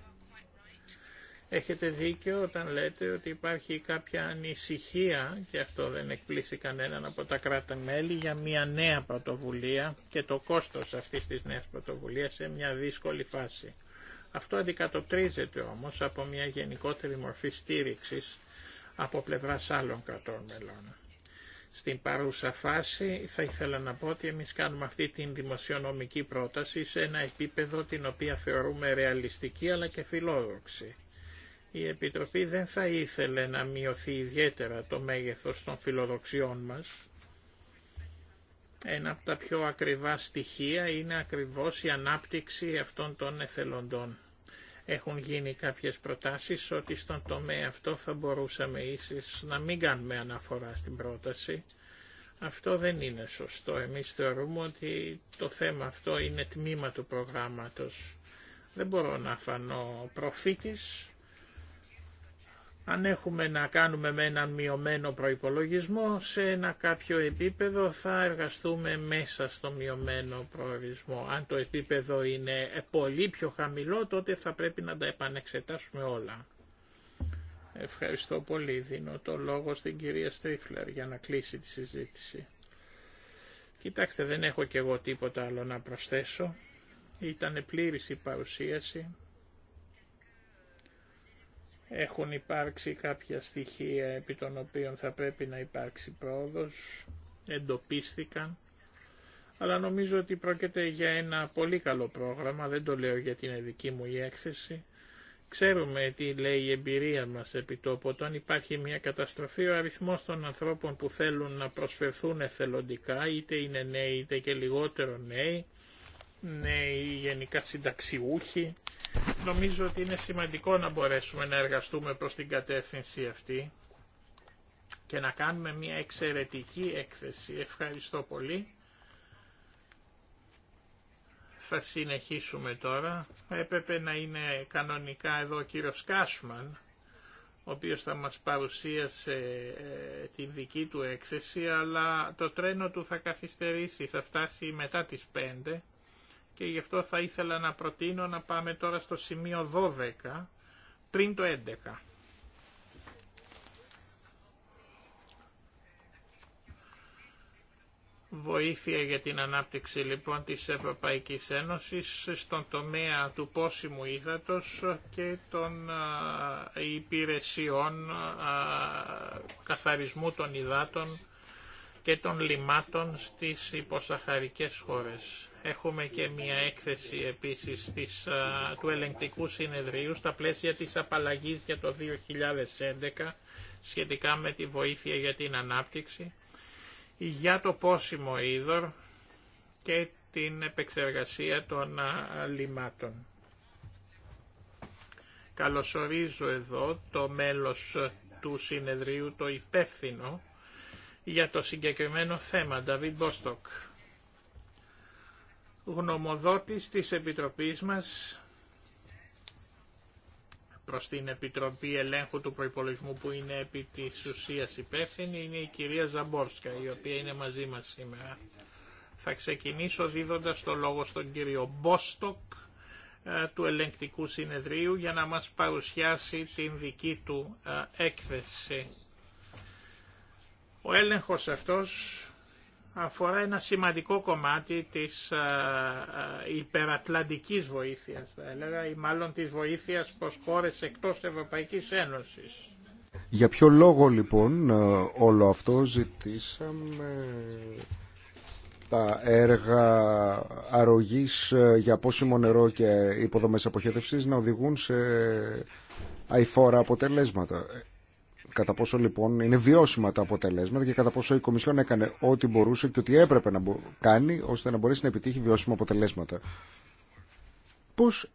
Έχετε δίκιο όταν λέτε ότι υπάρχει κάποια ανησυχία, και αυτό δεν εκπλήσει κανέναν από τα κράτη-μέλη, για μια νέα πρωτοβουλία και το κόστος αυτής της νέας πρωτοβουλίας σε μια δύσκολη φάση. Αυτό αντικατοπτρίζεται όμως από μια γενικότερη μορφή στήριξης από πλευράς άλλων κρατών μελών. Στην παρούσα φάση θα ήθελα να πω ότι εμείς κάνουμε αυτή την δημοσιονομική πρόταση σε ένα επίπεδο την οποία θεωρούμε ρεαλιστική αλλά και φιλόδοξη. Η Επιτροπή δεν θα ήθελε να μειωθεί ιδιαίτερα το μέγεθος των φιλοδοξιών μας. Ένα από τα πιο ακριβά στοιχεία είναι ακριβώς η ανάπτυξη αυτών των εθελοντών. Έχουν γίνει κάποιες προτάσεις ότι στον τομέα αυτό θα μπορούσαμε ίσως να μην κάνουμε αναφορά στην πρόταση. Αυτό δεν είναι σωστό. Εμείς θεωρούμε ότι το θέμα αυτό είναι τμήμα του προγράμματος. Δεν μπορώ να φανώ προφήτης, αν έχουμε να κάνουμε με έναν μειωμένο προϋπολογισμό, σε ένα κάποιο επίπεδο θα εργαστούμε μέσα στο μειωμένο προϋπολογισμό. Αν το επίπεδο είναι πολύ πιο χαμηλό, τότε θα πρέπει να τα επανεξετάσουμε όλα. Ευχαριστώ πολύ. Δίνω το λόγο στην κυρία Στρίφλερ για να κλείσει τη συζήτηση. Κοιτάξτε, δεν έχω και εγώ τίποτα άλλο να προσθέσω. Ήταν πλήρης η παρουσίαση έχουν υπάρξει κάποια στοιχεία επί των οποίων θα πρέπει να υπάρξει πρόοδος, εντοπίστηκαν, αλλά νομίζω ότι πρόκειται για ένα πολύ καλό πρόγραμμα, δεν το λέω για την δική μου η έκθεση. Ξέρουμε τι λέει η εμπειρία μας επί υπάρχει μια καταστροφή, ο αριθμός των ανθρώπων που θέλουν να προσφερθούν εθελοντικά, είτε είναι νέοι είτε και λιγότερο νέοι, νέοι, ναι, γενικά συνταξιούχοι. Νομίζω ότι είναι σημαντικό να μπορέσουμε να εργαστούμε προς την κατεύθυνση αυτή και να κάνουμε μια εξαιρετική έκθεση. Ευχαριστώ πολύ. Θα συνεχίσουμε τώρα. Έπρεπε να είναι κανονικά εδώ ο κύριος Κάσμαν, ο οποίος θα μας παρουσίασε ε, την δική του έκθεση, αλλά το τρένο του θα καθυστερήσει, θα φτάσει μετά τις 5 και γι' αυτό θα ήθελα να προτείνω να πάμε τώρα στο σημείο 12 πριν το 11. Βοήθεια για την ανάπτυξη λοιπόν της Ευρωπαϊκής Ένωσης στον τομέα του πόσιμου ύδατος και των υπηρεσιών καθαρισμού των υδάτων και των λιμάτων στις υποσαχαρικές χώρες. Έχουμε και μια έκθεση επίσης της, του ελεγκτικού συνεδρίου στα πλαίσια της απαλλαγής για το 2011 σχετικά με τη βοήθεια για την ανάπτυξη, για το πόσιμο είδωρ και την επεξεργασία των λιμάτων. Καλωσορίζω εδώ το μέλος του συνεδρίου, το υπεύθυνο, για το συγκεκριμένο θέμα, David Μπόστοκ γνωμοδότης της Επιτροπής μας προς την Επιτροπή Ελέγχου του Προϋπολογισμού που είναι επί της ουσίας υπεύθυνη είναι η κυρία Ζαμπόρσκα η οποία είναι μαζί μας σήμερα. Θα ξεκινήσω δίδοντας το λόγο στον κύριο Μπόστοκ ε, του Ελεγκτικού Συνεδρίου για να μας παρουσιάσει την δική του ε, έκθεση. Ο έλεγχος αυτός αφορά ένα σημαντικό κομμάτι της ε, ε, υπερατλαντικής βοήθειας, θα έλεγα, ή μάλλον της βοήθειας προς χώρες εκτός Ευρωπαϊκής Ένωσης. Για ποιο λόγο λοιπόν ε, όλο αυτό ζητήσαμε τα έργα αρρωγής για πόσιμο νερό και υποδομές αποχέτευσης να οδηγούν σε αϊφόρα αποτελέσματα κατά πόσο λοιπόν είναι βιώσιμα τα αποτελέσματα και κατά πόσο η Κομισιόν έκανε ό,τι μπορούσε και ό,τι έπρεπε να κάνει ώστε να μπορέσει να επιτύχει βιώσιμα αποτελέσματα. Πώς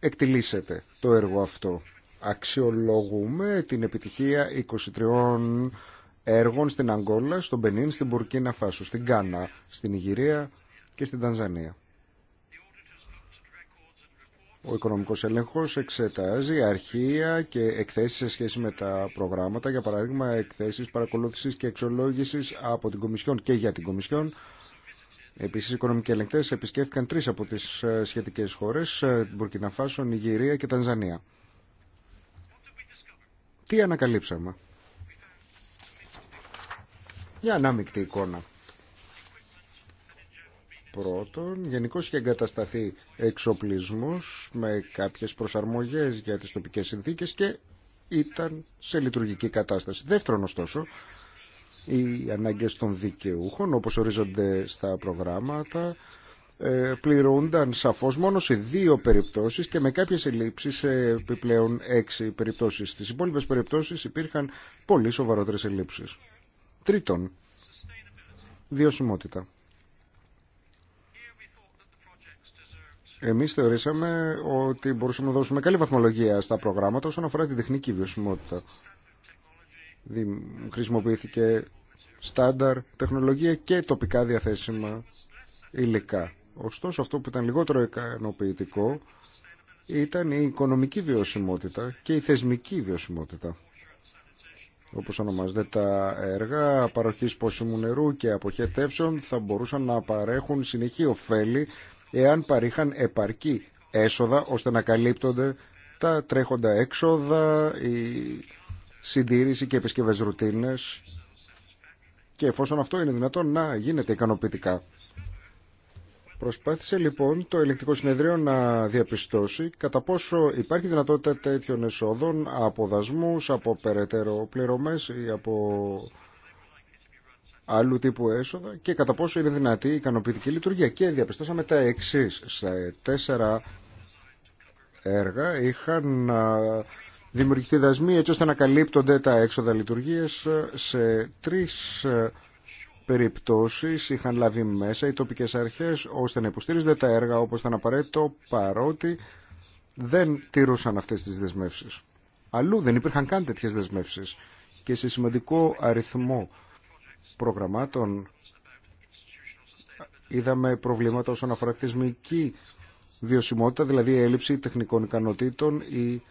εκτιλήσετε το έργο αυτό. Αξιολογούμε την επιτυχία 23 έργων στην Αγγόλα, στον Πενίν, στην Μπουρκίνα Φάσο, στην Κάνα, στην Ιγυρία και στην Τανζανία. Ο οικονομικός έλεγχος εξετάζει αρχεία και εκθέσεις σε σχέση με τα προγράμματα, για παράδειγμα εκθέσεις παρακολούθησης και εξολόγησης από την Κομισιόν και για την Κομισιόν. Επίσης, οι οικονομικοί ελεγκτές επισκέφθηκαν τρεις από τις ε, σχετικές χώρες, την ε, Μπουρκιναφάσο, Νιγηρία και Τανζανία. Τι ανακαλύψαμε. Για ανάμεικτη εικόνα. Πρώτον, γενικώ και εγκατασταθεί εξοπλισμός με κάποιες προσαρμογές για τις τοπικές συνθήκες και ήταν σε λειτουργική κατάσταση. Δεύτερον, ωστόσο, οι ανάγκες των δικαιούχων, όπως ορίζονται στα προγράμματα, ε, πληρούνταν σαφώς μόνο σε δύο περιπτώσεις και με κάποιες ελλείψεις σε επιπλέον έξι περιπτώσεις. Στις υπόλοιπες περιπτώσεις υπήρχαν πολύ σοβαρότερες ελλείψεις. Τρίτον, βιωσιμότητα. Εμείς θεωρήσαμε ότι μπορούσαμε να δώσουμε καλή βαθμολογία στα προγράμματα όσον αφορά την τεχνική βιωσιμότητα. Χρησιμοποιήθηκε στάνταρ, τεχνολογία και τοπικά διαθέσιμα υλικά. Ωστόσο αυτό που ήταν λιγότερο ικανοποιητικό ήταν η οικονομική βιωσιμότητα και η θεσμική βιωσιμότητα. Όπως ονομάζονται τα έργα παροχής πόσιμου νερού και αποχέτευσεων θα μπορούσαν να παρέχουν συνεχή ωφέλη εάν παρήχαν επαρκή έσοδα ώστε να καλύπτονται τα τρέχοντα έξοδα, η συντήρηση και επισκευές ρουτίνες και εφόσον αυτό είναι δυνατόν να γίνεται ικανοποιητικά. Προσπάθησε λοιπόν το ελεκτικό συνεδρίο να διαπιστώσει κατά πόσο υπάρχει δυνατότητα τέτοιων εσόδων από δασμούς, από περαιτέρω πληρωμές ή από άλλου τύπου έσοδα και κατά πόσο είναι δυνατή η ικανοποιητική λειτουργία. Και διαπιστώσαμε τα εξή. Σε τέσσερα έργα είχαν δημιουργηθεί δασμοί έτσι ώστε να καλύπτονται τα έξοδα λειτουργία σε τρει περιπτώσει. είχαν λάβει μέσα οι τοπικέ αρχέ, ώστε να υποστήριζονται τα έργα όπω ήταν απαραίτητο παρότι δεν τηρούσαν αυτέ τι δεσμεύσει. Αλλού δεν υπήρχαν καν τέτοιε δεσμεύσει και σε σημαντικό αριθμό προγραμμάτων είδαμε προβλήματα όσον αφορά τη θεσμική βιωσιμότητα, δηλαδή έλλειψη τεχνικών ικανοτήτων, η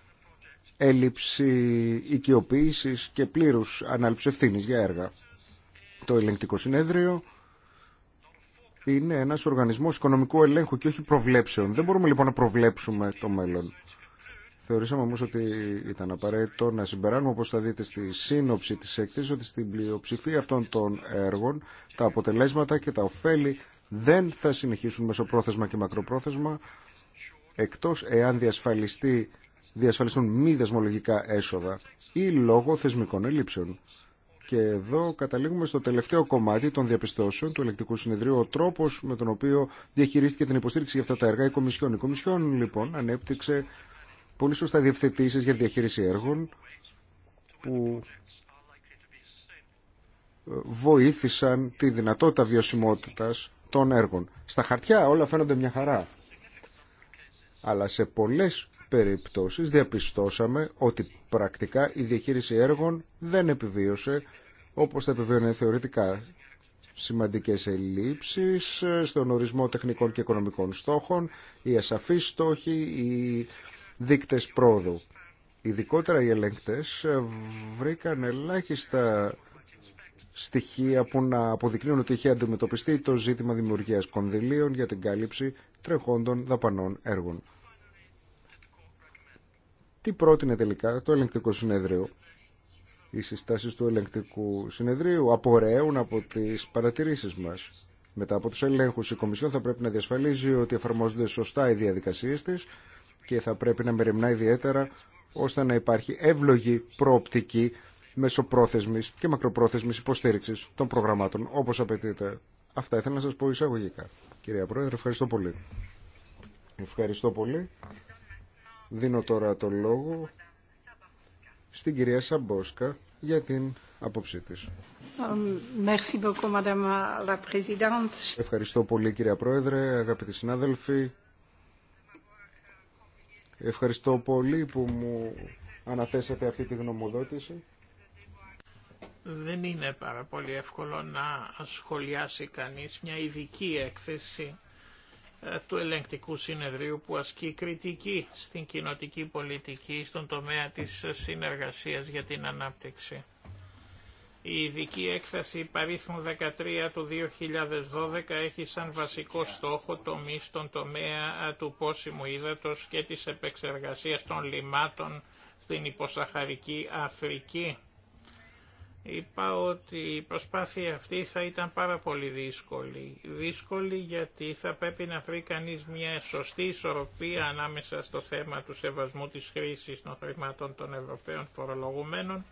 έλλειψη οικειοποίησης και πλήρους ανάληψη ευθύνης για έργα. Το ελεγκτικό συνέδριο είναι ένας οργανισμός οικονομικού ελέγχου και όχι προβλέψεων. Δεν μπορούμε λοιπόν να προβλέψουμε το μέλλον. Θεωρήσαμε όμω ότι ήταν απαραίτητο να συμπεράνουμε, όπω θα δείτε στη σύνοψη τη έκθεσης, ότι στην πλειοψηφία αυτών των έργων τα αποτελέσματα και τα ωφέλη δεν θα συνεχίσουν μεσοπρόθεσμα και μακροπρόθεσμα, εκτό εάν διασφαλιστεί, διασφαλιστούν μη δεσμολογικά έσοδα ή λόγω θεσμικών ελλείψεων. Και εδώ καταλήγουμε στο τελευταίο κομμάτι των διαπιστώσεων του ελεκτικού συνεδρίου, ο τρόπο με τον οποίο διαχειρίστηκε την υποστήριξη για αυτά τα έργα η Κομισιόν. Η Κομισιόν, λοιπόν, ανέπτυξε πολύ σωστά διευθετήσεις για διαχείριση έργων που ε, βοήθησαν τη δυνατότητα βιωσιμότητας των έργων. Στα χαρτιά όλα φαίνονται μια χαρά. Αλλά σε πολλές περιπτώσεις διαπιστώσαμε ότι πρακτικά η διαχείριση έργων δεν επιβίωσε όπως θα επιβίωνε θεωρητικά σημαντικές ελλείψεις ε, στον ορισμό τεχνικών και οικονομικών στόχων, οι ασαφείς στόχοι, οι δείκτες πρόοδου. Ειδικότερα οι ελεγκτές ε, βρήκαν ελάχιστα στοιχεία που να αποδεικνύουν ότι είχε αντιμετωπιστεί το ζήτημα δημιουργίας κονδυλίων για την κάλυψη τρεχόντων δαπανών έργων. Τι πρότεινε τελικά το ελεγκτικό συνέδριο. Οι συστάσεις του ελεγκτικού συνεδρίου απορρέουν από τις παρατηρήσεις μας. Μετά από τους ελέγχους, η Κομισιόν θα πρέπει να διασφαλίζει ότι εφαρμόζονται σωστά οι διαδικασίες της και θα πρέπει να μεριμνά ιδιαίτερα ώστε να υπάρχει εύλογη προοπτική μεσοπρόθεσμης και μακροπρόθεσμης υποστήριξης των προγραμμάτων όπως απαιτείται. Αυτά ήθελα να σας πω εισαγωγικά. Κυρία Πρόεδρε, ευχαριστώ πολύ. Ευχαριστώ πολύ. Δίνω τώρα το λόγο στην κυρία Σαμπόσκα για την άποψή της. Um, ευχαριστώ πολύ κυρία Πρόεδρε, αγαπητοί συνάδελφοι. Ευχαριστώ πολύ που μου αναθέσατε αυτή τη γνωμοδότηση. Δεν είναι πάρα πολύ εύκολο να ασχολιάσει κανείς μια ειδική έκθεση ε, του ελεγκτικού συνεδρίου που ασκεί κριτική στην κοινοτική πολιτική στον τομέα της συνεργασίας για την ανάπτυξη. Η ειδική έκθεση παρίθμου 13 του 2012 έχει σαν βασικό στόχο το μη στον τομέα του πόσιμου ύδατος και της επεξεργασίας των λιμάτων στην υποσαχαρική Αφρική. Είπα ότι η προσπάθεια αυτή θα ήταν πάρα πολύ δύσκολη. Δύσκολη γιατί θα πρέπει να βρει κανείς μια σωστή ισορροπία ανάμεσα στο θέμα του σεβασμού της χρήσης των χρημάτων των Ευρωπαίων φορολογουμένων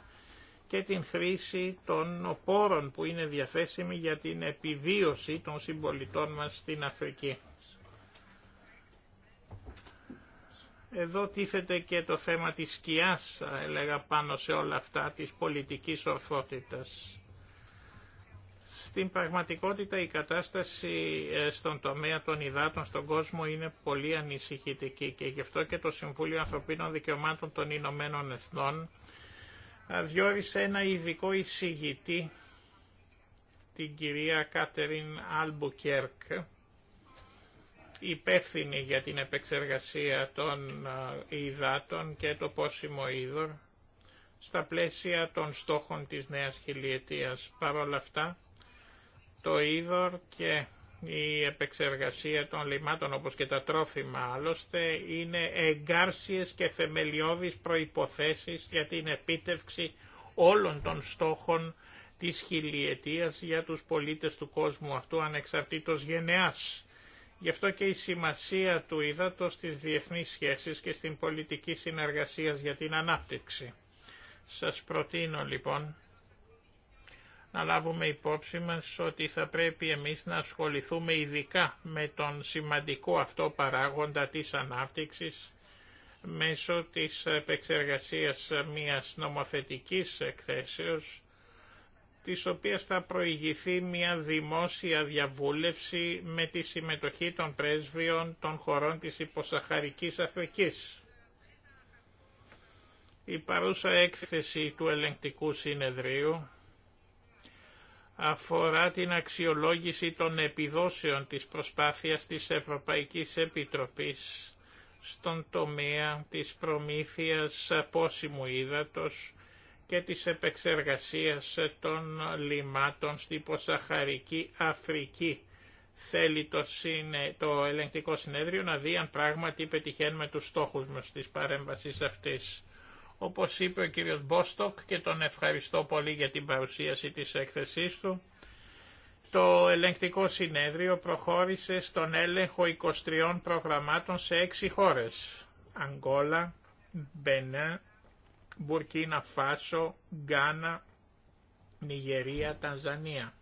και την χρήση των πόρων που είναι διαθέσιμοι για την επιβίωση των συμπολιτών μας στην Αφρική. Εδώ τίθεται και το θέμα της σκιάς, έλεγα πάνω σε όλα αυτά, της πολιτικής ορθότητας. Στην πραγματικότητα η κατάσταση ε, στον τομέα των υδάτων στον κόσμο είναι πολύ ανησυχητική και γι' αυτό και το Συμβούλιο Ανθρωπίνων Δικαιωμάτων των Ηνωμένων Εθνών διόρισε ένα ειδικό εισηγητή, την κυρία Κάτεριν Αλμπουκέρκ, υπεύθυνη για την επεξεργασία των ε, υδάτων και το πόσιμο είδωρ στα πλαίσια των στόχων της νέας χιλιετίας. Παρ' όλα αυτά, το είδωρ και η επεξεργασία των λιμάτων όπως και τα τρόφιμα άλλωστε είναι εγκάρσιες και θεμελιώδεις προϋποθέσεις για την επίτευξη όλων των στόχων της χιλιετίας για τους πολίτες του κόσμου αυτού ανεξαρτήτως γενεάς. Γι' αυτό και η σημασία του ύδατος στις διεθνείς σχέσεις και στην πολιτική συνεργασία για την ανάπτυξη. Σας προτείνω λοιπόν να λάβουμε υπόψη μας ότι θα πρέπει εμείς να ασχοληθούμε ειδικά με τον σημαντικό αυτό παράγοντα της ανάπτυξης μέσω της επεξεργασίας μιας νομοθετικής εκθέσεως της οποίας θα προηγηθεί μια δημόσια διαβούλευση με τη συμμετοχή των πρέσβειων των χωρών της υποσαχαρικής Αφρικής. Η παρούσα έκθεση του ελεγκτικού συνεδρίου αφορά την αξιολόγηση των επιδόσεων της προσπάθειας της Ευρωπαϊκής Επιτροπής στον τομέα της προμήθειας πόσιμου ύδατος και της επεξεργασίας των λιμάτων στην Ποσαχαρική Αφρική. Θέλει το, το ελεγκτικό συνέδριο να δει αν πράγματι πετυχαίνουμε τους στόχους μας της παρέμβασης αυτής. Όπως είπε ο κύριος Μπόστοκ και τον ευχαριστώ πολύ για την παρουσίαση της έκθεσής του, το ελεγκτικό συνέδριο προχώρησε στον έλεγχο 23 προγραμμάτων σε 6 χώρες. Αγγόλα, Μπενέ, Μπουρκίνα Φάσο, Γκάνα, Νιγερία, Τανζανία.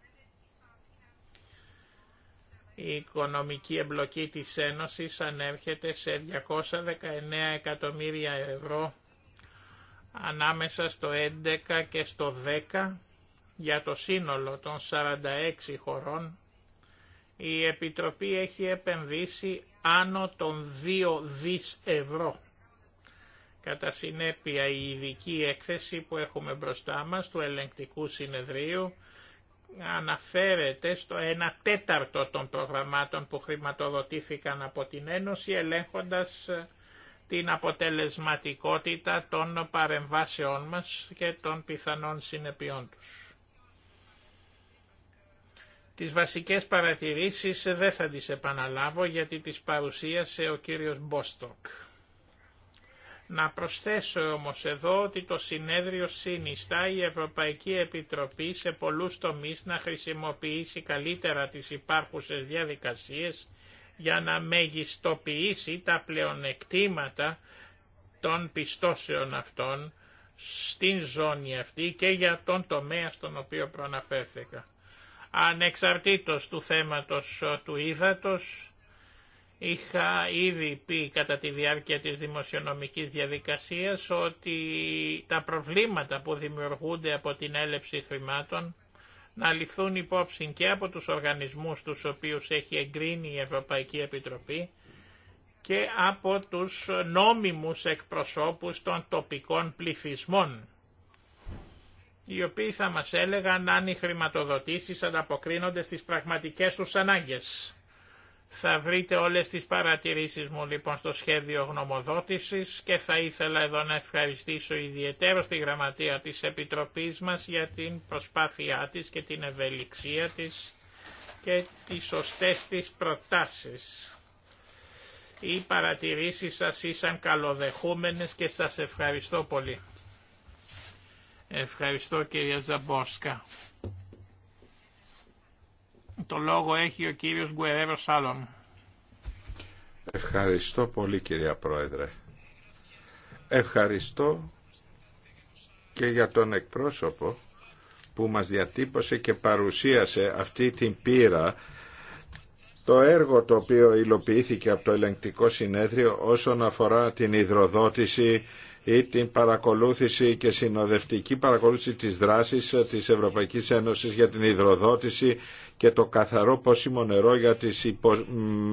Η οικονομική εμπλοκή της Ένωσης ανέρχεται σε 219 εκατομμύρια ευρώ ανάμεσα στο 11 και στο 10 για το σύνολο των 46 χωρών η Επιτροπή έχει επενδύσει άνω των 2 δις ευρώ. Κατά συνέπεια η ειδική έκθεση που έχουμε μπροστά μας του ελεγκτικού συνεδρίου αναφέρεται στο 1 τέταρτο των προγραμμάτων που χρηματοδοτήθηκαν από την Ένωση ελέγχοντας την αποτελεσματικότητα των παρεμβάσεών μας και των πιθανών συνεπειών τους. Τις βασικές παρατηρήσεις δεν θα τις επαναλάβω γιατί τις παρουσίασε ο κύριος Μπόστοκ. Να προσθέσω όμως εδώ ότι το συνέδριο συνιστά η Ευρωπαϊκή Επιτροπή σε πολλούς τομείς να χρησιμοποιήσει καλύτερα τις υπάρχουσες διαδικασίες για να μεγιστοποιήσει τα πλεονεκτήματα των πιστώσεων αυτών στην ζώνη αυτή και για τον τομέα στον οποίο προαναφέρθηκα. Ανεξαρτήτως του θέματος ε, του ύδατος, είχα ήδη πει κατά τη διάρκεια της δημοσιονομικής διαδικασίας ότι τα προβλήματα που δημιουργούνται από την έλευση χρημάτων να ληφθούν υπόψη και από τους οργανισμούς τους οποίους έχει εγκρίνει η Ευρωπαϊκή Επιτροπή και από τους νόμιμους εκπροσώπους των τοπικών πληθυσμών οι οποίοι θα μας έλεγαν αν οι χρηματοδοτήσεις ανταποκρίνονται στις πραγματικές τους ανάγκες. Θα βρείτε όλες τις παρατηρήσεις μου λοιπόν στο σχέδιο γνωμοδότησης και θα ήθελα εδώ να ευχαριστήσω ιδιαίτερο τη γραμματεία της Επιτροπής μας για την προσπάθειά της και την ευελιξία της και τις σωστές της προτάσεις. Οι παρατηρήσεις σας ήσαν καλοδεχούμενες και σας ευχαριστώ πολύ. Ευχαριστώ κυρία Ζαμπόσκα. Το λόγο έχει ο κύριος Γκουερέρο Σάλλον. Ευχαριστώ πολύ κυρία Πρόεδρε. Ευχαριστώ και για τον εκπρόσωπο που μας διατύπωσε και παρουσίασε αυτή την πείρα το έργο το οποίο υλοποιήθηκε από το ελεγκτικό συνέδριο όσον αφορά την υδροδότηση ή την παρακολούθηση και συνοδευτική παρακολούθηση της δράσης της Ευρωπαϊκής Ένωσης για την υδροδότηση και το καθαρό πόσιμο νερό για τις υπο...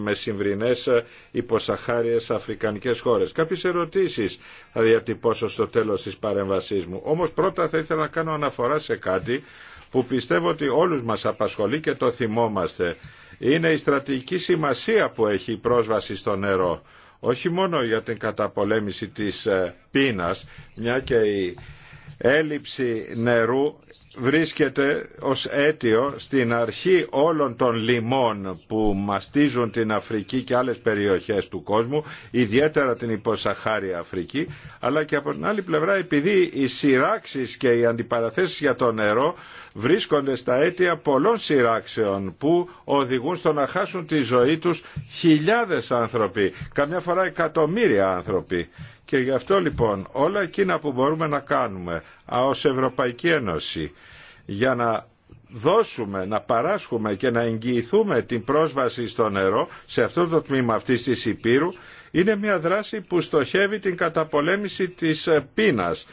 μεσημβρινές ε, υποσαχάριες αφρικανικές χώρες. Κάποιες ερωτήσεις θα διατυπώσω στο τέλος της παρέμβασής μου. Όμως πρώτα θα ήθελα να κάνω αναφορά σε κάτι που πιστεύω ότι όλους μας απασχολεί και το θυμόμαστε. Είναι η στρατηγική σημασία που έχει η πρόσβαση στο νερό. Όχι μόνο για την καταπολέμηση της ε, πείνας, μια και η έλλειψη νερού βρίσκεται ως αίτιο στην αρχή όλων των λιμών που μαστίζουν την Αφρική και άλλες περιοχές του κόσμου, ιδιαίτερα την υποσαχάρη Αφρική, αλλά και από την άλλη πλευρά επειδή οι σειράξει και οι αντιπαραθέσεις για το νερό βρίσκονται στα αίτια πολλών σειράξεων που οδηγούν στο να χάσουν τη ζωή τους χιλιάδες άνθρωποι, καμιά φορά εκατομμύρια άνθρωποι. Και γι' αυτό λοιπόν όλα εκείνα που μπορούμε να κάνουμε ως Ευρωπαϊκή Ένωση για να δώσουμε, να παράσχουμε και να εγγυηθούμε την πρόσβαση στο νερό σε αυτό το τμήμα αυτής της Υπήρου είναι μια δράση που στοχεύει την καταπολέμηση της ε, πείνας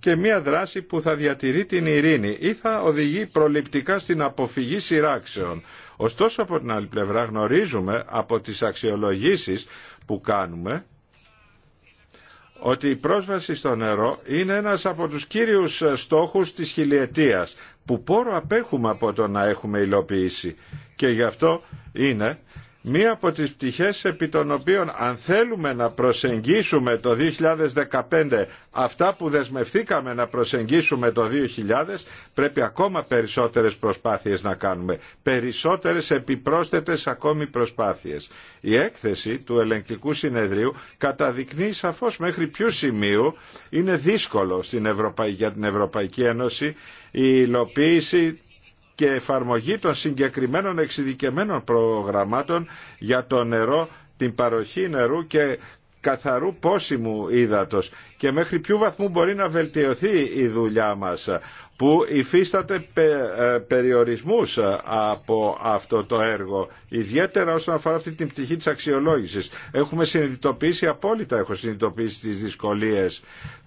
και μια δράση που θα διατηρεί την ειρήνη ή θα οδηγεί προληπτικά στην αποφυγή σειράξεων. Ωστόσο από την άλλη πλευρά γνωρίζουμε από τις αξιολογήσεις που κάνουμε ότι η πρόσβαση στο νερό είναι ένας από τους κύριους στόχους της χιλιετίας που πόρο απέχουμε από το να έχουμε υλοποιήσει και γι' αυτό είναι Μία από τις πτυχές επί των οποίων αν θέλουμε να προσεγγίσουμε το 2015 αυτά που δεσμευθήκαμε να προσεγγίσουμε το 2000 πρέπει ακόμα περισσότερες προσπάθειες να κάνουμε. Περισσότερες επιπρόσθετες ακόμη προσπάθειες. Η έκθεση του ελεγκτικού συνεδρίου καταδεικνύει σαφώς μέχρι ποιο σημείο είναι δύσκολο στην για την Ευρωπαϊκή Ένωση η υλοποίηση και εφαρμογή των συγκεκριμένων εξειδικεμένων προγραμμάτων για το νερό, την παροχή νερού και καθαρού πόσιμου ύδατος και μέχρι ποιού βαθμού μπορεί να βελτιωθεί η δουλειά μας που υφίσταται ε, περιορισμούς ε, από αυτό το έργο, ιδιαίτερα όσον αφορά αυτή την πτυχή της αξιολόγησης. Έχουμε συνειδητοποιήσει, απόλυτα έχω συνειδητοποιήσει τις δυσκολίες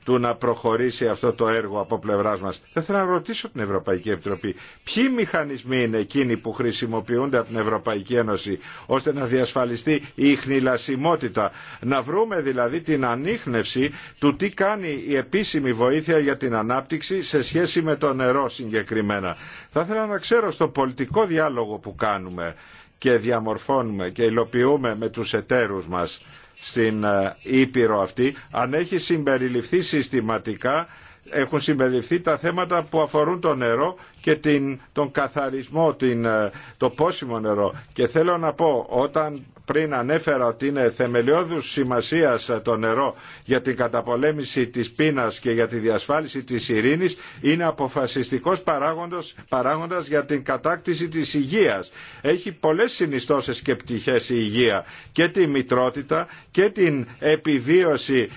του να προχωρήσει αυτό το έργο από πλευρά μα. Θα ήθελα να ρωτήσω την Ευρωπαϊκή Επιτροπή ποιοι μηχανισμοί είναι εκείνοι που χρησιμοποιούνται από την Ευρωπαϊκή Ένωση ώστε να διασφαλιστεί η χνηλασιμότητα. Να βρούμε δηλαδή την ανείχνευση του τι κάνει η επίσημη βοήθεια για την ανάπτυξη σε σχέση με το νερό συγκεκριμένα. Θα ήθελα να ξέρω στο πολιτικό διάλογο που κάνουμε και διαμορφώνουμε και υλοποιούμε με τους εταίρους μας στην ε, Ήπειρο αυτή, αν έχει συμπεριληφθεί συστηματικά έχουν συμπεριληφθεί τα θέματα που αφορούν το νερό και την, τον καθαρισμό, την, ε, το πόσιμο νερό. Και θέλω να πω, όταν πριν ανέφερα ότι είναι θεμελιώδους σημασίας το νερό για την καταπολέμηση της πείνας και για τη διασφάλιση της ειρήνης είναι αποφασιστικός παράγοντας, παράγοντας για την κατάκτηση της υγείας. Έχει πολλές συνιστώσεις και πτυχές η υγεία και τη μητρότητα και την επιβίωση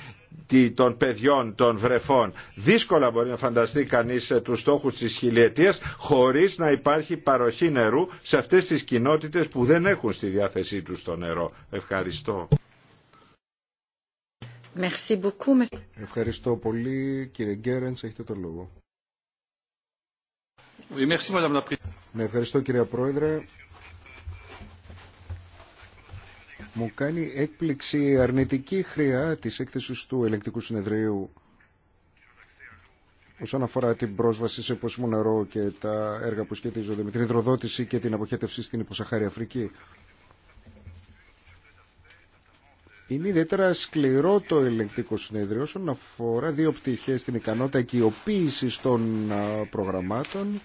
των παιδιών, των βρεφών. Δύσκολα μπορεί να φανταστεί κανείς ε, τους στόχους της χιλιετίας χωρίς να υπάρχει παροχή νερού σε αυτές τις κοινότητες που δεν έχουν στη διάθεσή τους το νερό. Ευχαριστώ. Ευχαριστώ πολύ. Κύριε Γκέρενς, έχετε το λόγο. merci, madame la... Ναι, ευχαριστώ κυρία Πρόεδρε. Μου κάνει έκπληξη αρνητική χρειά της έκθεσης του ελεγκτικού συνεδρίου όσον αφορά την πρόσβαση σε πόσιμο νερό και τα έργα που σχετίζονται με την υδροδότηση και την αποχέτευση στην υποσαχάρη Αφρική. Είναι ιδιαίτερα σκληρό το ελεγκτικό συνέδριο όσον αφορά δύο πτυχές στην ικανότητα οικειοποίηση των προγραμμάτων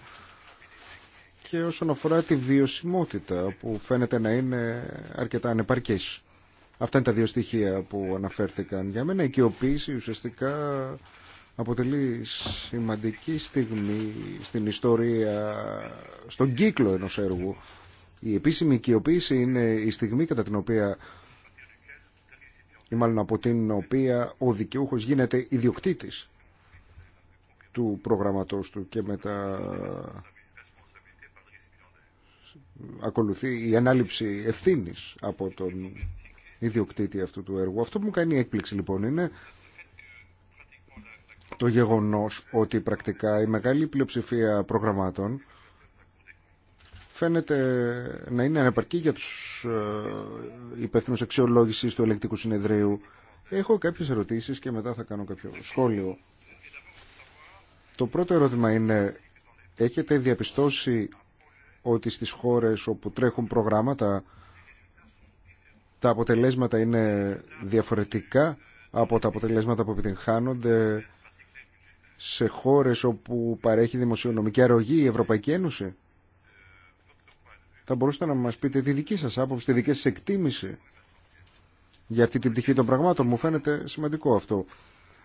και όσον αφορά τη βιωσιμότητα που φαίνεται να είναι αρκετά ανεπαρκής. Αυτά είναι τα δύο στοιχεία που αναφέρθηκαν. Για μένα η οικειοποίηση ουσιαστικά αποτελεί σημαντική στιγμή στην ιστορία, στον κύκλο ενός έργου. Η επίσημη οικειοποίηση είναι η στιγμή κατά την οποία ή μάλλον από την οποία ο δικαιούχος γίνεται ιδιοκτήτης του προγραμματός του και μετά ακολουθεί η ανάληψη ευθύνη από τον ιδιοκτήτη αυτού του έργου. Αυτό που μου κάνει έκπληξη λοιπόν είναι το γεγονός ότι πρακτικά η μεγάλη πλειοψηφία προγραμμάτων φαίνεται να είναι ανεπαρκή για τους ε, υπεύθυνου αξιολόγηση του ελεκτικού συνεδρίου. Έχω κάποιες ερωτήσεις και μετά θα κάνω κάποιο σχόλιο. Το πρώτο ερώτημα είναι, έχετε διαπιστώσει ότι στις χώρες όπου τρέχουν προγράμματα τα αποτελέσματα είναι διαφορετικά από τα αποτελέσματα που επιτυγχάνονται σε χώρες όπου παρέχει δημοσιονομική αρρωγή η Ευρωπαϊκή Ένωση. Θα μπορούσατε να μας πείτε τη δική σας άποψη, τη δική σας εκτίμηση για αυτή την πτυχή των πραγμάτων. Μου φαίνεται σημαντικό αυτό.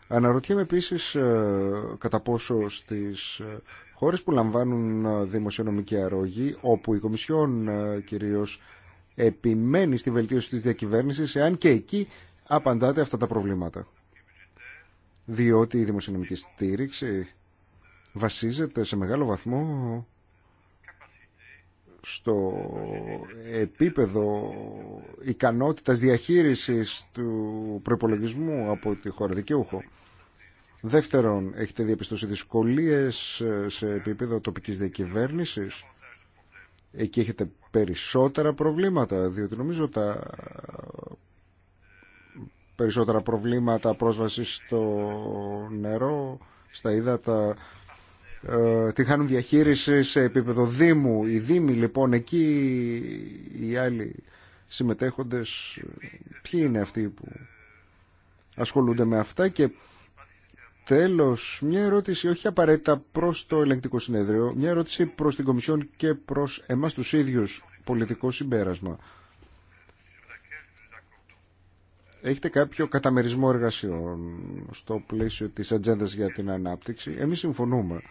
Αναρωτιέμαι επίσης ε, κατά πόσο στις ε, χώρες που λαμβάνουν ε, δημοσιονομική αρρωγή, όπου η Κομισιόν ε, κυρίως επιμένει στη βελτίωση της διακυβέρνησης, εάν και εκεί απαντάτε αυτά τα προβλήματα. Διότι η δημοσιονομική στήριξη βασίζεται σε μεγάλο βαθμό στο επίπεδο ικανότητας διαχείρισης του προπολογισμού από τη χώρα δικαιούχο. Δεύτερον, έχετε διαπιστώσει δυσκολίες ε, σε επίπεδο τοπικής διακυβέρνησης. Εκεί έχετε περισσότερα προβλήματα, διότι νομίζω τα ε, περισσότερα προβλήματα πρόσβασης στο νερό, στα ύδατα, ε, τη χάνουν διαχείριση σε επίπεδο Δήμου. Οι Δήμοι λοιπόν εκεί οι άλλοι συμμετέχοντες ποιοι είναι αυτοί που ασχολούνται με αυτά και Τέλος, μια ερώτηση όχι απαραίτητα προς το ελεγκτικό συνέδριο, μια ερώτηση προς την Κομισιόν και προς εμάς τους ίδιους πολιτικό συμπέρασμα. Έχετε κάποιο καταμερισμό εργασιών στο πλαίσιο της ατζέντα για την ανάπτυξη. Εμείς συμφωνούμε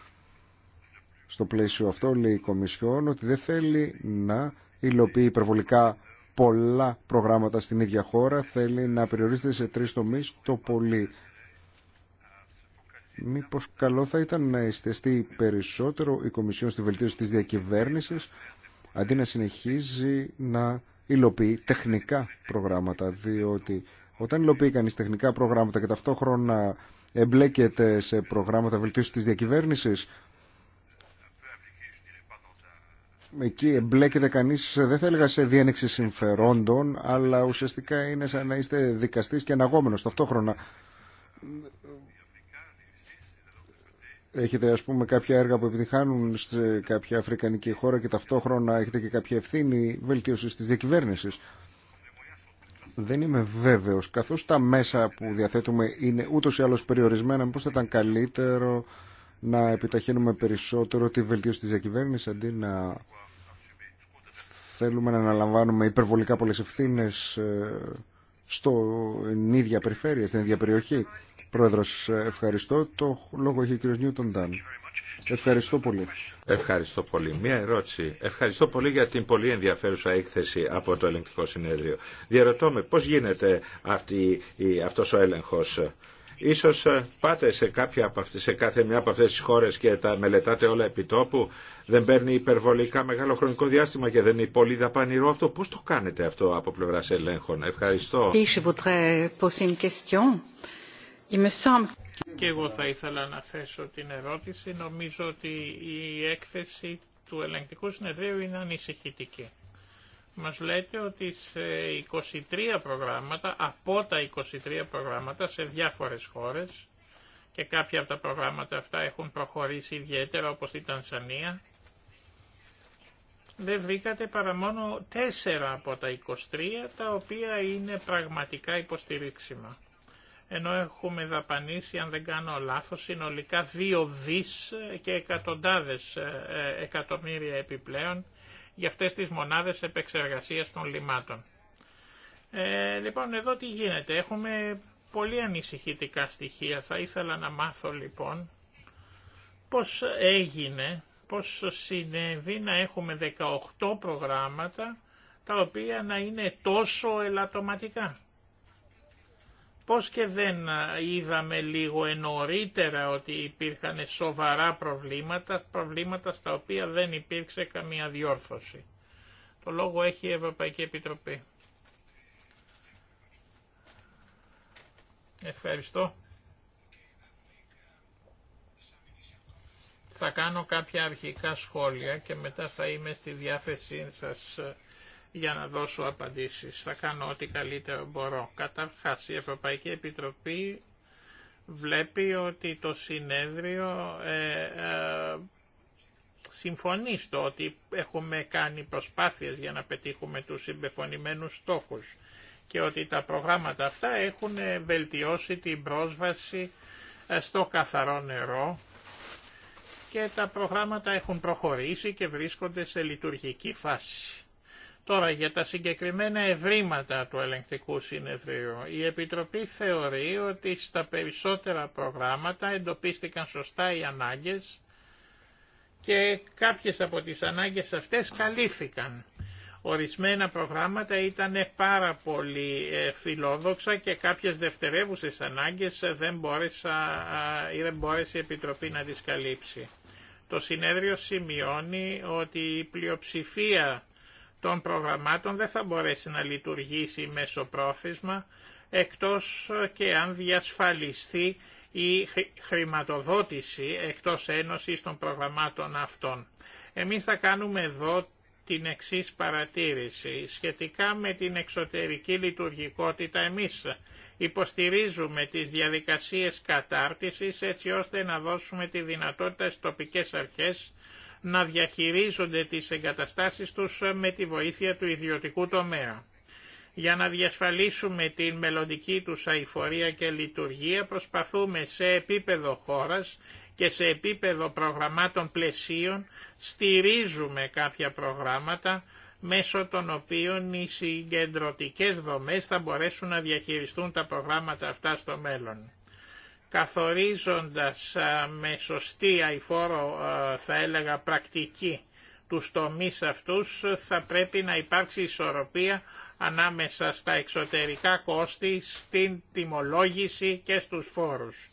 στο πλαίσιο αυτό, λέει η Κομισιόν, ότι δεν θέλει να υλοποιεί υπερβολικά πολλά προγράμματα στην ίδια χώρα, θέλει να περιορίζεται σε τρεις τομείς το πολύ. Μήπω καλό θα ήταν να ειστεστεί περισσότερο η Κομισιόν στη βελτίωση της διακυβέρνησης αντί να συνεχίζει να υλοποιεί τεχνικά προγράμματα διότι όταν υλοποιεί κανείς τεχνικά προγράμματα και ταυτόχρονα εμπλέκεται σε προγράμματα βελτίωση της διακυβέρνησης εκεί εμπλέκεται κανείς, δεν θα έλεγα σε διένεξη συμφερόντων, αλλά ουσιαστικά είναι σαν να είστε δικαστής και αναγόμενος ταυτόχρονα. Έχετε ας πούμε κάποια έργα που επιτυχάνουν σε κάποια αφρικανική χώρα και ταυτόχρονα έχετε και κάποια ευθύνη βελτίωσης της διακυβέρνησης. Δεν είμαι βέβαιος. Καθώς τα μέσα που διαθέτουμε είναι ούτως ή άλλως περιορισμένα, πώς θα ήταν καλύτερο να επιταχύνουμε περισσότερο τη βελτίωση της διακυβέρνησης αντί να θέλουμε να αναλαμβάνουμε υπερβολικά πολλές ευθύνες ε, στην ίδια περιφέρεια, στην ίδια περιοχή. Πρόεδρος, ευχαριστώ. Το λόγο έχει ο κ. Νιούτον Ντάν. Ευχαριστώ πολύ. Ευχαριστώ πολύ. Μία ερώτηση. Ευχαριστώ πολύ για την πολύ ενδιαφέρουσα έκθεση από το ελεγκτικό συνέδριο. Διαρωτώ με πώς γίνεται αυτή, αυτός ο έλεγχος. Ίσως ε, πάτε σε, κάποια από κάθε μια από αυτές τις χώρες και τα μελετάτε όλα επί τόπου. Δεν παίρνει υπερβολικά μεγάλο χρονικό διάστημα και δεν είναι πολύ δαπανηρό αυτό. Πώς το κάνετε αυτό από πλευράς ελέγχων. Ευχαριστώ. Και εγώ θα ήθελα να θέσω την ερώτηση. Νομίζω ότι η έκθεση του ελεγκτικού συνεδρίου είναι ανησυχητική. Μας λέτε ότι σε 23 προγράμματα, από τα 23 προγράμματα σε διάφορες χώρες, και κάποια από τα προγράμματα αυτά έχουν προχωρήσει ιδιαίτερα όπως η Τανσανία, δεν βρήκατε παρά μόνο τέσσερα από τα 23 τα οποία είναι πραγματικά υποστηρίξιμα ενώ έχουμε δαπανίσει, αν δεν κάνω λάθος, συνολικά δύο δις και εκατοντάδες ε, ε, εκατομμύρια επιπλέον για αυτές τις μονάδες επεξεργασίας των λιμάτων. Ε, λοιπόν, εδώ τι γίνεται. Έχουμε πολύ ανησυχητικά στοιχεία. Θα ήθελα να μάθω λοιπόν πώς έγινε, πώς συνέβη να έχουμε 18 προγράμματα τα οποία να είναι τόσο ελαττωματικά. Πώς και δεν είδαμε λίγο νωρίτερα ότι υπήρχαν σοβαρά προβλήματα, προβλήματα στα οποία δεν υπήρξε καμία διόρθωση. Το λόγο έχει η Ευρωπαϊκή Επιτροπή. Ευχαριστώ. Θα κάνω κάποια αρχικά σχόλια και μετά θα είμαι στη διάθεσή σας για να δώσω απαντήσεις. Θα κάνω ό,τι καλύτερο μπορώ. Καταρχάς, η Ευρωπαϊκή Επιτροπή βλέπει ότι το συνέδριο ε, ε, συμφωνεί στο ότι έχουμε κάνει προσπάθειες για να πετύχουμε τους συμπεφωνημένους στόχους και ότι τα προγράμματα αυτά έχουν βελτιώσει την πρόσβαση ε, στο καθαρό νερό και τα προγράμματα έχουν προχωρήσει και βρίσκονται σε λειτουργική φάση. Τώρα για τα συγκεκριμένα ευρήματα του ελεγκτικού συνεδρίου. Η Επιτροπή θεωρεί ότι στα περισσότερα προγράμματα εντοπίστηκαν σωστά οι ανάγκες και κάποιες από τις ανάγκες αυτές καλύφθηκαν. Ορισμένα προγράμματα ήταν πάρα πολύ ε, φιλόδοξα και κάποιες δευτερεύουσες ανάγκες ε, δεν μπόρεσα, ή δεν μπόρεσε η Επιτροπή να τις καλύψει. Το συνέδριο σημειώνει ότι η πλειοψηφία των προγραμμάτων δεν θα μπορέσει να λειτουργήσει μέσω πρόθεσμα εκτός ε, και αν διασφαλιστεί η χρηματοδότηση εκτός ένωσης των προγραμμάτων αυτών. Εμείς θα κάνουμε εδώ την εξής παρατήρηση σχετικά με την εξωτερική λειτουργικότητα εμείς υποστηρίζουμε τις διαδικασίες κατάρτισης έτσι ώστε να δώσουμε τη δυνατότητα στις τοπικές αρχές να διαχειρίζονται τις εγκαταστάσεις τους με τη βοήθεια του ιδιωτικού τομέα. Για να διασφαλίσουμε την μελλοντική τους αηφορία και λειτουργία προσπαθούμε σε επίπεδο χώρας και σε επίπεδο προγραμμάτων πλαισίων στηρίζουμε κάποια προγράμματα μέσω των οποίων οι συγκεντρωτικές δομές θα μπορέσουν να διαχειριστούν τα προγράμματα αυτά στο μέλλον καθορίζοντας με σωστή αηφόρο θα έλεγα πρακτική τους τομείς αυτούς θα πρέπει να υπάρξει ισορροπία ανάμεσα στα εξωτερικά κόστη, στην τιμολόγηση και στους φόρους.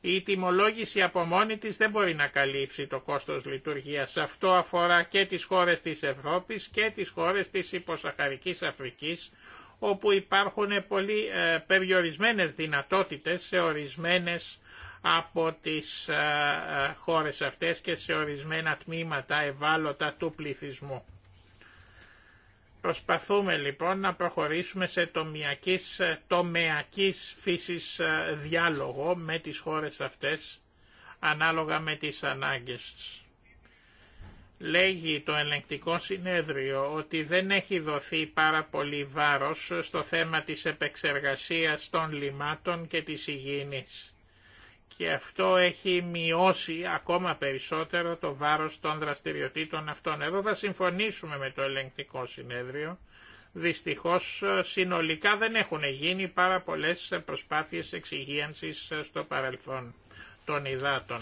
Η τιμολόγηση από μόνη της δεν μπορεί να καλύψει το κόστος λειτουργίας. Αυτό αφορά και τις χώρες της Ευρώπης και τις χώρες της υποσαχαρικής Αφρικής, όπου υπάρχουν πολύ ε, περιορισμένες δυνατότητες σε ορισμένες από τις ε, ε, χώρες αυτές και σε ορισμένα τμήματα ευάλωτα του πληθυσμού. Προσπαθούμε λοιπόν να προχωρήσουμε σε τομιακής, τομεακής φύσης διάλογο με τις χώρες αυτές ανάλογα με τις ανάγκες Λέγει το ελεγκτικό συνέδριο ότι δεν έχει δοθεί πάρα πολύ βάρος στο θέμα της επεξεργασίας των λιμάτων και της υγιεινής. Και αυτό έχει μειώσει ακόμα περισσότερο το βάρος των δραστηριοτήτων αυτών. Εδώ θα συμφωνήσουμε με το ελεγκτικό συνέδριο. Δυστυχώς συνολικά δεν έχουν γίνει πάρα πολλές προσπάθειες εξυγίανσης στο παρελθόν των υδάτων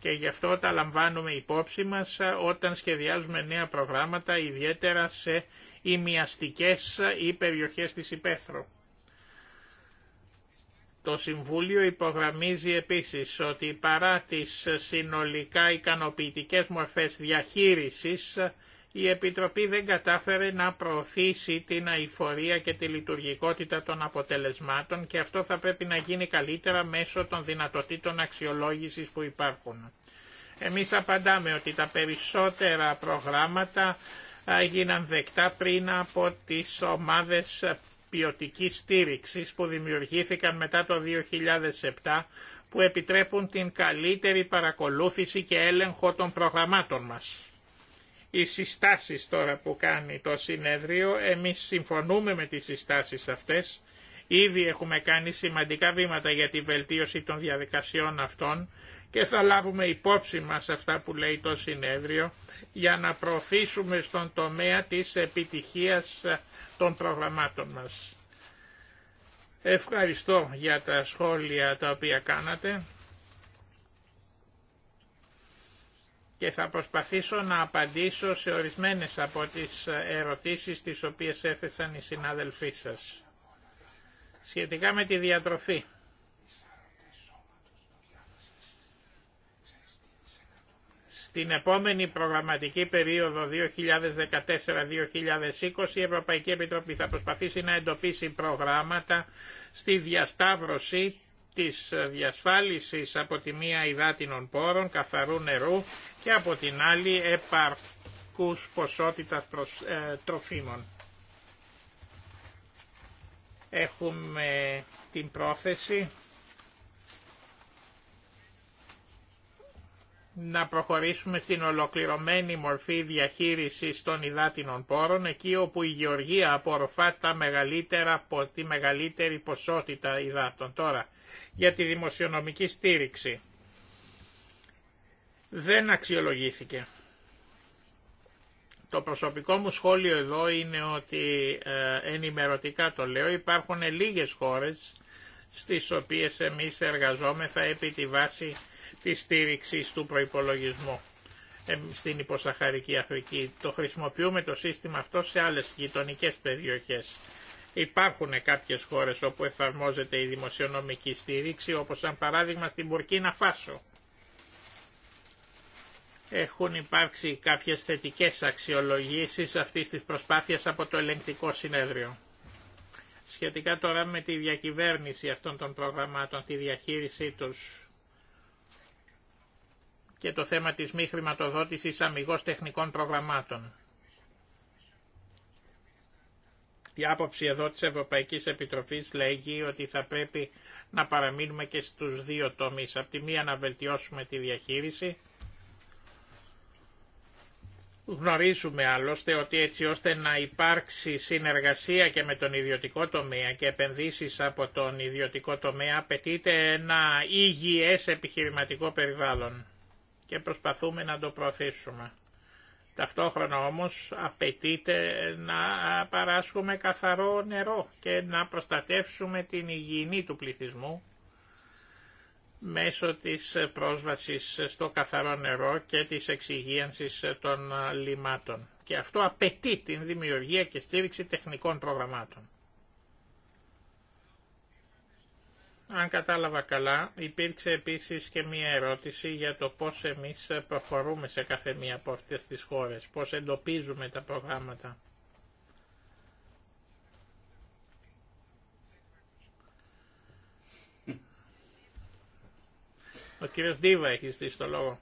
και γι' αυτό τα λαμβάνουμε υπόψη μας ε, όταν σχεδιάζουμε νέα προγράμματα ιδιαίτερα σε ημιαστικές ε, ή περιοχές της υπαίθρου. Το Συμβούλιο υπογραμμίζει επίσης ότι παρά τις συνολικά ικανοποιητικές μορφές διαχείρισης η Επιτροπή δεν κατάφερε να προωθήσει την αηφορία και τη λειτουργικότητα των αποτελεσμάτων και αυτό θα πρέπει να γίνει καλύτερα μέσω των δυνατοτήτων αξιολόγησης που υπάρχουν. Εμείς απαντάμε ότι τα περισσότερα προγράμματα έγιναν δεκτά πριν από τις ομάδες ποιοτική στήριξη που δημιουργήθηκαν μετά το 2007 που επιτρέπουν την καλύτερη παρακολούθηση και έλεγχο των προγραμμάτων μας. Οι συστάσεις τώρα που κάνει το συνέδριο, εμείς συμφωνούμε με τις συστάσεις αυτές. Ήδη έχουμε κάνει σημαντικά βήματα για τη βελτίωση των διαδικασιών αυτών και θα λάβουμε υπόψη μας αυτά που λέει το συνέδριο για να προωθήσουμε στον τομέα της επιτυχίας των προγραμμάτων μας. Ευχαριστώ για τα σχόλια τα οποία κάνατε. και θα προσπαθήσω να απαντήσω σε ορισμένες από τις ερωτήσεις τις οποίες έθεσαν οι συνάδελφοί σας. Σχετικά με τη διατροφή. Στην επόμενη προγραμματική περίοδο 2014-2020 η Ευρωπαϊκή Επιτροπή θα προσπαθήσει να εντοπίσει προγράμματα στη διασταύρωση της διασφάλισης από τη μία υδάτινων πόρων, καθαρού νερού και από την άλλη επαρκούς ποσότητας ε, τροφίμων. Έχουμε την πρόθεση να προχωρήσουμε στην ολοκληρωμένη μορφή διαχείρισης των υδάτινων πόρων, εκεί όπου η γεωργία απορροφά τα μεγαλύτερα, τη μεγαλύτερη ποσότητα υδάτων. Τώρα, για τη δημοσιονομική στήριξη. Δεν αξιολογήθηκε. Το προσωπικό μου σχόλιο εδώ είναι ότι ε, ενημερωτικά το λέω υπάρχουν λίγες χώρες στις οποίες εμείς εργαζόμεθα επί τη βάση της στήριξης του προϋπολογισμού ε, στην υποσαχαρική Αφρική. Το χρησιμοποιούμε το σύστημα αυτό σε άλλες γειτονικέ περιοχές. Υπάρχουν κάποιες χώρες όπου εφαρμόζεται η δημοσιονομική στήριξη, όπως σαν παράδειγμα στην Μπουρκίνα Φάσο. Έχουν υπάρξει κάποιες θετικές αξιολογήσεις αυτής της προσπάθειας από το ελεγκτικό συνέδριο. Σχετικά τώρα με τη διακυβέρνηση αυτών των προγραμμάτων, τη διαχείρισή τους και το θέμα της μη χρηματοδότησης αμυγός τεχνικών προγραμμάτων. Η άποψη εδώ της Ευρωπαϊκής Επιτροπής λέγει ότι θα πρέπει να παραμείνουμε και στους δύο τομείς. Απ' τη μία να βελτιώσουμε τη διαχείριση. Γνωρίζουμε άλλωστε ότι έτσι ώστε να υπάρξει συνεργασία και με τον ιδιωτικό τομέα και επενδύσεις από τον ιδιωτικό τομέα απαιτείται ένα υγιές επιχειρηματικό περιβάλλον και προσπαθούμε να το προωθήσουμε. Ταυτόχρονα όμως απαιτείται να παράσχουμε καθαρό νερό και να προστατεύσουμε την υγιεινή του πληθυσμού μέσω της πρόσβασης στο καθαρό νερό και της εξυγίανσης των λιμάτων. Και αυτό απαιτεί την δημιουργία και στήριξη τεχνικών προγραμμάτων. Αν κατάλαβα καλά, υπήρξε επίσης και μία ερώτηση για το πώς εμείς προχωρούμε σε κάθε μία από αυτές τις χώρες, πώς εντοπίζουμε τα προγράμματα. Ο κύριος Ντίβα έχει στήσει το λόγο.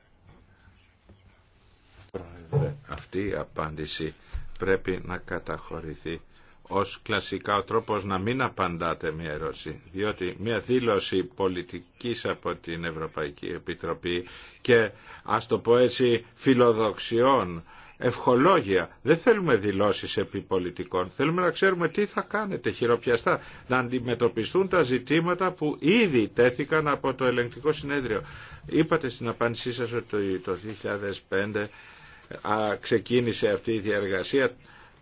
Αυτή η απάντηση πρέπει να καταχωρηθεί ως κλασικά ο τρόπος να μην απαντάτε μια ερώτηση, διότι μια δήλωση πολιτικής από την Ευρωπαϊκή Επιτροπή και ας το πω έτσι φιλοδοξιών, ευχολόγια, δεν θέλουμε δηλώσεις επί πολιτικών, θέλουμε να ξέρουμε τι θα κάνετε χειροπιαστά, να αντιμετωπιστούν τα ζητήματα που ήδη τέθηκαν από το ελεγκτικό συνέδριο. Είπατε στην απάντησή σας ότι το 2005 ξεκίνησε αυτή η διαργασία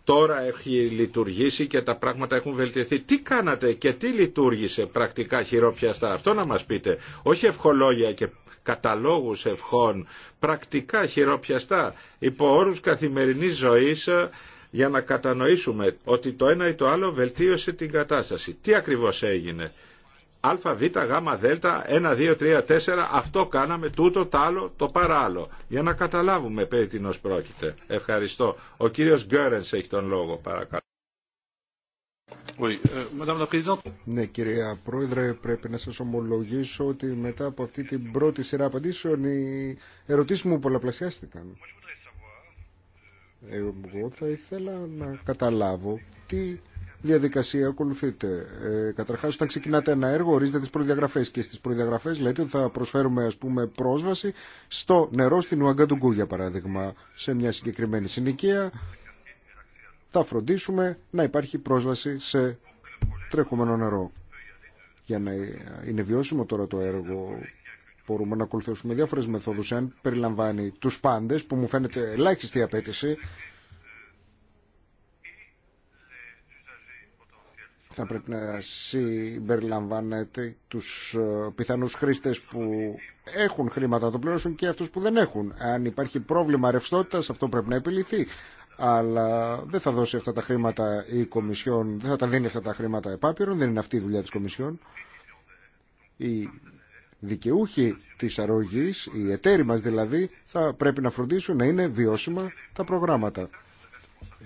τώρα έχει λειτουργήσει και τα πράγματα έχουν βελτιωθεί. Τι κάνατε και τι λειτουργήσε πρακτικά χειρόπιαστα. Αυτό να μας πείτε. Όχι ευχολόγια και καταλόγους ευχών. Πρακτικά χειρόπιαστα. Υπό όρους καθημερινής ζωής ε, για να κατανοήσουμε ότι το ένα ή το άλλο βελτίωσε την κατάσταση. Τι ακριβώς έγινε α, β, γ, δ, 1, 2, 3, 4, αυτό κάναμε, τούτο, τ' άλλο, το παράλλο. Για να καταλάβουμε περί τι πρόκειται. Ευχαριστώ. Ο κύριος Γκέρενς έχει τον λόγο, παρακαλώ. Euh, ναι κυρία Πρόεδρε πρέπει να σας ομολογήσω ότι μετά από αυτή την πρώτη σειρά απαντήσεων οι ερωτήσεις μου πολλαπλασιάστηκαν. Ε, εγώ θα ήθελα να καταλάβω τι διαδικασία ακολουθείτε. Ε, Καταρχά, όταν ξεκινάτε ένα έργο, ορίζετε τι προδιαγραφέ και στι προδιαγραφέ λέτε ότι θα προσφέρουμε ας πούμε, πρόσβαση στο νερό στην Ουαγκαντουγκού, για παράδειγμα, σε μια συγκεκριμένη συνοικία. Θα φροντίσουμε να υπάρχει πρόσβαση σε τρέχομενο νερό. Για να είναι βιώσιμο τώρα το έργο, μπορούμε να ακολουθήσουμε διάφορε μεθόδου. Αν περιλαμβάνει του πάντε, που μου φαίνεται ελάχιστη απέτηση, θα πρέπει να συμπεριλαμβάνεται τους ε, πιθανούς χρήστες που έχουν χρήματα να το πληρώσουν και αυτούς που δεν έχουν. Αν υπάρχει πρόβλημα ρευστότητας αυτό πρέπει να επιληθεί. Αλλά δεν θα δώσει αυτά τα χρήματα η Κομισιόν, δεν θα τα δίνει αυτά τα χρήματα επάπειρον, δεν είναι αυτή η δουλειά της Κομισιόν. Οι δικαιούχοι της αρρωγής, οι εταίροι μας δηλαδή, θα πρέπει να φροντίσουν να είναι βιώσιμα τα προγράμματα.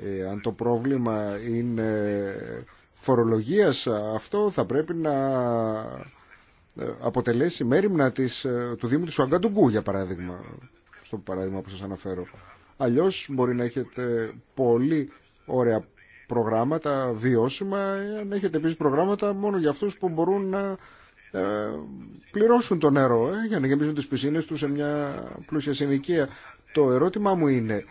Ε, αν το πρόβλημα είναι φορολογίας αυτό θα πρέπει να ε, αποτελέσει μέρημνα της, ε, του Δήμου της Ουαγκαντουγκού για παράδειγμα στο παράδειγμα που σας αναφέρω αλλιώς μπορεί να έχετε πολύ ωραία προγράμματα βιώσιμα ε, αν έχετε επίσης προγράμματα μόνο για αυτούς που μπορούν να πληρώσουν το νερό για να γεμίζουν τις πισίνες τους σε μια πλούσια συνοικία το ερώτημά μου είναι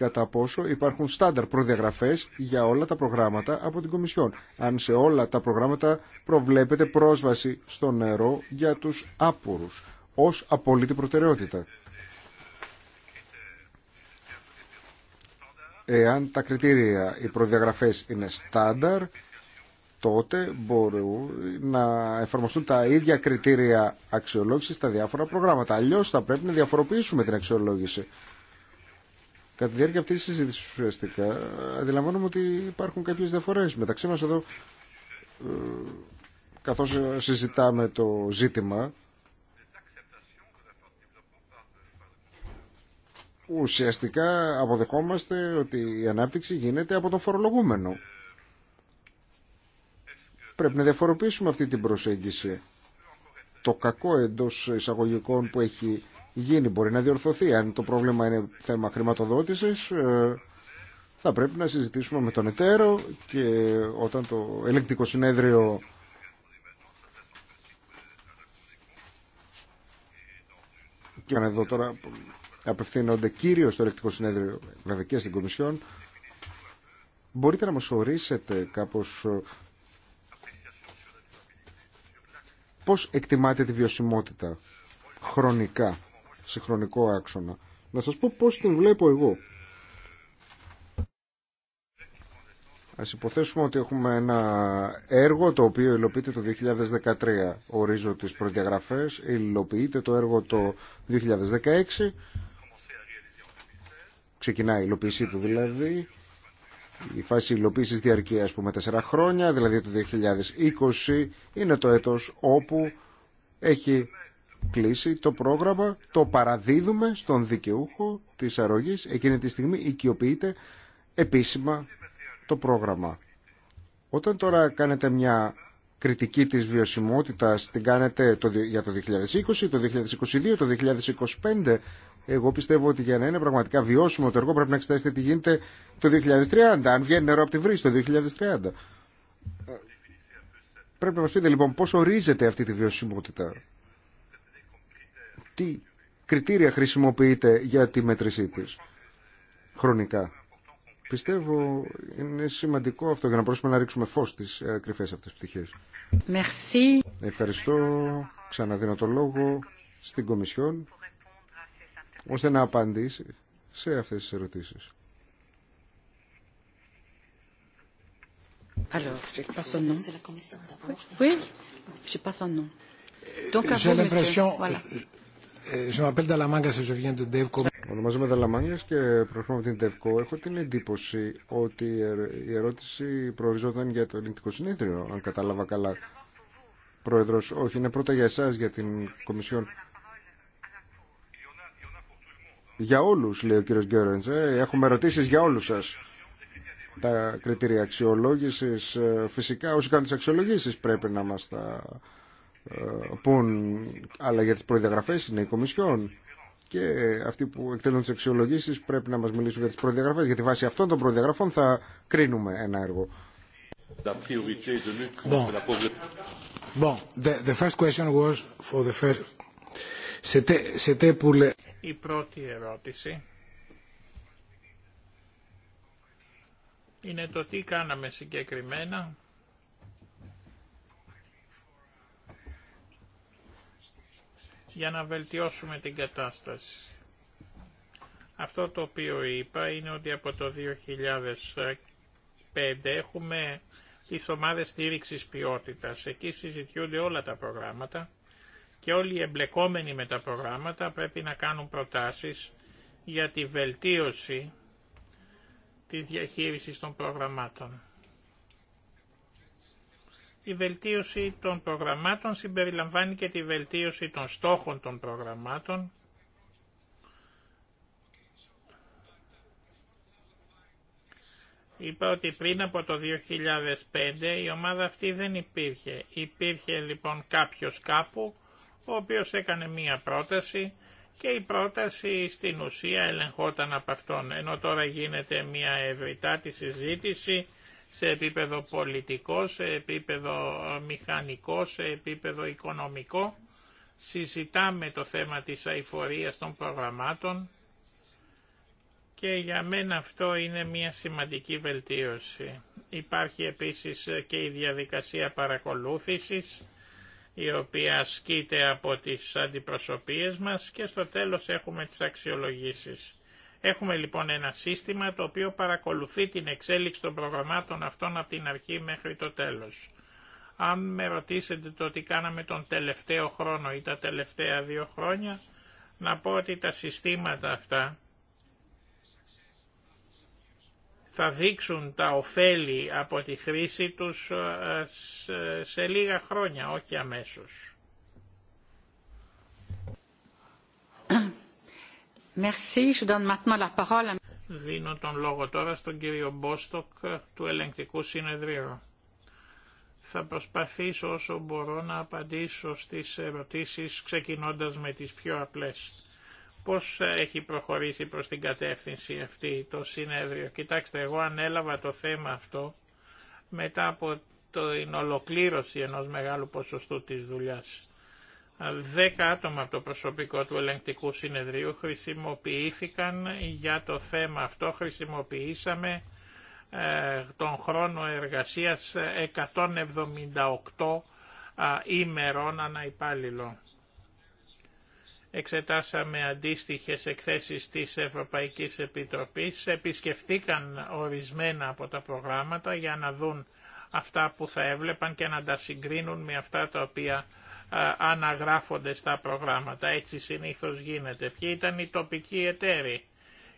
κατά πόσο υπάρχουν στάνταρ προδιαγραφές για όλα τα προγράμματα από την Κομισιόν. Αν σε όλα τα προγράμματα προβλέπεται πρόσβαση στο νερό για τους άπορους ως απόλυτη προτεραιότητα. Εάν τα κριτήρια, οι προδιαγραφές είναι στάνταρ, τότε μπορούν να εφαρμοστούν τα ίδια κριτήρια αξιολόγησης στα διάφορα προγράμματα. Αλλιώς θα πρέπει να διαφοροποιήσουμε την αξιολόγηση Κατά τη διάρκεια αυτή τη συζήτηση, ουσιαστικά, αντιλαμβάνομαι ότι υπάρχουν κάποιε διαφορέ μεταξύ μα εδώ. Ε, καθώς συζητάμε το ζήτημα ουσιαστικά αποδεχόμαστε ότι η ανάπτυξη γίνεται από τον φορολογούμενο. Πρέπει να διαφοροποιήσουμε αυτή την προσέγγιση. Το κακό εντό εισαγωγικών που έχει γίνει. Μπορεί να διορθωθεί. Αν το πρόβλημα είναι θέμα χρηματοδότησης, ε, θα πρέπει να συζητήσουμε με τον εταίρο και όταν το ελεκτικό συνέδριο και αν εδώ τώρα απευθύνονται κύριο στο ελεκτικό συνέδριο, βέβαια και στην Κομισιόν, μπορείτε να μας ορίσετε κάπως ε, πώς εκτιμάτε τη βιωσιμότητα χρονικά συγχρονικό άξονα. Να σας πω πώς την βλέπω εγώ. Ας υποθέσουμε ότι έχουμε ένα έργο το οποίο υλοποιείται το 2013. Ορίζω τις προδιαγραφές, υλοποιείται το έργο το 2016. Ξεκινάει η υλοποίησή του δηλαδή. Η φάση υλοποίηση διαρκεί ας πούμε 4 χρόνια, δηλαδή το 2020 είναι το έτος όπου έχει κλείσει το πρόγραμμα, το παραδίδουμε στον δικαιούχο της αρρωγής. Εκείνη τη στιγμή οικειοποιείται επίσημα το πρόγραμμα. Όταν τώρα κάνετε μια κριτική της βιωσιμότητας, την κάνετε το, για το 2020, το 2022, το 2025, εγώ πιστεύω ότι για να είναι πραγματικά βιώσιμο το έργο πρέπει να εξετάσετε τι γίνεται το 2030, αν βγαίνει νερό από τη βρύση το 2030. Ε, πρέπει να μας πείτε λοιπόν πώς ορίζεται αυτή τη βιωσιμότητα τι κριτήρια χρησιμοποιείται για τη μέτρησή της χρονικά. Πιστεύω είναι σημαντικό αυτό για να μπορέσουμε να ρίξουμε φως στις ε, κρυφές αυτές πτυχές. Merci. Ευχαριστώ. Ξαναδίνω το λόγο στην Κομισιόν ώστε να απαντήσει σε αυτές τις ερωτήσεις. Alors, je pas son nom. Oui, je pas son nom. Donc, monsieur. Voilà. Je m'appelle Dalamangas et je viens de DEVCO. Ονομάζομαι Δαλαμάνια και προχωρώ από την ΤΕΒΚΟ. Έχω την εντύπωση ότι η ερώτηση προοριζόταν για το ελληνικό συνέδριο, αν κατάλαβα καλά. Πρόεδρος, όχι, είναι πρώτα για εσάς, για την Κομισιόν. Για όλους, λέει ο κύριος Γκέρενς. Ε. Έχουμε ερωτήσεις για όλους σας. Τα κριτήρια αξιολόγησης, ε, φυσικά όσοι κάνουν τις αξιολογήσεις πρέπει να μας τα ε, πούν, αλλά για τις προδιαγραφές είναι η Κομισιόν και αυτοί που εκτελούν τις αξιολογήσεις πρέπει να μας μιλήσουν για τις προδιαγραφές γιατί βάσει αυτών των προδιαγραφών θα κρίνουμε ένα έργο. Η πρώτη ερώτηση είναι το τι κάναμε συγκεκριμένα για να βελτιώσουμε την κατάσταση. Αυτό το οποίο είπα είναι ότι από το 2005 έχουμε τις ομάδες στήριξης ποιότητας. Εκεί συζητιούνται όλα τα προγράμματα και όλοι οι εμπλεκόμενοι με τα προγράμματα πρέπει να κάνουν προτάσεις για τη βελτίωση της διαχείρισης των προγραμμάτων. Η βελτίωση των προγραμμάτων συμπεριλαμβάνει και τη βελτίωση των στόχων των προγραμμάτων, Είπα ότι πριν από το 2005 η ομάδα αυτή δεν υπήρχε. Υπήρχε λοιπόν κάποιος κάπου ο οποίος έκανε μία πρόταση και η πρόταση στην ουσία ελεγχόταν από αυτόν. Ενώ τώρα γίνεται μία ευρυτάτη συζήτηση σε επίπεδο πολιτικό, σε επίπεδο ε, μηχανικό, σε επίπεδο οικονομικό. Συζητάμε το θέμα της αηφορίας των προγραμμάτων και για μένα αυτό είναι μια σημαντική βελτίωση. Υπάρχει επίσης και η διαδικασία παρακολούθησης η οποία ασκείται από τις αντιπροσωπείες μας και στο τέλος έχουμε τις αξιολογήσεις. Έχουμε λοιπόν ένα σύστημα το οποίο παρακολουθεί την εξέλιξη των προγραμμάτων αυτών από την αρχή μέχρι το τέλος. Αν με ρωτήσετε το τι κάναμε τον τελευταίο χρόνο ή τα τελευταία δύο χρόνια, να πω ότι τα συστήματα αυτά θα δείξουν τα ωφέλη από τη χρήση τους ε, σε λίγα χρόνια, όχι αμέσως. Δίνω τον λόγο τώρα στον κύριο Μπόστοκ του Ελεγκτικού Συνεδρίου. Θα προσπαθήσω όσο μπορώ να απαντήσω στις ερωτήσεις ξεκινώντας με τις πιο απλές. Πώς έχει προχωρήσει προς την κατεύθυνση αυτή το συνέδριο. Κοιτάξτε, εγώ ανέλαβα το θέμα αυτό μετά από την ολοκλήρωση ενός μεγάλου ποσοστού της δουλειάς. Δέκα άτομα από το προσωπικό του ελεγκτικού συνεδρίου χρησιμοποιήθηκαν για το θέμα αυτό. Χρησιμοποιήσαμε ε, τον χρόνο εργασίας 178 ημερών ανά Εξετάσαμε αντίστοιχες εκθέσεις της Ευρωπαϊκής Επιτροπής. Επισκεφθήκαν ορισμένα από τα προγράμματα για να δουν αυτά που θα έβλεπαν και να τα συγκρίνουν με αυτά τα οποία ε, αναγράφονται στα προγράμματα. Έτσι συνήθως γίνεται. Ποιοι ήταν οι τοπικοί εταίροι.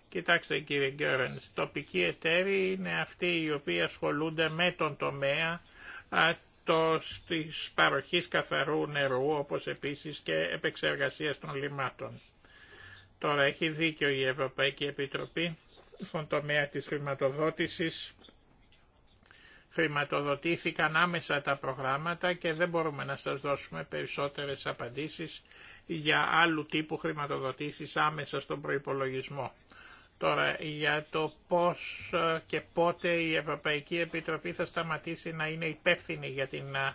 Κοιτάξτε κύριε Γκέρενς, τοπικοί εταίροι είναι αυτοί οι οποίοι ασχολούνται με τον τομέα το, της παροχής καθαρού νερού, όπως επίσης και επεξεργασίας των λιμάτων. Τώρα έχει δίκιο η Ευρωπαϊκή Επιτροπή στον τομέα της χρηματοδότησης χρηματοδοτήθηκαν άμεσα τα προγράμματα και δεν μπορούμε να σας δώσουμε περισσότερες απαντήσεις για άλλου τύπου χρηματοδοτήσεις άμεσα στον προϋπολογισμό. Τώρα για το πώς ε, και πότε η Ευρωπαϊκή Επιτροπή θα σταματήσει να είναι υπεύθυνη για την ε,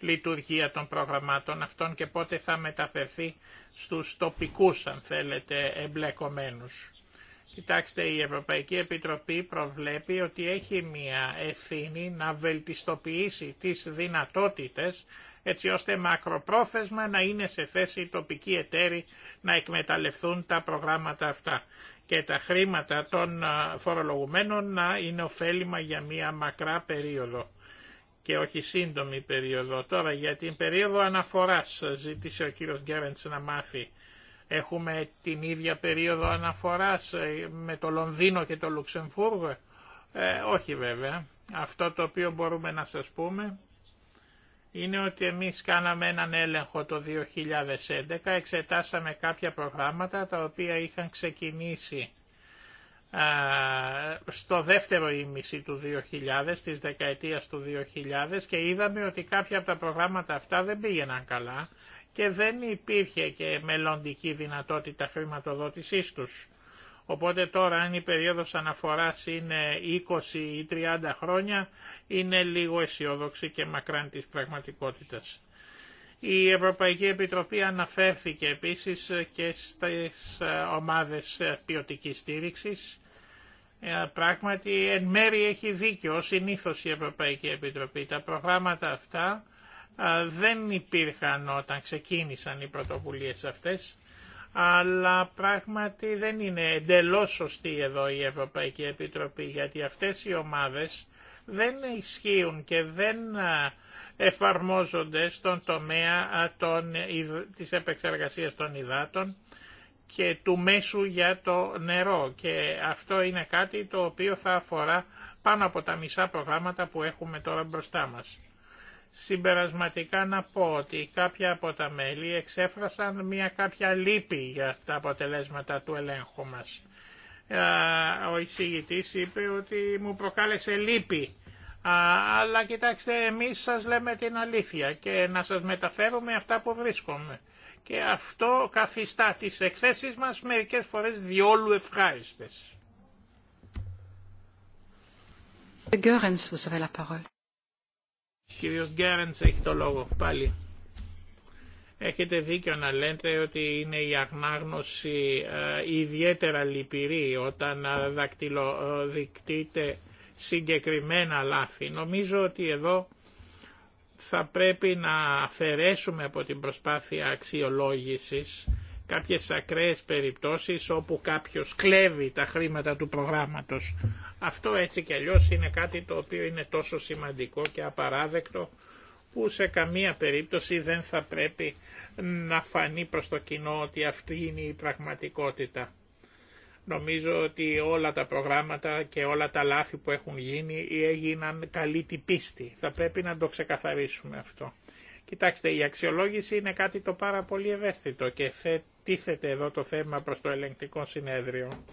λειτουργία των προγραμμάτων αυτών και πότε θα μεταφερθεί στους τοπικούς αν θέλετε εμπλεκομένους. Κοιτάξτε, η Ευρωπαϊκή Επιτροπή προβλέπει ότι έχει μία ευθύνη να βελτιστοποιήσει τις δυνατότητες έτσι ώστε μακροπρόθεσμα να είναι σε θέση οι τοπικοί εταίροι να εκμεταλλευτούν τα προγράμματα αυτά και τα χρήματα των φορολογουμένων να είναι ωφέλιμα για μία μακρά περίοδο και όχι σύντομη περίοδο. Τώρα για την περίοδο αναφοράς ζήτησε ο κύριος Γκέρεντς να μάθει Έχουμε την ίδια περίοδο αναφοράς ε, με το Λονδίνο και το Λουξεμβούργο. Ε, όχι βέβαια. Αυτό το οποίο μπορούμε να σας πούμε είναι ότι εμείς κάναμε έναν έλεγχο το 2011, εξετάσαμε κάποια προγράμματα τα οποία είχαν ξεκινήσει στο δεύτερο ήμιση του 2000, της δεκαετίας του 2000 και είδαμε ότι κάποια από τα προγράμματα αυτά δεν πήγαιναν καλά και δεν υπήρχε και μελλοντική δυνατότητα χρηματοδότησής τους. Οπότε τώρα αν η περίοδος αναφοράς είναι 20 ή 30 χρόνια είναι λίγο αισιόδοξη και μακράν της πραγματικότητας. Η Ευρωπαϊκή Επιτροπή αναφέρθηκε επίσης και στις ε, ομάδες ε, ποιοτική στήριξης. Ε, πράγματι, εν μέρη έχει δίκιο, συνήθως η Ευρωπαϊκή Επιτροπή. Τα προγράμματα αυτά δεν υπήρχαν όταν ξεκίνησαν οι πρωτοβουλίες αυτές, αλλά πράγματι δεν είναι εντελώς σωστή εδώ η Ευρωπαϊκή Επιτροπή, γιατί αυτές οι ομάδες δεν ισχύουν και δεν εφαρμόζονται στον τομέα των, της επεξεργασίας των υδάτων και του μέσου για το νερό και αυτό είναι κάτι το οποίο θα αφορά πάνω από τα μισά προγράμματα που έχουμε τώρα μπροστά μας συμπερασματικά να πω ότι κάποια από τα μέλη εξέφρασαν μια κάποια λύπη για τα αποτελέσματα του ελέγχου μας. Ο εισηγητής είπε ότι μου προκάλεσε λύπη. Αλλά κοιτάξτε, εμείς σας λέμε την αλήθεια και να σας μεταφέρουμε αυτά που βρίσκουμε. Και αυτό καθιστά τις εκθέσεις μας μερικές φορές διόλου ευχάριστες. Κύριος Γκέρεντς έχει το λόγο πάλι. Έχετε δίκιο να λέτε ότι είναι η αγνάγνωση ε, ιδιαίτερα λυπηρή όταν ε, δακτυλοδεικτείται συγκεκριμένα λάθη. Νομίζω ότι εδώ θα πρέπει να αφαιρέσουμε από την προσπάθεια αξιολόγησης κάποιες ακραίες περιπτώσεις όπου κάποιος κλέβει τα χρήματα του προγράμματος. Αυτό έτσι κι αλλιώς είναι κάτι το οποίο είναι τόσο σημαντικό και απαράδεκτο που σε καμία περίπτωση δεν θα πρέπει να φανεί προς το κοινό ότι αυτή είναι η πραγματικότητα. Νομίζω ότι όλα τα προγράμματα και όλα τα λάθη που έχουν γίνει έγιναν καλή την πίστη. Θα πρέπει να το ξεκαθαρίσουμε αυτό. Κοιτάξτε, η αξιολόγηση είναι κάτι το πάρα πολύ ευαίσθητο και τίθεται εδώ το θέμα προς το ελεγκτικό συνέδριο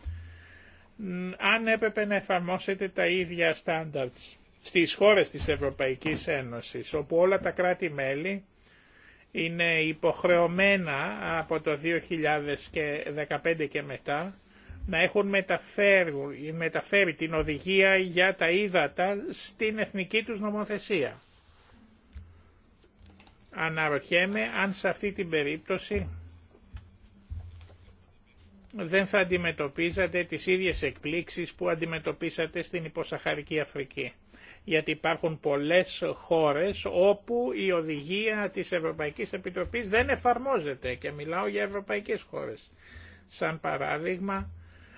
αν έπρεπε να εφαρμόσετε τα ίδια standards στις χώρες της Ευρωπαϊκής Ένωσης, όπου όλα τα κράτη-μέλη είναι υποχρεωμένα από το 2015 και μετά να έχουν μεταφέρει, μεταφέρει την οδηγία για τα ύδατα στην εθνική τους νομοθεσία. Αναρωτιέμαι αν σε αυτή την περίπτωση δεν θα αντιμετωπίζατε τις ίδιες εκπλήξεις που αντιμετωπίσατε στην υποσαχαρική Αφρική. Γιατί υπάρχουν πολλές χώρες όπου η οδηγία της Ευρωπαϊκής Επιτροπής δεν εφαρμόζεται και μιλάω για ευρωπαϊκές χώρες. Σαν παράδειγμα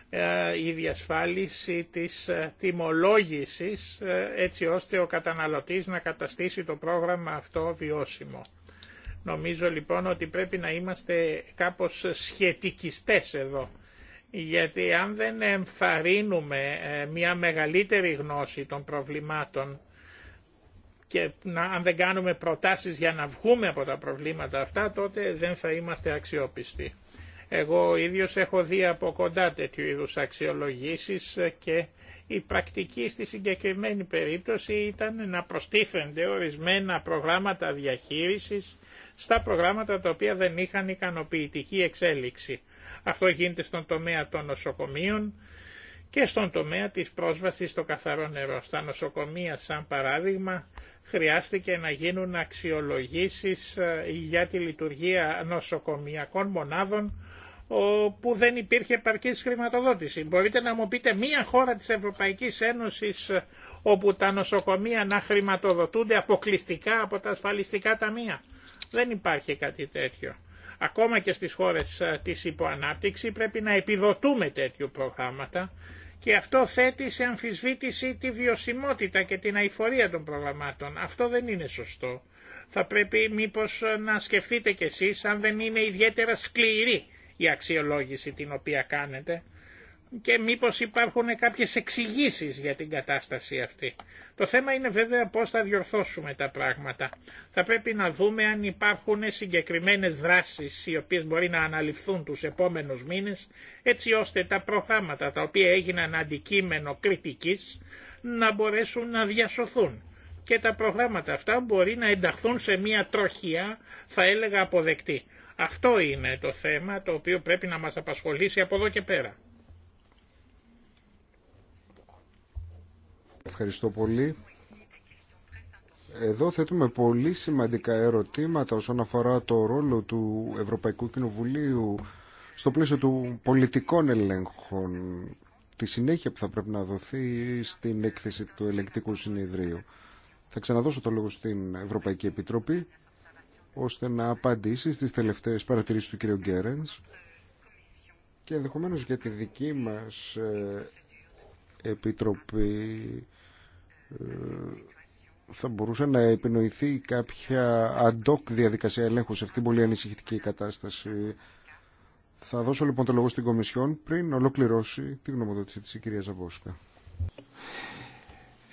ε, η διασφάλιση της ε, τιμολόγησης ε, έτσι ώστε ο καταναλωτής να καταστήσει το πρόγραμμα αυτό βιώσιμο. Νομίζω λοιπόν ότι πρέπει να είμαστε κάπως σχετικιστές εδώ. Γιατί αν δεν εμφαρίνουμε ε, μια μεγαλύτερη γνώση των προβλημάτων και να, αν δεν κάνουμε προτάσεις για να βγούμε από τα προβλήματα αυτά, τότε δεν θα είμαστε αξιόπιστοι. Εγώ ίδιος έχω δει από κοντά τέτοιου είδους αξιολογήσεις ε, και η πρακτική στη συγκεκριμένη περίπτωση ήταν να προστίθενται ορισμένα προγράμματα διαχείρισης στα προγράμματα τα οποία δεν είχαν ικανοποιητική εξέλιξη. Αυτό γίνεται στον τομέα των νοσοκομείων και στον τομέα της πρόσβασης στο καθαρό νερό. Στα νοσοκομεία, σαν παράδειγμα, χρειάστηκε να γίνουν αξιολογήσεις ε, για τη λειτουργία νοσοκομιακών μονάδων που δεν υπήρχε επαρκή χρηματοδότηση. Μπορείτε να μου πείτε μία χώρα της Ευρωπαϊκής Ένωσης ε, όπου τα νοσοκομεία να χρηματοδοτούνται αποκλειστικά από τα ασφαλιστικά ταμεία. Δεν υπάρχει κάτι τέτοιο. Ακόμα και στις χώρες ε, της υποανάπτυξη πρέπει να επιδοτούμε τέτοιου προγράμματα και αυτό θέτει σε αμφισβήτηση τη βιωσιμότητα και την αηφορία των προγραμμάτων. Αυτό δεν είναι σωστό. Θα πρέπει μήπως ε, να σκεφτείτε κι εσείς αν δεν είναι ιδιαίτερα σκληροί η αξιολόγηση την οποία κάνετε και μήπως υπάρχουν κάποιες εξηγήσει για την κατάσταση αυτή. Το θέμα είναι βέβαια πώς θα διορθώσουμε τα πράγματα. Θα πρέπει να δούμε αν υπάρχουν συγκεκριμένες δράσεις οι οποίες μπορεί να αναλυφθούν τους επόμενους μήνες έτσι ώστε τα προγράμματα τα οποία έγιναν αντικείμενο κριτικής να μπορέσουν να διασωθούν. Και τα προγράμματα αυτά μπορεί να ενταχθούν σε μια τροχιά θα έλεγα αποδεκτή. Αυτό είναι το θέμα το οποίο πρέπει να μας απασχολήσει από εδώ και πέρα. Ευχαριστώ πολύ. Εδώ θέτουμε πολύ σημαντικά ερωτήματα όσον αφορά το ρόλο του Ευρωπαϊκού Κοινοβουλίου στο πλαίσιο του πολιτικών ελέγχων, τη συνέχεια που θα πρέπει να δοθεί στην έκθεση του ελεγκτικού συνεδρίου. Θα ξαναδώσω το λόγο στην Ευρωπαϊκή Επιτροπή ώστε να απαντήσει στις τελευταίες παρατηρήσεις του κ. Γκέρενς και ενδεχομένως για τη δική μας ε, Επιτροπή ε, θα μπορούσε να επινοηθεί κάποια αντόκ διαδικασία ελέγχου σε αυτήν την πολύ ανησυχητική κατάσταση. Θα δώσω λοιπόν το λόγο στην Κομισιόν πριν ολοκληρώσει τη γνωμοδότηση της η κυρία Ζαβόσκα.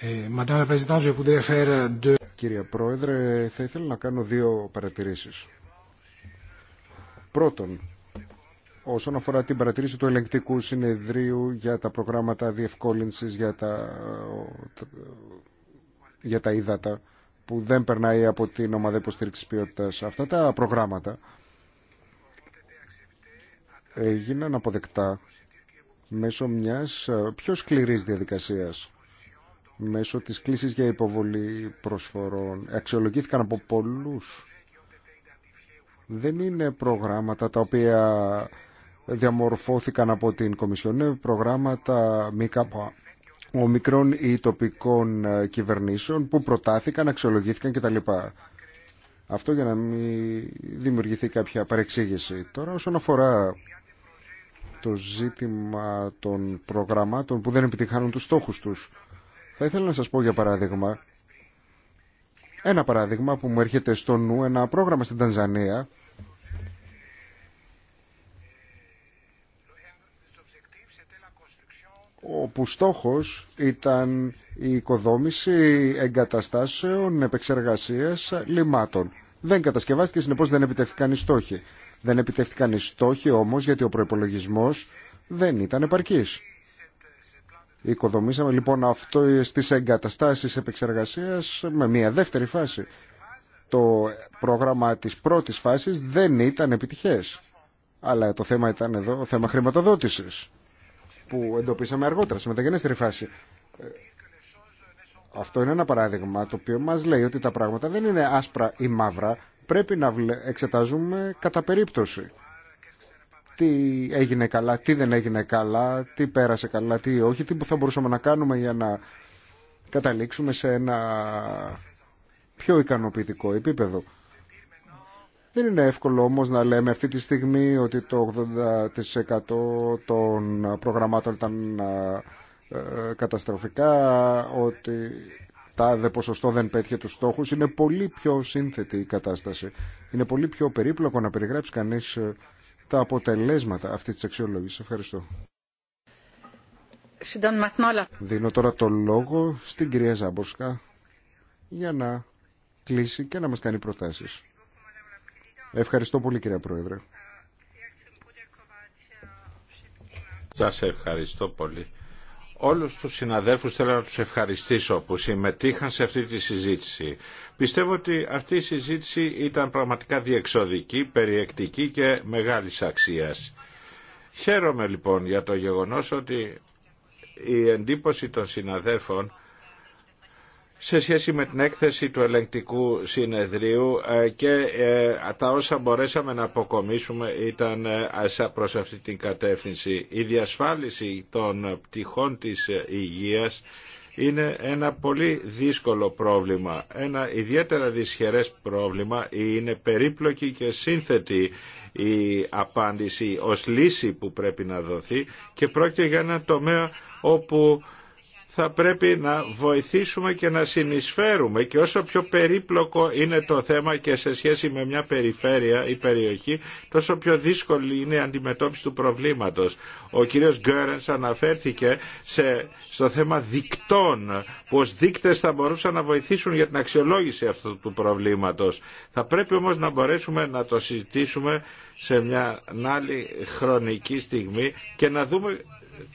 Ε, Κύριε Πρόεδρε, θα ήθελα να κάνω δύο παρατηρήσεις. Πρώτον, όσον αφορά την παρατηρήση του ελεγκτικού συνεδρίου για τα προγράμματα διευκόλυνσης για τα, για τα ύδατα που δεν περνάει από την ομάδα υποστήριξης ποιότητας. Αυτά τα προγράμματα έγιναν αποδεκτά μέσω μιας πιο σκληρής διαδικασίας μέσω της κλήσης για υποβολή προσφορών. Αξιολογήθηκαν από πολλούς. Δεν είναι προγράμματα τα οποία διαμορφώθηκαν από την Κομισιόν. Είναι προγράμματα ο ομικρών ή τοπικών ε, κυβερνήσεων που προτάθηκαν, αξιολογήθηκαν κτλ. Αυτό για να μην δημιουργηθεί κάποια παρεξήγηση. Τώρα όσον αφορά το ζήτημα των προγραμμάτων που δεν επιτυχάνουν τους στόχους τους. Θα ήθελα να σας πω για παράδειγμα, ένα παράδειγμα που μου έρχεται στο νου, ένα πρόγραμμα στην Τανζανία, όπου στόχος ήταν η οικοδόμηση εγκαταστάσεων επεξεργασίας λιμάτων. Δεν κατασκευάστηκε, συνεπώς δεν επιτεύχθηκαν οι στόχοι. Δεν επιτεύχθηκαν οι στόχοι όμως γιατί ο προϋπολογισμός δεν ήταν επαρκής. Οικοδομήσαμε λοιπόν αυτό στις εγκαταστάσεις επεξεργασίας με μια δεύτερη φάση. Το πρόγραμμα της πρώτης φάσης δεν ήταν επιτυχές. Αλλά το θέμα ήταν εδώ, θέμα χρηματοδότησης που εντοπίσαμε αργότερα, στη μεταγενέστερη φάση. Ε, αυτό είναι ένα παράδειγμα το οποίο μας λέει ότι τα πράγματα δεν είναι άσπρα ή μαύρα. Πρέπει να εξετάζουμε κατά περίπτωση τι έγινε καλά, τι δεν έγινε καλά, τι πέρασε καλά, τι όχι, τι θα μπορούσαμε να κάνουμε για να καταλήξουμε σε ένα πιο ικανοποιητικό επίπεδο. Δεν είναι εύκολο όμως να λέμε αυτή τη στιγμή ότι το 80% των προγραμμάτων ήταν ε, καταστροφικά, ότι τα δε ποσοστό δεν πέτυχε τους στόχους. Είναι πολύ πιο σύνθετη η κατάσταση. Είναι πολύ πιο περίπλοκο να περιγράψει κανείς ε, τα αποτελέσματα αυτής της αξιολόγησης. Ευχαριστώ. Δίνω τώρα το λόγο στην κυρία Ζάμποσκα για να κλείσει και να μας κάνει προτάσεις. Ευχαριστώ πολύ κυρία Πρόεδρε. Σας ευχαριστώ πολύ όλους τους συναδέλφους θέλω να τους ευχαριστήσω που συμμετείχαν σε αυτή τη συζήτηση. Πιστεύω ότι αυτή η συζήτηση ήταν πραγματικά διεξοδική, περιεκτική και μεγάλης αξίας. Χαίρομαι λοιπόν για το γεγονός ότι η εντύπωση των συναδέλφων σε σχέση με την έκθεση του ελεγκτικού συνεδρίου ε, και ε, τα όσα μπορέσαμε να αποκομίσουμε ήταν ε, προς αυτή την κατεύθυνση. Η διασφάλιση των πτυχών της υγείας είναι ένα πολύ δύσκολο πρόβλημα. Ένα ιδιαίτερα δυσχερές πρόβλημα είναι περίπλοκη και σύνθετη η απάντηση ως λύση που πρέπει να δοθεί και πρόκειται για ένα τομέα όπου θα πρέπει να βοηθήσουμε και να συνεισφέρουμε και όσο πιο περίπλοκο είναι το θέμα και σε σχέση με μια περιφέρεια ή περιοχή, τόσο πιο δύσκολη είναι η αντιμετώπιση του προβλήματος. Ο κύριος Γκέρενς αναφέρθηκε σε, στο θέμα δικτών, πως δίκτες θα μπορούσαν να βοηθήσουν για την αξιολόγηση αυτού του προβλήματος. Θα πρέπει όμως να μπορέσουμε να το συζητήσουμε σε μια άλλη χρονική στιγμή και να δούμε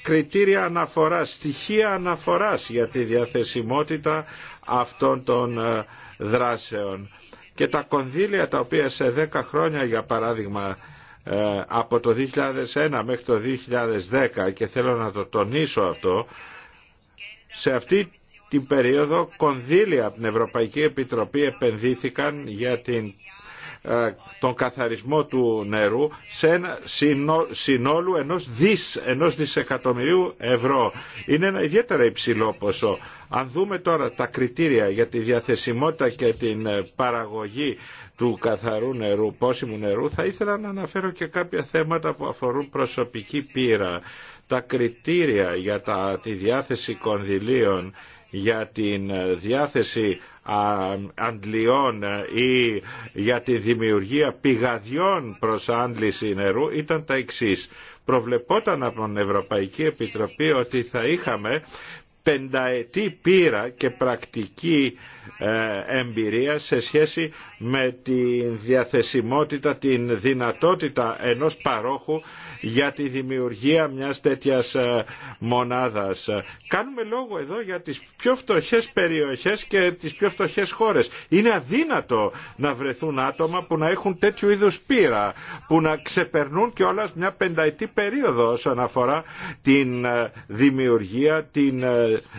κριτήρια αναφοράς, στοιχεία αναφοράς για τη διαθεσιμότητα αυτών των ε, δράσεων. Και τα κονδύλια τα οποία σε 10 χρόνια για παράδειγμα ε, από το 2001 μέχρι το 2010 και θέλω να το τονίσω αυτό σε αυτή την περίοδο κονδύλια από την Ευρωπαϊκή Επιτροπή επενδύθηκαν για την ε, τον καθαρισμό του νερού σε ένα συνόλου ενός δις, ενός δισεκατομμυρίου ευρώ. Είναι ένα ιδιαίτερα υψηλό ποσό. Αν δούμε τώρα τα κριτήρια για τη διαθεσιμότητα και την ε, παραγωγή του καθαρού νερού, πόσιμου νερού, θα ήθελα να αναφέρω και κάποια θέματα που αφορούν προσωπική πείρα. Τα κριτήρια για τα, τη διάθεση κονδυλίων, για την ε, διάθεση αντλειών ή για τη δημιουργία πηγαδιών προς άντληση νερού ήταν τα εξής. Προβλεπόταν από την Ευρωπαϊκή Επιτροπή ότι θα είχαμε πενταετή πείρα και πρακτική ε, εμπειρία σε σχέση με τη διαθεσιμότητα, την δυνατότητα ενός παρόχου για τη δημιουργία μιας τέτοιας ε, μονάδας. Κάνουμε λόγο εδώ για τις πιο φτωχές περιοχές και τις πιο φτωχές χώρες. Είναι αδύνατο να βρεθούν άτομα που να έχουν τέτοιου είδους πείρα, που να ξεπερνούν και μια πενταετή περίοδο όσον αφορά την ε, δημιουργία, την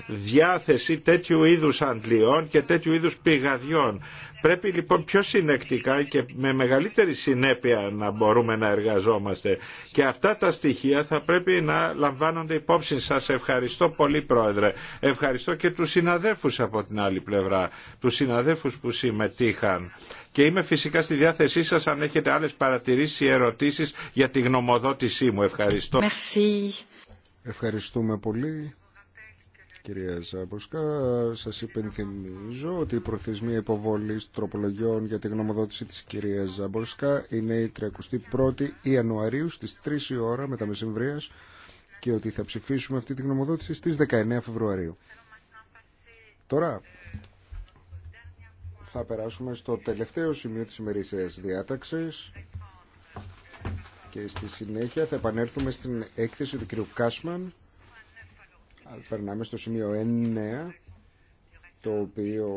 διάθεση τέτοιου είδους αντλειών και τέτοιου τέτοιου είδους πηγαδιών. Πρέπει λοιπόν πιο συνεκτικά και με μεγαλύτερη συνέπεια να μπορούμε να εργαζόμαστε. Και αυτά τα στοιχεία θα πρέπει να λαμβάνονται υπόψη σας. Ευχαριστώ πολύ Πρόεδρε. Ευχαριστώ και τους συναδέλφους από την άλλη πλευρά, τους συναδέλφους που συμμετείχαν. Και είμαι φυσικά στη διάθεσή σας αν έχετε άλλες παρατηρήσεις ή ερωτήσεις για τη γνωμοδότησή μου. Ευχαριστώ. Merci. Ευχαριστούμε πολύ. Κυρία Ζάμποσκά, Σας υπενθυμίζω ότι η προθεσμία υποβολή τροπολογιών για τη γνωμοδότηση της κυρία Ζαμπορσκά είναι η 31η Ιανουαρίου στι 3 η ώρα μετά μεσημβρίας και ότι θα ψηφίσουμε αυτή τη γνωμοδότηση στις 19 Φεβρουαρίου. Τώρα θα περάσουμε στο τελευταίο σημείο της ημερήσιας διάταξης και στη συνέχεια θα επανέλθουμε στην έκθεση του κ. Κάσμαν Περνάμε στο σημείο 9, το οποίο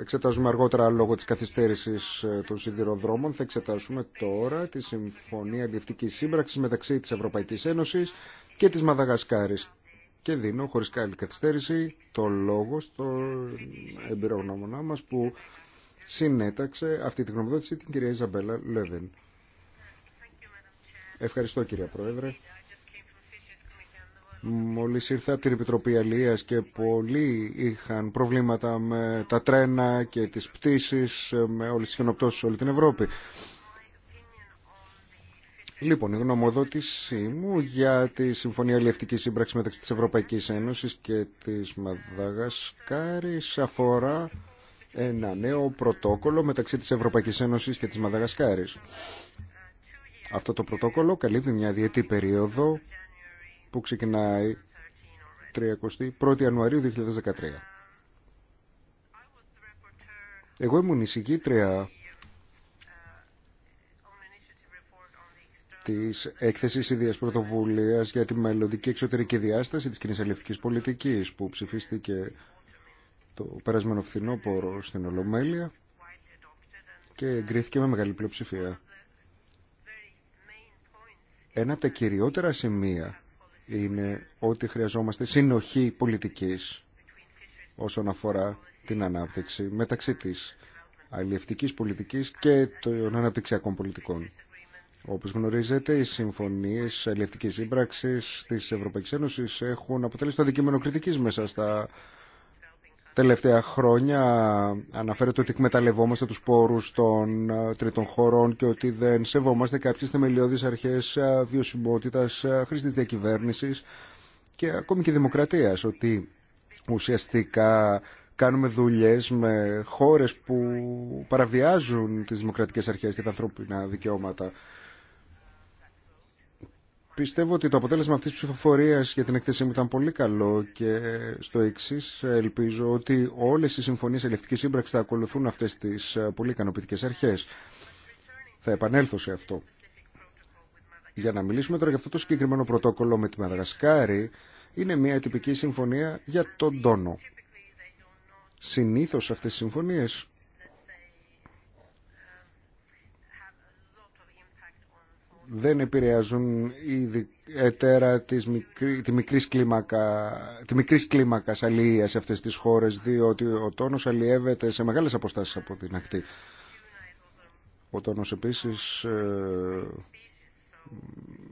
εξετάζουμε αργότερα λόγω της καθυστέρησης ε, των σιδηροδρόμων. Θα εξετάσουμε τώρα τη Συμφωνία Αντιευτικής Σύμπραξης μεταξύ της Ευρωπαϊκής Ένωσης και της Μαδαγασκάρης. Και δίνω χωρίς καλή καθυστέρηση το λόγο στον εμπειρογνώμονά μας που συνέταξε αυτή τη γνωμοδότηση την κυρία Ιζαμπέλα Λέβεν. Ευχαριστώ κυρία Πρόεδρε. Μόλις ήρθε από την Επιτροπή Αλίας και πολλοί είχαν προβλήματα με τα τρένα και τις πτήσεις, με όλες τις χιονοπτώσεις όλη την Ευρώπη. Λοιπόν, η γνωμοδότησή μου για τη Συμφωνία Αλληλευτικής σύμπραξη μεταξύ της Ευρωπαϊκής Ένωσης και της Μαδαγασκάρης αφορά ένα νέο πρωτόκολλο μεταξύ της Ευρωπαϊκής Ένωσης και της Μαδαγασκάρης. Αυτό το πρωτόκολλο καλύπτει μια διετή περίοδο που ξεκινάει 31 Ιανουαρίου 2013. Εγώ ήμουν εισηγήτρια της έκθεσης ιδίας πρωτοβουλίας για τη μελλοντική εξωτερική διάσταση της κοινής αλληλευτικής πολιτικής που ψηφίστηκε το περασμένο φθινόπωρο στην Ολομέλεια και εγκρίθηκε με μεγάλη πλειοψηφία. Ένα από τα κυριότερα σημεία είναι ότι χρειαζόμαστε συνοχή πολιτικής όσον αφορά την ανάπτυξη μεταξύ της αλληλευτικής πολιτικής και των αναπτυξιακών πολιτικών. Όπως γνωρίζετε, οι συμφωνίες αλληλευτικής σύμπραξης της Ευρωπαϊκής Ένωσης έχουν αποτελέσει το αντικείμενο κριτικής μέσα στα τελευταία χρόνια αναφέρεται ότι εκμεταλλευόμαστε τους πόρους των ε, τρίτων χωρών και ότι δεν σεβόμαστε κάποιες θεμελιώδεις αρχές ε, βιωσιμότητας ε, χρήσης διακυβέρνησης και ακόμη και δημοκρατίας, ότι ουσιαστικά κάνουμε δουλειές με χώρες που παραβιάζουν τις δημοκρατικές αρχές και τα ανθρώπινα δικαιώματα. Πιστεύω ότι το αποτέλεσμα αυτής της ψηφοφορίας για την εκθέση μου ήταν πολύ καλό και στο εξή ελπίζω ότι όλες οι συμφωνίες ελευτικής σύμπραξης θα ακολουθούν αυτές τις ε, πολύ ικανοποιητικέ αρχές. Θα επανέλθω σε αυτό. Για να μιλήσουμε τώρα για αυτό το συγκεκριμένο πρωτόκολλο με τη Μαδαγασκάρη, είναι μια τυπική συμφωνία για τον τόνο. Συνήθως αυτές οι συμφωνίες δεν επηρεάζουν ιδιαίτερα της μικρή, μικρής κλίμακα, τη μικρής κλίμακας αλληλεία σε αυτές τις χώρες διότι ο τόνος αλλοιεύεται σε μεγάλες αποστάσεις από την ακτή. Ο τόνος επίσης ε,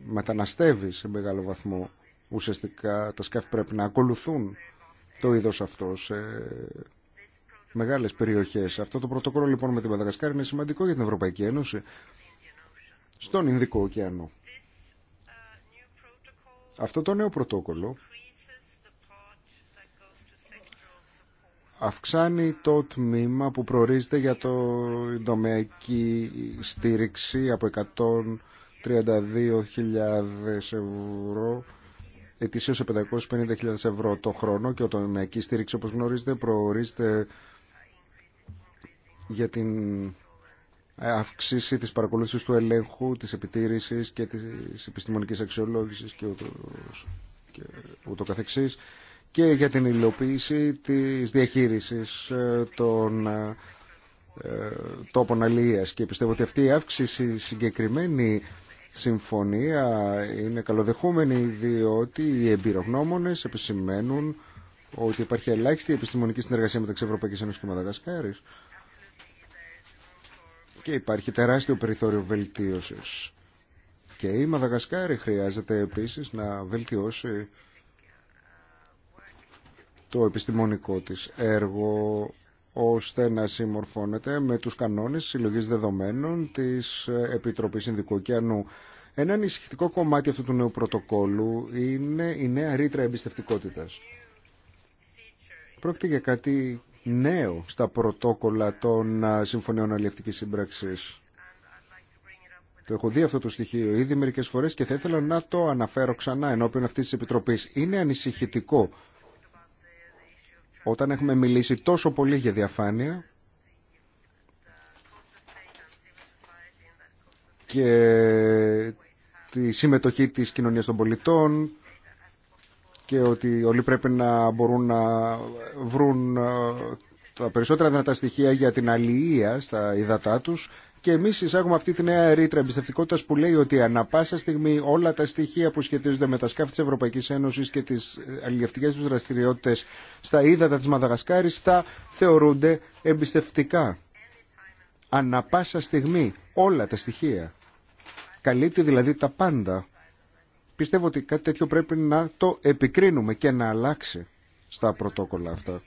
μεταναστεύει σε μεγάλο βαθμό. Ουσιαστικά τα σκάφη πρέπει να ακολουθούν το είδος αυτό σε μεγάλες περιοχές. Αυτό το πρωτοκόλλο λοιπόν με την Μαδαγασκάρη είναι σημαντικό για την Ευρωπαϊκή Ένωση στον Ινδικό ωκεανό. Αυτό το νέο πρωτόκολλο αυξάνει το τμήμα που προορίζεται για το τομεακή στήριξη από 132.000 ευρώ ετησίως σε 550.000 ευρώ το χρόνο και ο τομεακή στήριξη όπως γνωρίζετε προορίζεται για την ε, αυξήσει της παρακολούθησης του ελέγχου, της επιτήρησης και της επιστημονικής αξιολόγησης και ούτω, και καθεξής και για την υλοποίηση της διαχείρισης ε, των ε, τόπων αλληλείας και πιστεύω ότι αυτή η αύξηση συγκεκριμένη συμφωνία είναι καλοδεχούμενη διότι οι εμπειρογνώμονες επισημαίνουν ότι υπάρχει ελάχιστη επιστημονική συνεργασία μεταξύ Ευρωπαϊκής Ένωσης και Μαδαγασκάρης και υπάρχει τεράστιο περιθώριο βελτίωσης. Και η Μαδαγασκάρη χρειάζεται επίσης να βελτιώσει το επιστημονικό της έργο ώστε να συμμορφώνεται με τους κανόνες συλλογή δεδομένων της Επιτροπής Ινδικού Ωκεανού. Ένα ανησυχητικό κομμάτι αυτού του νέου πρωτοκόλου είναι η νέα ρήτρα εμπιστευτικότητας. Πρόκειται για κάτι νέο στα πρωτόκολλα των Συμφωνιών Αλληλευτικής Σύμπραξης. Το έχω δει αυτό το στοιχείο ήδη μερικέ φορέ και θα ήθελα να το αναφέρω ξανά ενώπιον αυτή τη Επιτροπής. Είναι ανησυχητικό όταν έχουμε μιλήσει τόσο πολύ για διαφάνεια και τη συμμετοχή της κοινωνίας των πολιτών και ότι όλοι πρέπει να μπορούν να βρουν ε, τα περισσότερα δυνατά στοιχεία για την αλληλεία στα υδατά τους και εμείς εισάγουμε αυτή τη νέα ρήτρα εμπιστευτικότητας που λέει ότι ανα πάσα στιγμή όλα τα στοιχεία που σχετίζονται με τα σκάφη της Ευρωπαϊκής Ένωσης και τις αλληλευτικές τους δραστηριότητες στα ύδατα της Μαδαγασκάρης θα θεωρούνται εμπιστευτικά. Ανα πάσα στιγμή όλα τα στοιχεία. Καλύπτει δηλαδή τα πάντα. Πιστεύω ότι κάτι τέτοιο πρέπει να το επικρίνουμε και να αλλάξει στα πρωτόκολλα αυτά.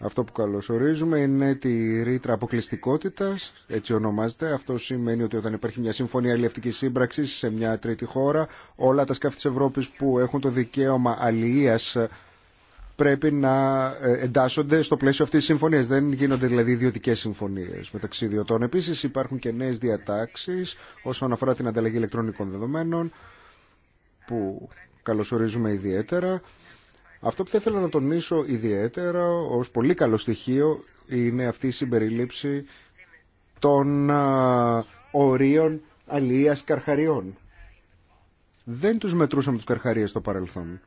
Αυτό που καλωσορίζουμε είναι τη ρήτρα αποκλειστικότητα, έτσι ονομάζεται. Αυτό σημαίνει ότι όταν υπάρχει μια συμφωνία αλληλευτική σύμπραξη σε μια τρίτη χώρα, όλα τα σκάφη τη Ευρώπη που έχουν το δικαίωμα αλληλεία πρέπει να ε, εντάσσονται στο πλαίσιο αυτής της συμφωνίας. Δεν γίνονται δηλαδή ιδιωτικέ συμφωνίες μεταξύ ιδιωτών. Επίσης υπάρχουν και νέες διατάξεις όσον αφορά την ανταλλαγή ηλεκτρονικών δεδομένων που καλωσορίζουμε ιδιαίτερα. Αυτό που θα ήθελα να τονίσω ιδιαίτερα ως πολύ καλό στοιχείο είναι αυτή η συμπεριλήψη των ορίων αλληλεία καρχαριών. Δεν τους μετρούσαμε τους καρχαρίες στο παρελθόν.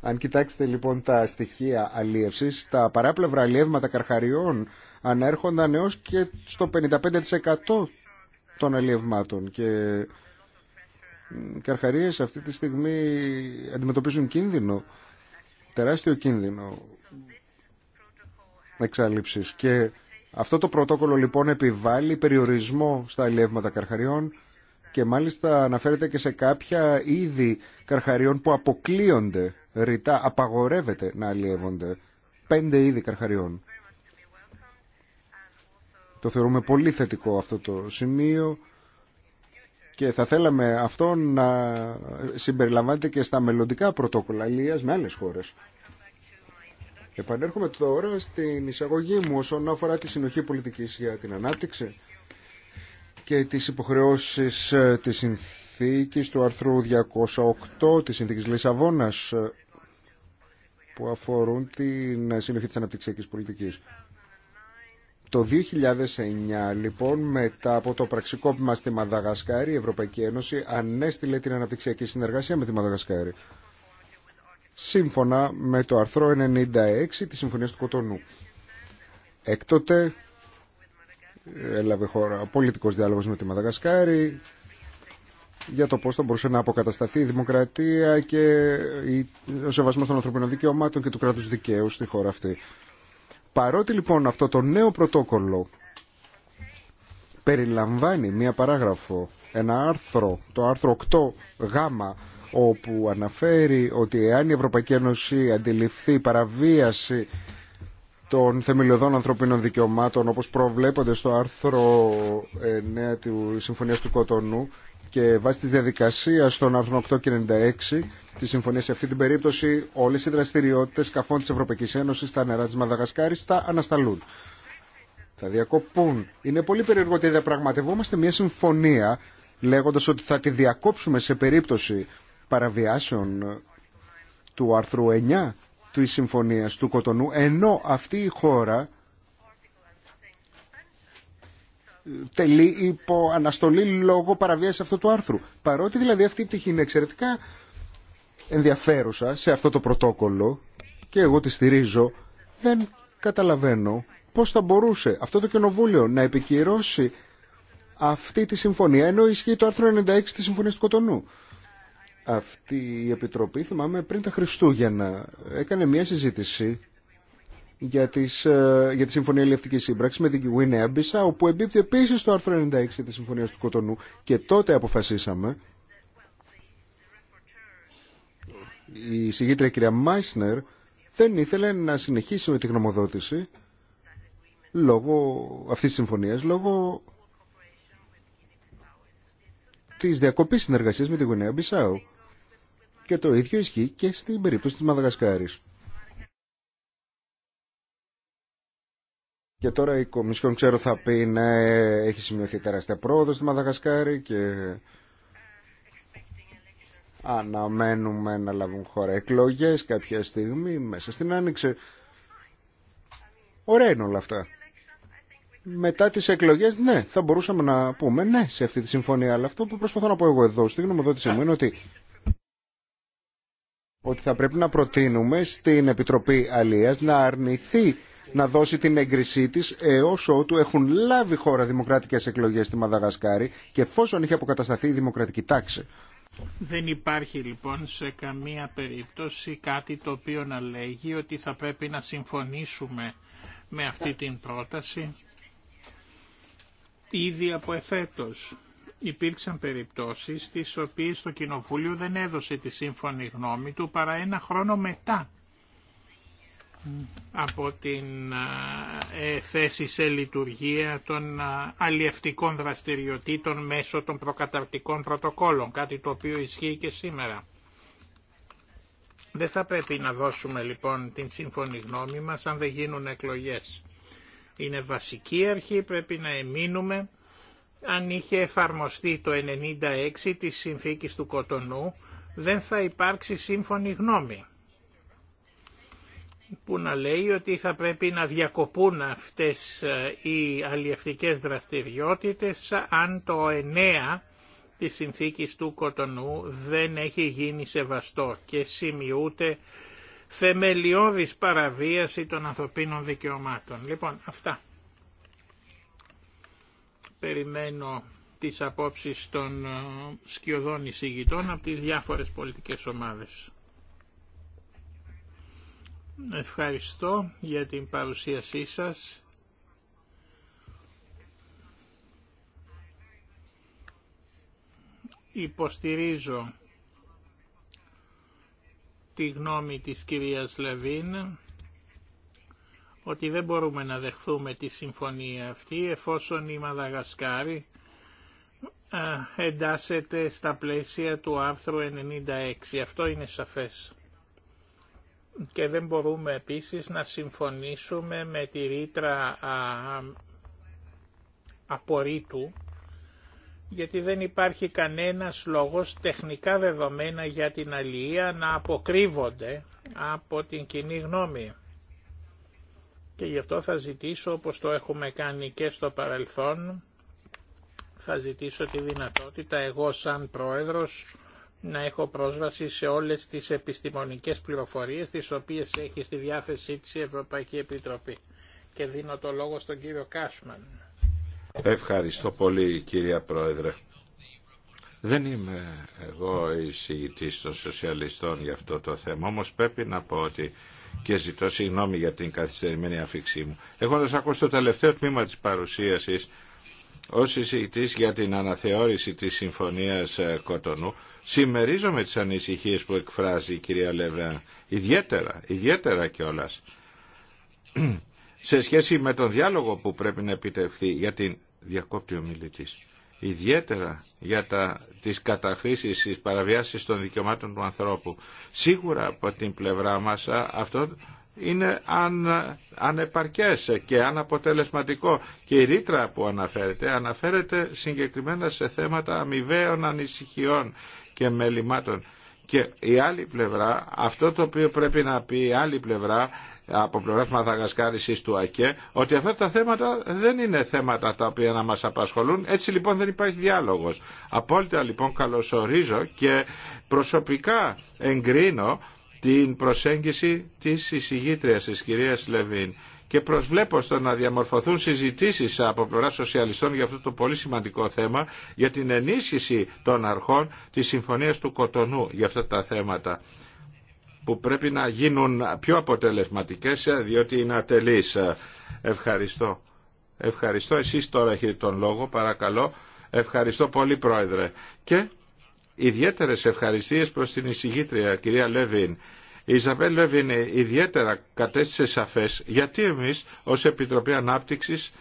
Αν κοιτάξετε λοιπόν τα στοιχεία αλίευσης, τα παράπλευρα αλίευματα καρχαριών ανέρχονταν έως και στο 55% των αλίευμάτων και οι καρχαρίες αυτή τη στιγμή αντιμετωπίζουν κίνδυνο, τεράστιο κίνδυνο εξάλληψης και αυτό το πρωτόκολλο λοιπόν επιβάλλει περιορισμό στα αλίευματα καρχαριών και μάλιστα αναφέρεται και σε κάποια είδη καρχαριών που αποκλείονται ρητά απαγορεύεται να αλλιεύονται πέντε είδη καρχαριών. Το θεωρούμε πολύ θετικό αυτό το σημείο και θα θέλαμε αυτό να συμπεριλαμβάνεται και στα μελλοντικά πρωτόκολλα αλληλείας με άλλες χώρες. Επανέρχομαι τώρα στην εισαγωγή μου όσον αφορά τη συνοχή πολιτικής για την ανάπτυξη και τις υποχρεώσεις ε, της συνθήκης του αρθρού 208 της Συνθήκης Λισαβόνας ε, που αφορούν την συνοχή της αναπτυξιακής πολιτικής. Το 2009, λοιπόν, μετά από το πραξικόπημα στη Μαδαγασκάρη, η Ευρωπαϊκή Ένωση ανέστηλε την αναπτυξιακή συνεργασία με τη Μαδαγασκάρη. Σύμφωνα με το αρθρό 96 της Συμφωνίας του Κοτονού. Έκτοτε ε, έλαβε χώρα πολιτικός διάλογος με τη Μαδαγασκάρη, για το πώ θα μπορούσε να αποκατασταθεί η δημοκρατία και ο σεβασμός των ανθρωπινών δικαιωμάτων και του κράτους δικαίου στη χώρα αυτή. Παρότι λοιπόν αυτό το νέο πρωτόκολλο περιλαμβάνει μία παράγραφο, ένα άρθρο, το άρθρο 8 8γ, όπου αναφέρει ότι εάν η Ευρωπαϊκή Ένωση αντιληφθεί παραβίαση των θεμελιωδών ανθρωπίνων δικαιωμάτων όπως προβλέπονται στο άρθρο 9 της Συμφωνίας του Κοτονού και βάσει της διαδικασίας των άρθρων 8 και 96 τη συμφωνία σε αυτή την περίπτωση, όλες οι δραστηριότητες καφών της Ευρωπαϊκή Ένωσης στα νερά της Μαδαγασκάρης θα ανασταλούν. Θα διακοπούν. Είναι πολύ περίεργο ότι διαπραγματευόμαστε μια συμφωνία λέγοντας ότι θα τη διακόψουμε σε περίπτωση παραβιάσεων του άρθρου 9 της συμφωνίας του Κοτονού, ενώ αυτή η χώρα τελεί υπό αναστολή λόγω παραβίαση αυτού του άρθρου. Παρότι δηλαδή αυτή η πτυχή είναι εξαιρετικά ενδιαφέρουσα σε αυτό το πρωτόκολλο και εγώ τη στηρίζω, δεν καταλαβαίνω πώς θα μπορούσε αυτό το κοινοβούλιο να επικυρώσει αυτή τη συμφωνία, ενώ ισχύει το άρθρο 96 της συμφωνία του Κοτονού. Αυτή η Επιτροπή, θυμάμαι, πριν τα Χριστούγεννα έκανε μια συζήτηση για, τις, ε, για τη Συμφωνία Ελευτικής σύμπραξη με την Κιουίνε Μπισά, όπου εμπίπτει επίση το άρθρο 96 τη Συμφωνία του Κοτονού και τότε αποφασίσαμε η συγγήτρια κυρία Μάισνερ δεν ήθελε να συνεχίσει με τη γνωμοδότηση λόγω αυτής της συμφωνίας, λόγω της διακοπής συνεργασίας με τη Γουινέα Μπισάου. Και το ίδιο ισχύει και στην περίπτωση της Μαδαγασκάρης. Και τώρα η Κομισιόν ξέρω θα πει ναι, έχει σημειωθεί τεράστια πρόοδο στη Μαδαγασκάρη και αναμένουμε να λάβουν χώρα εκλογές κάποια στιγμή μέσα στην Άνοιξη. Ωραία είναι όλα αυτά. Μετά τις εκλογές, ναι, θα μπορούσαμε να πούμε ναι σε αυτή τη συμφωνία, αλλά αυτό που προσπαθώ να πω εγώ εδώ στη γνωμοδότησή μου είναι ότι ότι θα πρέπει να προτείνουμε στην Επιτροπή Αλίας να αρνηθεί να δώσει την έγκρισή τη έω ότου έχουν λάβει χώρα δημοκρατικές εκλογές στη Μαδαγασκάρη και εφόσον είχε αποκατασταθεί η δημοκρατική τάξη. Δεν υπάρχει λοιπόν σε καμία περίπτωση κάτι το οποίο να λέγει ότι θα πρέπει να συμφωνήσουμε με αυτή την πρόταση ήδη από εφέτος. Υπήρξαν περιπτώσεις τις οποίες το Κοινοβούλιο δεν έδωσε τη σύμφωνη γνώμη του παρά ένα χρόνο μετά από την ε, θέση σε λειτουργία των αλλιευτικών δραστηριοτήτων μέσω των προκαταρτικών πρωτοκόλων, κάτι το οποίο ισχύει και σήμερα. Δεν θα πρέπει να δώσουμε λοιπόν την σύμφωνη γνώμη μας αν δεν γίνουν εκλογές. Είναι βασική αρχή, πρέπει να εμείνουμε αν είχε εφαρμοστεί το 96 της συνθήκης του Κοτονού, δεν θα υπάρξει σύμφωνη γνώμη που να λέει ότι θα πρέπει να διακοπούν αυτές ε, οι αλλιευτικές δραστηριότητες αν το 9 της συνθήκης του Κοτονού δεν έχει γίνει σεβαστό και σημειούται θεμελιώδης παραβίαση των ανθρωπίνων δικαιωμάτων. Λοιπόν, αυτά. Περιμένω τις απόψεις των ε, σκιωδών εισηγητών από τις διάφορες πολιτικές ομάδες. Ευχαριστώ για την παρουσίασή σας. Υποστηρίζω τη γνώμη της κυρίας Λεβίν ότι δεν μπορούμε να δεχθούμε τη συμφωνία αυτή εφόσον η Μαδαγασκάρη ε, εντάσσεται στα πλαίσια του άρθρου 96. Αυτό είναι σαφές και δεν μπορούμε επίσης να συμφωνήσουμε με τη ρήτρα απορρίτου γιατί δεν υπάρχει κανένας λόγος τεχνικά δεδομένα για την αλληλεία να αποκρύβονται από την κοινή γνώμη. Και γι' αυτό θα ζητήσω, όπως το έχουμε κάνει και στο παρελθόν, θα ζητήσω τη δυνατότητα εγώ σαν πρόεδρος να έχω πρόσβαση σε όλες τις επιστημονικές πληροφορίες τις οποίες έχει στη διάθεσή της η Ευρωπαϊκή Επιτροπή. Και δίνω το λόγο στον κύριο Κάσμαν. Ευχαριστώ πολύ κυρία Πρόεδρε. Δεν είμαι εγώ εισηγητής των σοσιαλιστών για αυτό το θέμα, όμως πρέπει να πω ότι και ζητώ συγγνώμη για την καθυστερημένη αφήξή μου. Έχοντας ακούσει το τελευταίο τμήμα της παρουσίασης, Ω συζητή για την αναθεώρηση της Συμφωνίας ε, Κοτονού συμμερίζομαι τις ανησυχίες που εκφράζει η κυρία Λεβέα ιδιαίτερα, ιδιαίτερα κιόλα. <clears throat> σε σχέση με τον διάλογο που πρέπει να επιτευχθεί για την διακόπτη ομιλητή. ιδιαίτερα για τα, τις καταχρήσεις, τις παραβιάσεις των δικαιωμάτων του ανθρώπου. Σίγουρα από την πλευρά μας αυτό είναι αν, ανεπαρκές και αναποτελεσματικό και η ρήτρα που αναφέρεται αναφέρεται συγκεκριμένα σε θέματα αμοιβαίων ανησυχιών και μελημάτων. Και η άλλη πλευρά, αυτό το οποίο πρέπει να πει η άλλη πλευρά από πλευρά ή του ΑΚΕ, ότι αυτά τα θέματα δεν είναι θέματα τα οποία να μας απασχολούν. Έτσι λοιπόν δεν υπάρχει διάλογος. Απόλυτα λοιπόν καλωσορίζω και προσωπικά εγκρίνω την προσέγγιση της εισηγήτριας της κυρίας Λεβίν και προσβλέπω στο να διαμορφωθούν συζητήσεις από πλευρά σοσιαλιστών για αυτό το πολύ σημαντικό θέμα για την ενίσχυση των αρχών της Συμφωνίας του Κοτονού για αυτά τα θέματα που πρέπει να γίνουν πιο αποτελεσματικές διότι είναι ατελείς. Ευχαριστώ. Ευχαριστώ. Εσείς τώρα έχετε τον λόγο, παρακαλώ. Ευχαριστώ πολύ, Πρόεδρε. Και ιδιαίτερες ευχαριστίες προς την εισηγήτρια κυρία Λεβίν. Η Ιζαμπέλ Λεβίν ιδιαίτερα κατέστησε σαφές γιατί εμείς ως Επιτροπή Ανάπτυξης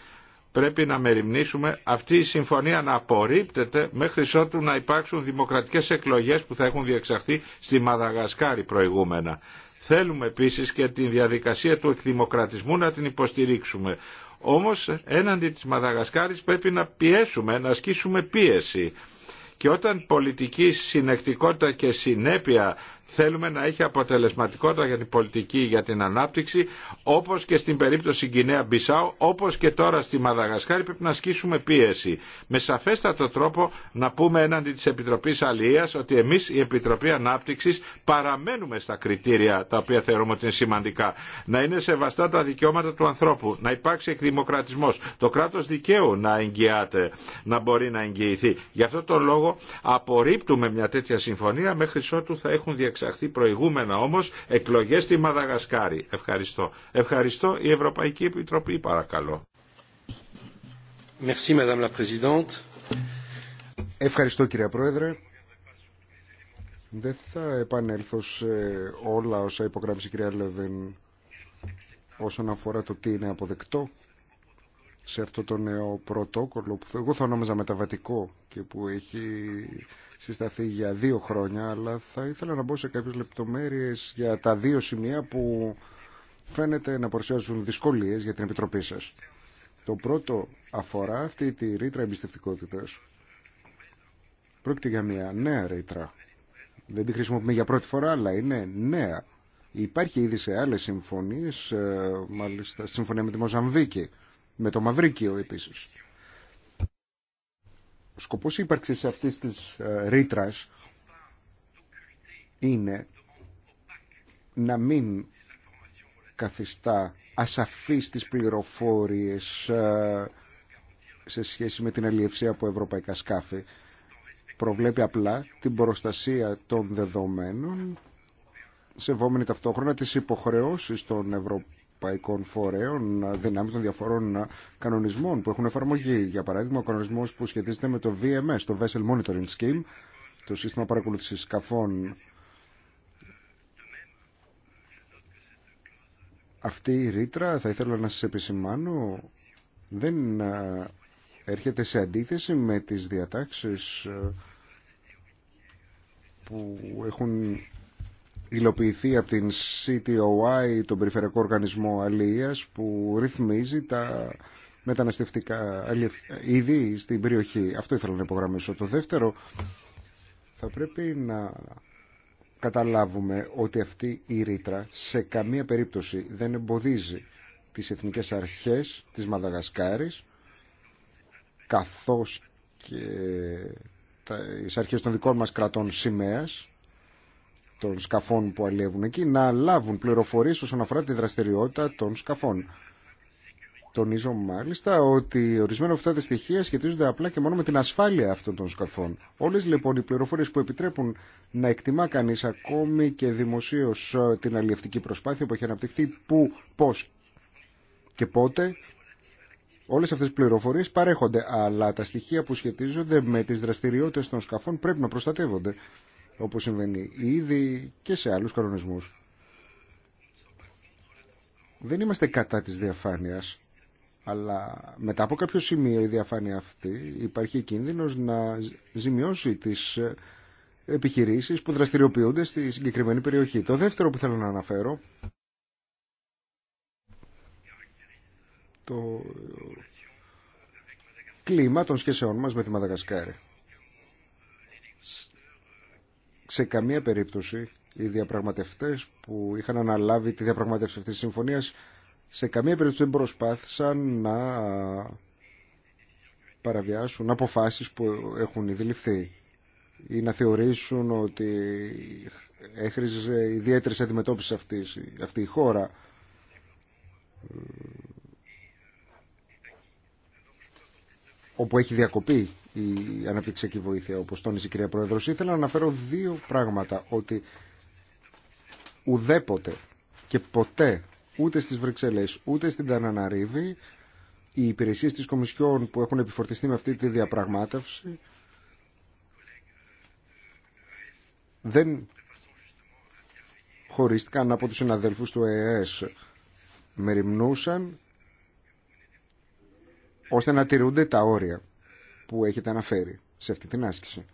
πρέπει να μεριμνήσουμε αυτή η συμφωνία να απορρίπτεται μέχρι ότου να υπάρξουν δημοκρατικές εκλογές που θα έχουν διεξαχθεί στη Μαδαγασκάρη προηγούμενα. Θέλουμε επίσης και την διαδικασία του εκδημοκρατισμού να την υποστηρίξουμε. Όμως έναντι της Μαδαγασκάρης πρέπει να πιέσουμε, να ασκήσουμε πίεση και όταν πολιτική συνεκτικότητα και συνέπεια Θέλουμε να έχει αποτελεσματικότητα για την πολιτική για την ανάπτυξη, όπως και στην περίπτωση Γκινέα Μπισάου, όπως και τώρα στη Μαδαγασκάρη πρέπει να ασκήσουμε πίεση. Με σαφέστατο τρόπο να πούμε έναντι της Επιτροπής Αλίας ότι εμείς η Επιτροπή Ανάπτυξης παραμένουμε στα κριτήρια τα οποία θεωρούμε ότι είναι σημαντικά. Να είναι σεβαστά τα δικαιώματα του ανθρώπου, να υπάρξει εκδημοκρατισμός, το κράτος δικαίου να εγγυάται, να μπορεί να εγγυηθεί. Γι' αυτό τον λόγο απορρίπτουμε μια τέτοια συμφωνία μέχρι ότου θα έχουν διεξαχθεί προηγούμενα όμως εκλογές στη Μαδαγασκάρη. Ευχαριστώ. Ευχαριστώ η Ευρωπαϊκή Επιτροπή παρακαλώ. Merci, Madame la Présidente. Ευχαριστώ κύριε Πρόεδρε. Δεν θα επανέλθω σε όλα όσα υπογράμμισε η κυρία Λεβεν όσον αφορά το τι είναι αποδεκτό σε αυτό το νέο πρωτόκολλο που εγώ θα ονόμαζα μεταβατικό και που έχει συσταθεί για δύο χρόνια, αλλά θα ήθελα να μπω σε κάποιες λεπτομέρειες για τα δύο σημεία που φαίνεται να παρουσιάζουν δυσκολίες για την Επιτροπή σας. Το πρώτο αφορά αυτή τη ρήτρα εμπιστευτικότητα. Πρόκειται για μια νέα ρήτρα. Δεν τη χρησιμοποιούμε για πρώτη φορά, αλλά είναι νέα. Υπάρχει ήδη σε άλλες συμφωνίες, ε, μάλιστα συμφωνία με τη Μοζαμβίκη, με το Μαυρίκιο επίσης σκοπός ύπαρξης αυτής της ε, ρήτρα είναι να μην καθιστά ασαφείς τις πληροφόριες ε, σε σχέση με την αλλιευσία από ευρωπαϊκά σκάφη. Προβλέπει απλά την προστασία των δεδομένων σεβόμενη ταυτόχρονα τις υποχρεώσεις των ευρωπαϊκών ευρωπαϊκών φορέων δυνάμει των διαφορών κανονισμών που έχουν εφαρμογή. Για παράδειγμα, ο κανονισμό που σχετίζεται με το VMS, το Vessel Monitoring Scheme, το σύστημα παρακολούθηση σκαφών. Αυτή η ρήτρα, θα ήθελα να σας επισημάνω, δεν ε, έρχεται σε αντίθεση με τις διατάξεις ε, που έχουν υλοποιηθεί από την CTOI, τον Περιφερειακό Οργανισμό Αλίας, που ρυθμίζει τα μεταναστευτικά είδη στην περιοχή. Αυτό ήθελα να υπογραμμίσω. Το δεύτερο, θα πρέπει να καταλάβουμε ότι αυτή η ρήτρα σε καμία περίπτωση δεν εμποδίζει τις εθνικές αρχές της Μαδαγασκάρης καθώς και τις αρχές των δικών μας κρατών σημαίας των σκαφών που αλλιεύουν εκεί να λάβουν πληροφορίες όσον αφορά τη δραστηριότητα των σκαφών. Τονίζω μάλιστα ότι ορισμένα αυτά τα στοιχεία σχετίζονται απλά και μόνο με την ασφάλεια αυτών των σκαφών. Όλες λοιπόν οι πληροφορίες που επιτρέπουν να εκτιμά κανείς ακόμη και δημοσίως ε, την αλλιευτική προσπάθεια που έχει αναπτυχθεί, που, πώς και πότε, Όλες αυτές οι πληροφορίες παρέχονται, αλλά τα στοιχεία που σχετίζονται με τις δραστηριότητες των σκαφών πρέπει να προστατεύονται όπως συμβαίνει ήδη και σε άλλους κανονισμούς. Δεν είμαστε κατά της διαφάνειας, αλλά μετά από κάποιο σημείο η διαφάνεια αυτή υπάρχει κίνδυνος να ζημιώσει τις ε, επιχειρήσεις που δραστηριοποιούνται στη συγκεκριμένη περιοχή. Το δεύτερο που θέλω να αναφέρω το κλίμα των σχέσεών μας με τη Μαδαγασκάρη σε καμία περίπτωση οι διαπραγματευτές που είχαν αναλάβει τη διαπραγματεύση αυτής της συμφωνίας σε καμία περίπτωση δεν προσπάθησαν να παραβιάσουν αποφάσεις που έχουν ήδη ληφθεί ή να θεωρήσουν ότι έχριζε η χώρα. ιδιαιτερη αντιμετωπιση έχει διακοπεί η αναπτυξιακή βοήθεια, όπως τόνισε η κυρία Πρόεδρος. Ήθελα να αναφέρω δύο πράγματα, ότι ουδέποτε και ποτέ, ούτε στις Βρυξέλλες, ούτε στην Ταναναρίβη, οι υπηρεσίες της Κομισιόν που έχουν επιφορτιστεί με αυτή τη διαπραγμάτευση δεν χωρίστηκαν από τους συναδέλφους του ΕΕΣ. Μεριμνούσαν ώστε να τηρούνται τα όρια που έχετε αναφέρει σε αυτή την άσκηση.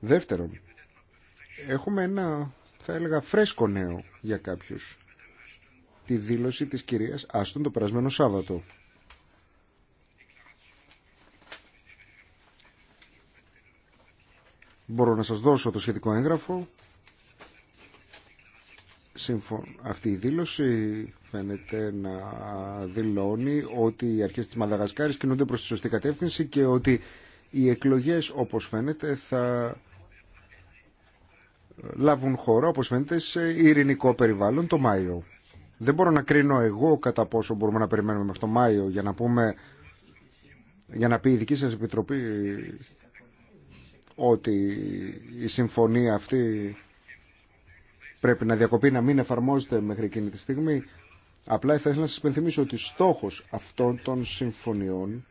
Δεύτερον, έχουμε ένα, θα έλεγα, φρέσκο νέο για κάποιους. Τη δήλωση της κυρίας Άστον το περασμένο Σάββατο. Μπορώ να σας δώσω το σχετικό έγγραφο αυτή η δήλωση φαίνεται να δηλώνει ότι οι αρχές της Μαδαγασκάρης κινούνται προς τη σωστή κατεύθυνση και ότι οι εκλογές όπως φαίνεται θα λάβουν χώρα όπως φαίνεται σε ειρηνικό περιβάλλον το Μάιο. Δεν μπορώ να κρίνω εγώ κατά πόσο μπορούμε να περιμένουμε μέχρι το Μάιο για να πούμε για να πει η δική σας επιτροπή ότι η συμφωνία αυτή πρέπει να διακοπεί, να μην εφαρμόζεται μέχρι εκείνη τη στιγμή. Απλά θα ήθελα να σας υπενθυμίσω ότι στόχος αυτών των συμφωνιών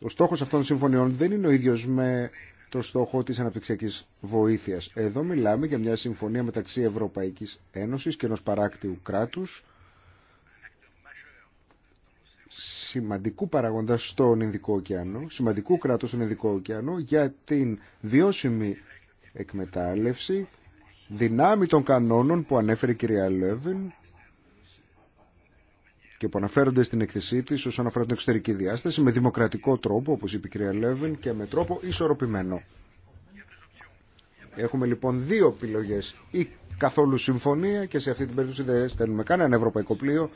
ο στόχος αυτών των συμφωνιών δεν είναι ο ίδιος με το στόχο της αναπτυξιακής βοήθειας. Εδώ μιλάμε για μια συμφωνία μεταξύ Ευρωπαϊκής Ένωσης και ενός παράκτιου κράτους σημαντικού παραγοντά στον Ινδικό ωκεανό, σημαντικού κράτους στον Ινδικό ωκεανό για την βιώσιμη εκμετάλλευση δυνάμει των κανόνων που ανέφερε η κυρία Λέβεν και που αναφέρονται στην εκθεσή τη όσον αφορά την εξωτερική διάσταση με δημοκρατικό τρόπο, όπως είπε η κυρία Λέβεν, και με τρόπο ισορροπημένο. Έχουμε λοιπόν δύο επιλογές Ή καθόλου συμφωνία και σε αυτή την περίπτωση δεν στέλνουμε κανένα ευρωπαϊκό πλοίο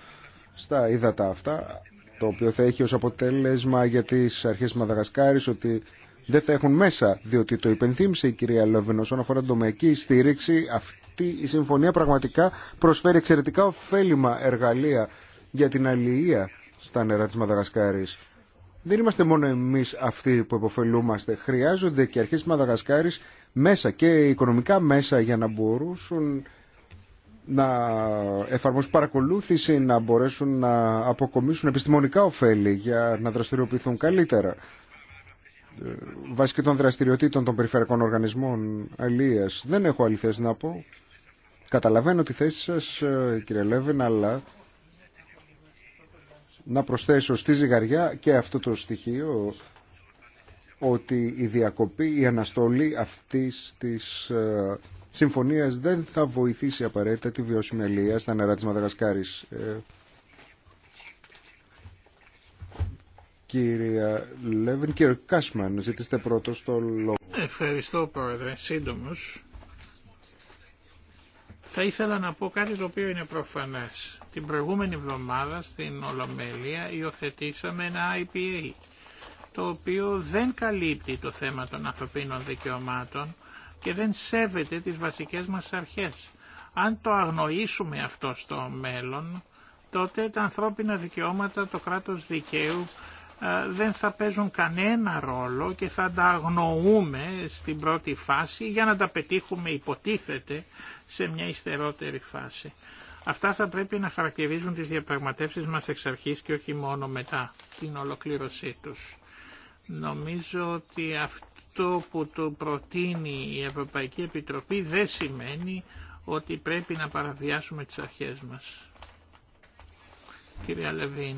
στα ύδατα αυτά, το οποίο θα έχει ως αποτέλεσμα για τις αρχές της Μαδαγασκάρης ότι δεν θα έχουν μέσα, διότι το υπενθύμισε η κυρία Λόβεν όσον αφορά την τομεακή στήριξη. Αυτή η συμφωνία πραγματικά προσφέρει εξαιρετικά ωφέλιμα εργαλεία για την αλληλεία στα νερά τη Μαδαγασκάρης. Δεν είμαστε μόνο εμεί αυτοί που επωφελούμαστε. Χρειάζονται και αρχέ τη Μαδαγασκάρης μέσα και οικονομικά μέσα για να μπορούσουν να εφαρμόσουν παρακολούθηση, να μπορέσουν να αποκομίσουν επιστημονικά ωφέλη για να δραστηριοποιηθούν καλύτερα. Ε, βάσει και των δραστηριοτήτων των περιφερειακών οργανισμών αλίας. Δεν έχω άλλη να πω. Καταλαβαίνω τη θέση σας, ε, κύριε Λέβεν, αλλά να προσθέσω στη ζυγαριά και αυτό το στοιχείο ότι η διακοπή, η αναστολή αυτής της ε, συμφωνίας δεν θα βοηθήσει απαραίτητα τη βιώσιμη αλία στα νερά της Μαδαγασκάρης. Κύριε Λέβιν, κύριε Κάσμαν, ζητήστε πρώτο το λόγο. Ευχαριστώ πρόεδρε, σύντομο. Θα ήθελα να πω κάτι το οποίο είναι προφανέ. Την προηγούμενη εβδομάδα στην Ολομέλεια υιοθετήσαμε ένα IPA, το οποίο δεν καλύπτει το θέμα των ανθρωπίνων δικαιωμάτων και δεν σέβεται τις βασικές μας αρχές. Αν το αγνοήσουμε αυτό στο μέλλον, τότε τα ανθρώπινα δικαιώματα, το κράτος δικαίου ε, δεν θα παίζουν κανένα ρόλο και θα τα αγνοούμε στην πρώτη φάση για να τα πετύχουμε υποτίθεται σε μια ιστερότερη φάση. Αυτά θα πρέπει να χαρακτηρίζουν τις διαπραγματεύσεις μας εξ αρχής και όχι μόνο μετά την ολοκλήρωσή τους. Νομίζω ότι αυτό που το προτείνει η Ευρωπαϊκή Επιτροπή δεν σημαίνει ότι πρέπει να παραβιάσουμε τις αρχές μας. Κυρία Λεβίν.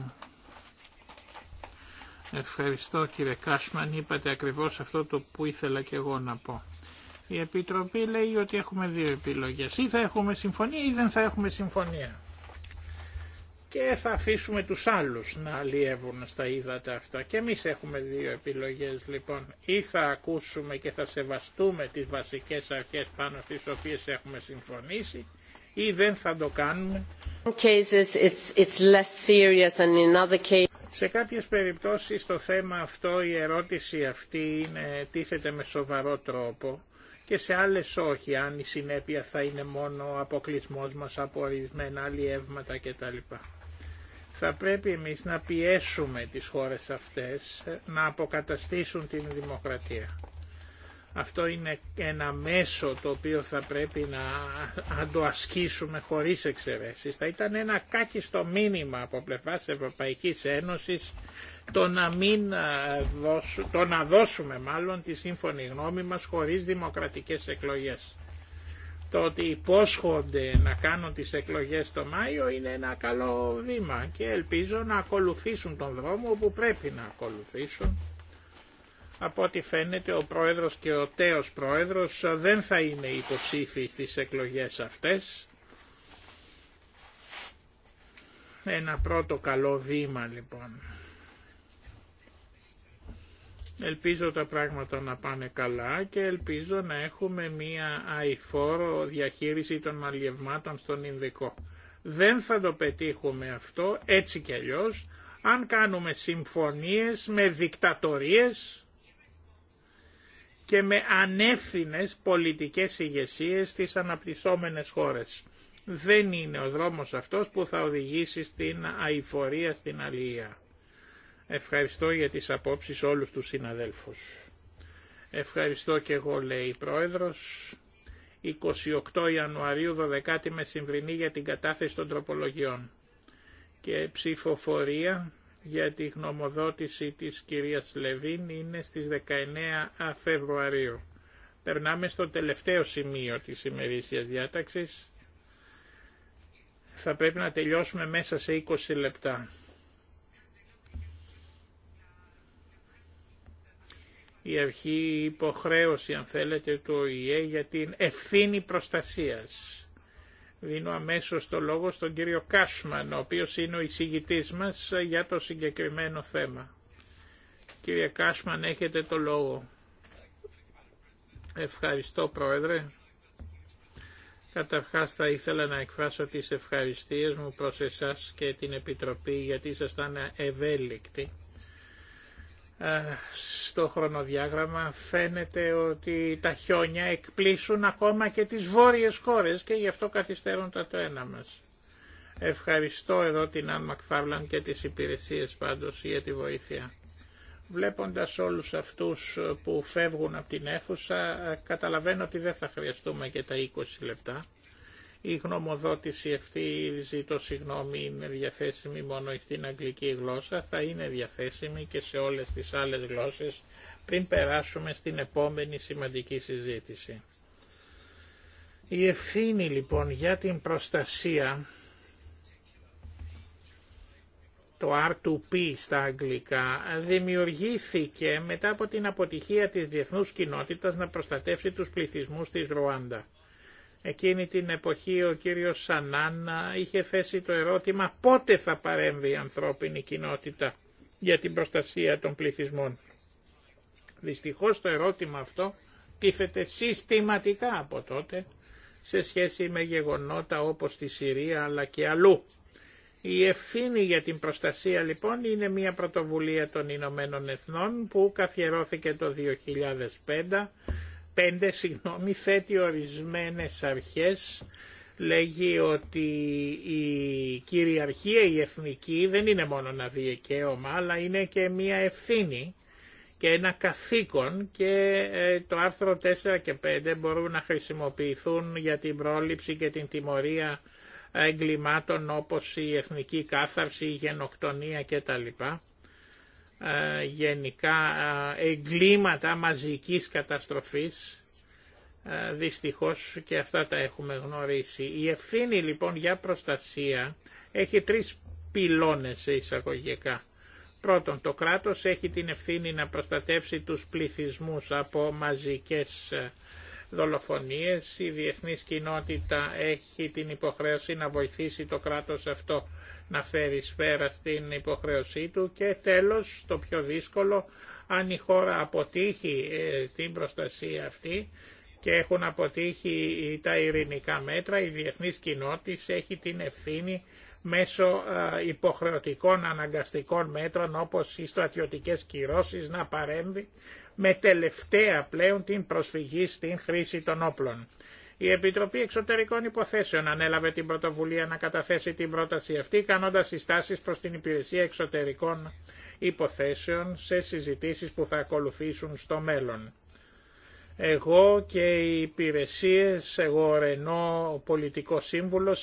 Ευχαριστώ κύριε Κάσμαν, είπατε ακριβώς αυτό το που ήθελα και εγώ να πω. Η Επιτροπή λέει ότι έχουμε δύο επιλογές. Ή θα έχουμε συμφωνία ή δεν θα έχουμε συμφωνία. Και θα αφήσουμε τους άλλους να αλλιεύουν στα ύδατα αυτά. Και εμείς έχουμε δύο επιλογές λοιπόν. Ή θα ακούσουμε και θα σεβαστούμε τις βασικές αρχές πάνω στις οποίες έχουμε συμφωνήσει ή δεν θα το κάνουμε. it's, it's σε κάποιες περιπτώσεις το θέμα αυτό, η ερώτηση αυτή είναι, τίθεται με σοβαρό τρόπο και σε άλλες όχι, αν η συνέπεια θα είναι μόνο αποκλεισμό αποκλεισμός μας από ορισμένα αλλιεύματα κτλ. Θα πρέπει εμείς να πιέσουμε τις χώρες αυτές να αποκαταστήσουν την δημοκρατία. Αυτό είναι ένα μέσο το οποίο θα πρέπει να, αντοασκήσουμε το ασκήσουμε χωρίς εξαιρέσεις. Θα ήταν ένα κάκιστο μήνυμα από πλευράς Ευρωπαϊκής Ένωσης το να, μην το να δώσουμε μάλλον τη σύμφωνη γνώμη μας χωρίς δημοκρατικές εκλογές. Το ότι υπόσχονται να κάνουν τις εκλογές το Μάιο είναι ένα καλό βήμα και ελπίζω να ακολουθήσουν τον δρόμο που πρέπει να ακολουθήσουν από ό,τι φαίνεται ο πρόεδρος και ο τέος πρόεδρος δεν θα είναι υποψήφοι στις εκλογές αυτές. Ένα πρώτο καλό βήμα λοιπόν. Ελπίζω τα πράγματα να πάνε καλά και ελπίζω να έχουμε μία αηφόρο διαχείριση των μαλλιευμάτων στον Ινδικό. Δεν θα το πετύχουμε αυτό έτσι κι αλλιώς αν κάνουμε συμφωνίες με δικτατορίες και με ανεύθυνες πολιτικές ηγεσίες στις αναπτυσσόμενες χώρες. Δεν είναι ο δρόμος αυτός που θα οδηγήσει στην αηφορία στην αλληλεία. Ευχαριστώ για τις απόψεις όλους τους συναδέλφους. Ευχαριστώ και εγώ λέει η Πρόεδρος. 28 Ιανουαρίου 12η μεσημβρινή για την κατάθεση των τροπολογιών και ψηφοφορία για τη γνωμοδότηση της κυρίας Λεβίν είναι στις 19 Φεβρουαρίου. Περνάμε στο τελευταίο σημείο της ημερήσιας διάταξης. Θα πρέπει να τελειώσουμε μέσα σε 20 λεπτά. Η αρχή υποχρέωση, αν θέλετε, του ΟΗΕ για την ευθύνη προστασίας Δίνω αμέσως το λόγο στον κύριο Κάσμαν, ο οποίος είναι ο εισηγητής μας για το συγκεκριμένο θέμα. Κύριε Κάσμαν, έχετε το λόγο. Ευχαριστώ, Πρόεδρε. Καταρχάς θα ήθελα να εκφράσω τις ευχαριστίες μου προς εσάς και την Επιτροπή γιατί ήσασταν ευέλικτοι ε, στο χρονοδιάγραμμα φαίνεται ότι τα χιόνια εκπλήσουν ακόμα και τις βόρειες χώρες και γι' αυτό καθυστερούν τα το ένα μας. Ευχαριστώ εδώ την Αν Μακφάβλαν και τις υπηρεσίες πάντως για τη βοήθεια. Βλέποντας όλους αυτούς που φεύγουν από την αίθουσα, ε, καταλαβαίνω ότι δεν θα χρειαστούμε και τα 20 λεπτά. Η γνωμοδότηση αυτή, ζητώ συγγνώμη, είναι διαθέσιμη μόνο στην αγγλική γλώσσα, θα είναι διαθέσιμη και σε όλες τις άλλες γλώσσες πριν περάσουμε στην επόμενη σημαντική συζήτηση. Η ευθύνη λοιπόν για την προστασία, το R2P στα αγγλικά, δημιουργήθηκε μετά από την αποτυχία της διεθνούς κοινότητας να προστατεύσει τους πληθυσμούς της Ρουάντα. Εκείνη την εποχή ο κύριος Σανάνα είχε θέσει το ερώτημα πότε θα παρέμβει η ανθρώπινη κοινότητα για την προστασία των πληθυσμών. Δυστυχώς το ερώτημα αυτό τίθεται συστηματικά από τότε σε σχέση με γεγονότα όπως στη Συρία αλλά και αλλού. Η ευθύνη για την προστασία λοιπόν είναι μια πρωτοβουλία των Ηνωμένων Εθνών που καθιερώθηκε το 2005 5 συγγνώμη, θέτει ορισμένες αρχές, λέγει ότι η κυριαρχία η εθνική δεν είναι μόνο ένα δικαίωμα, αλλά είναι και μια ευθύνη και ένα καθήκον και ε, το άρθρο 4 και 5 μπορούν να χρησιμοποιηθούν για την πρόληψη και την τιμωρία ε, εγκλημάτων όπως η εθνική κάθαρση, η γενοκτονία κτλ. Ε, γενικά ε, εγκλήματα μαζικής καταστροφής. Ε, δυστυχώς και αυτά τα έχουμε γνωρίσει. Η ευθύνη λοιπόν για προστασία έχει τρεις πυλώνες εισαγωγικά. Πρώτον, το κράτος έχει την ευθύνη να προστατεύσει τους πληθυσμούς από μαζικές δολοφονίες. Η διεθνής κοινότητα έχει την υποχρέωση να βοηθήσει το κράτος αυτό να φέρει σφαίρα στην υποχρέωσή του και τέλος, το πιο δύσκολο, αν η χώρα αποτύχει ε, την προστασία αυτή και έχουν αποτύχει τα ειρηνικά μέτρα, η διεθνής κοινότητα έχει την ευθύνη μέσω ε, υποχρεωτικών αναγκαστικών μέτρων όπως οι στρατιωτικές κυρώσεις να παρέμβει με τελευταία πλέον την προσφυγή στην χρήση των όπλων. Η Επιτροπή Εξωτερικών Υποθέσεων ανέλαβε την πρωτοβουλία να καταθέσει την πρόταση αυτή, κάνοντα συστάσεις προς την Υπηρεσία Εξωτερικών Υποθέσεων σε συζητήσει που θα ακολουθήσουν στο μέλλον. Εγώ και οι υπηρεσίε εγώ Ρενό, πολιτικό σύμβουλο,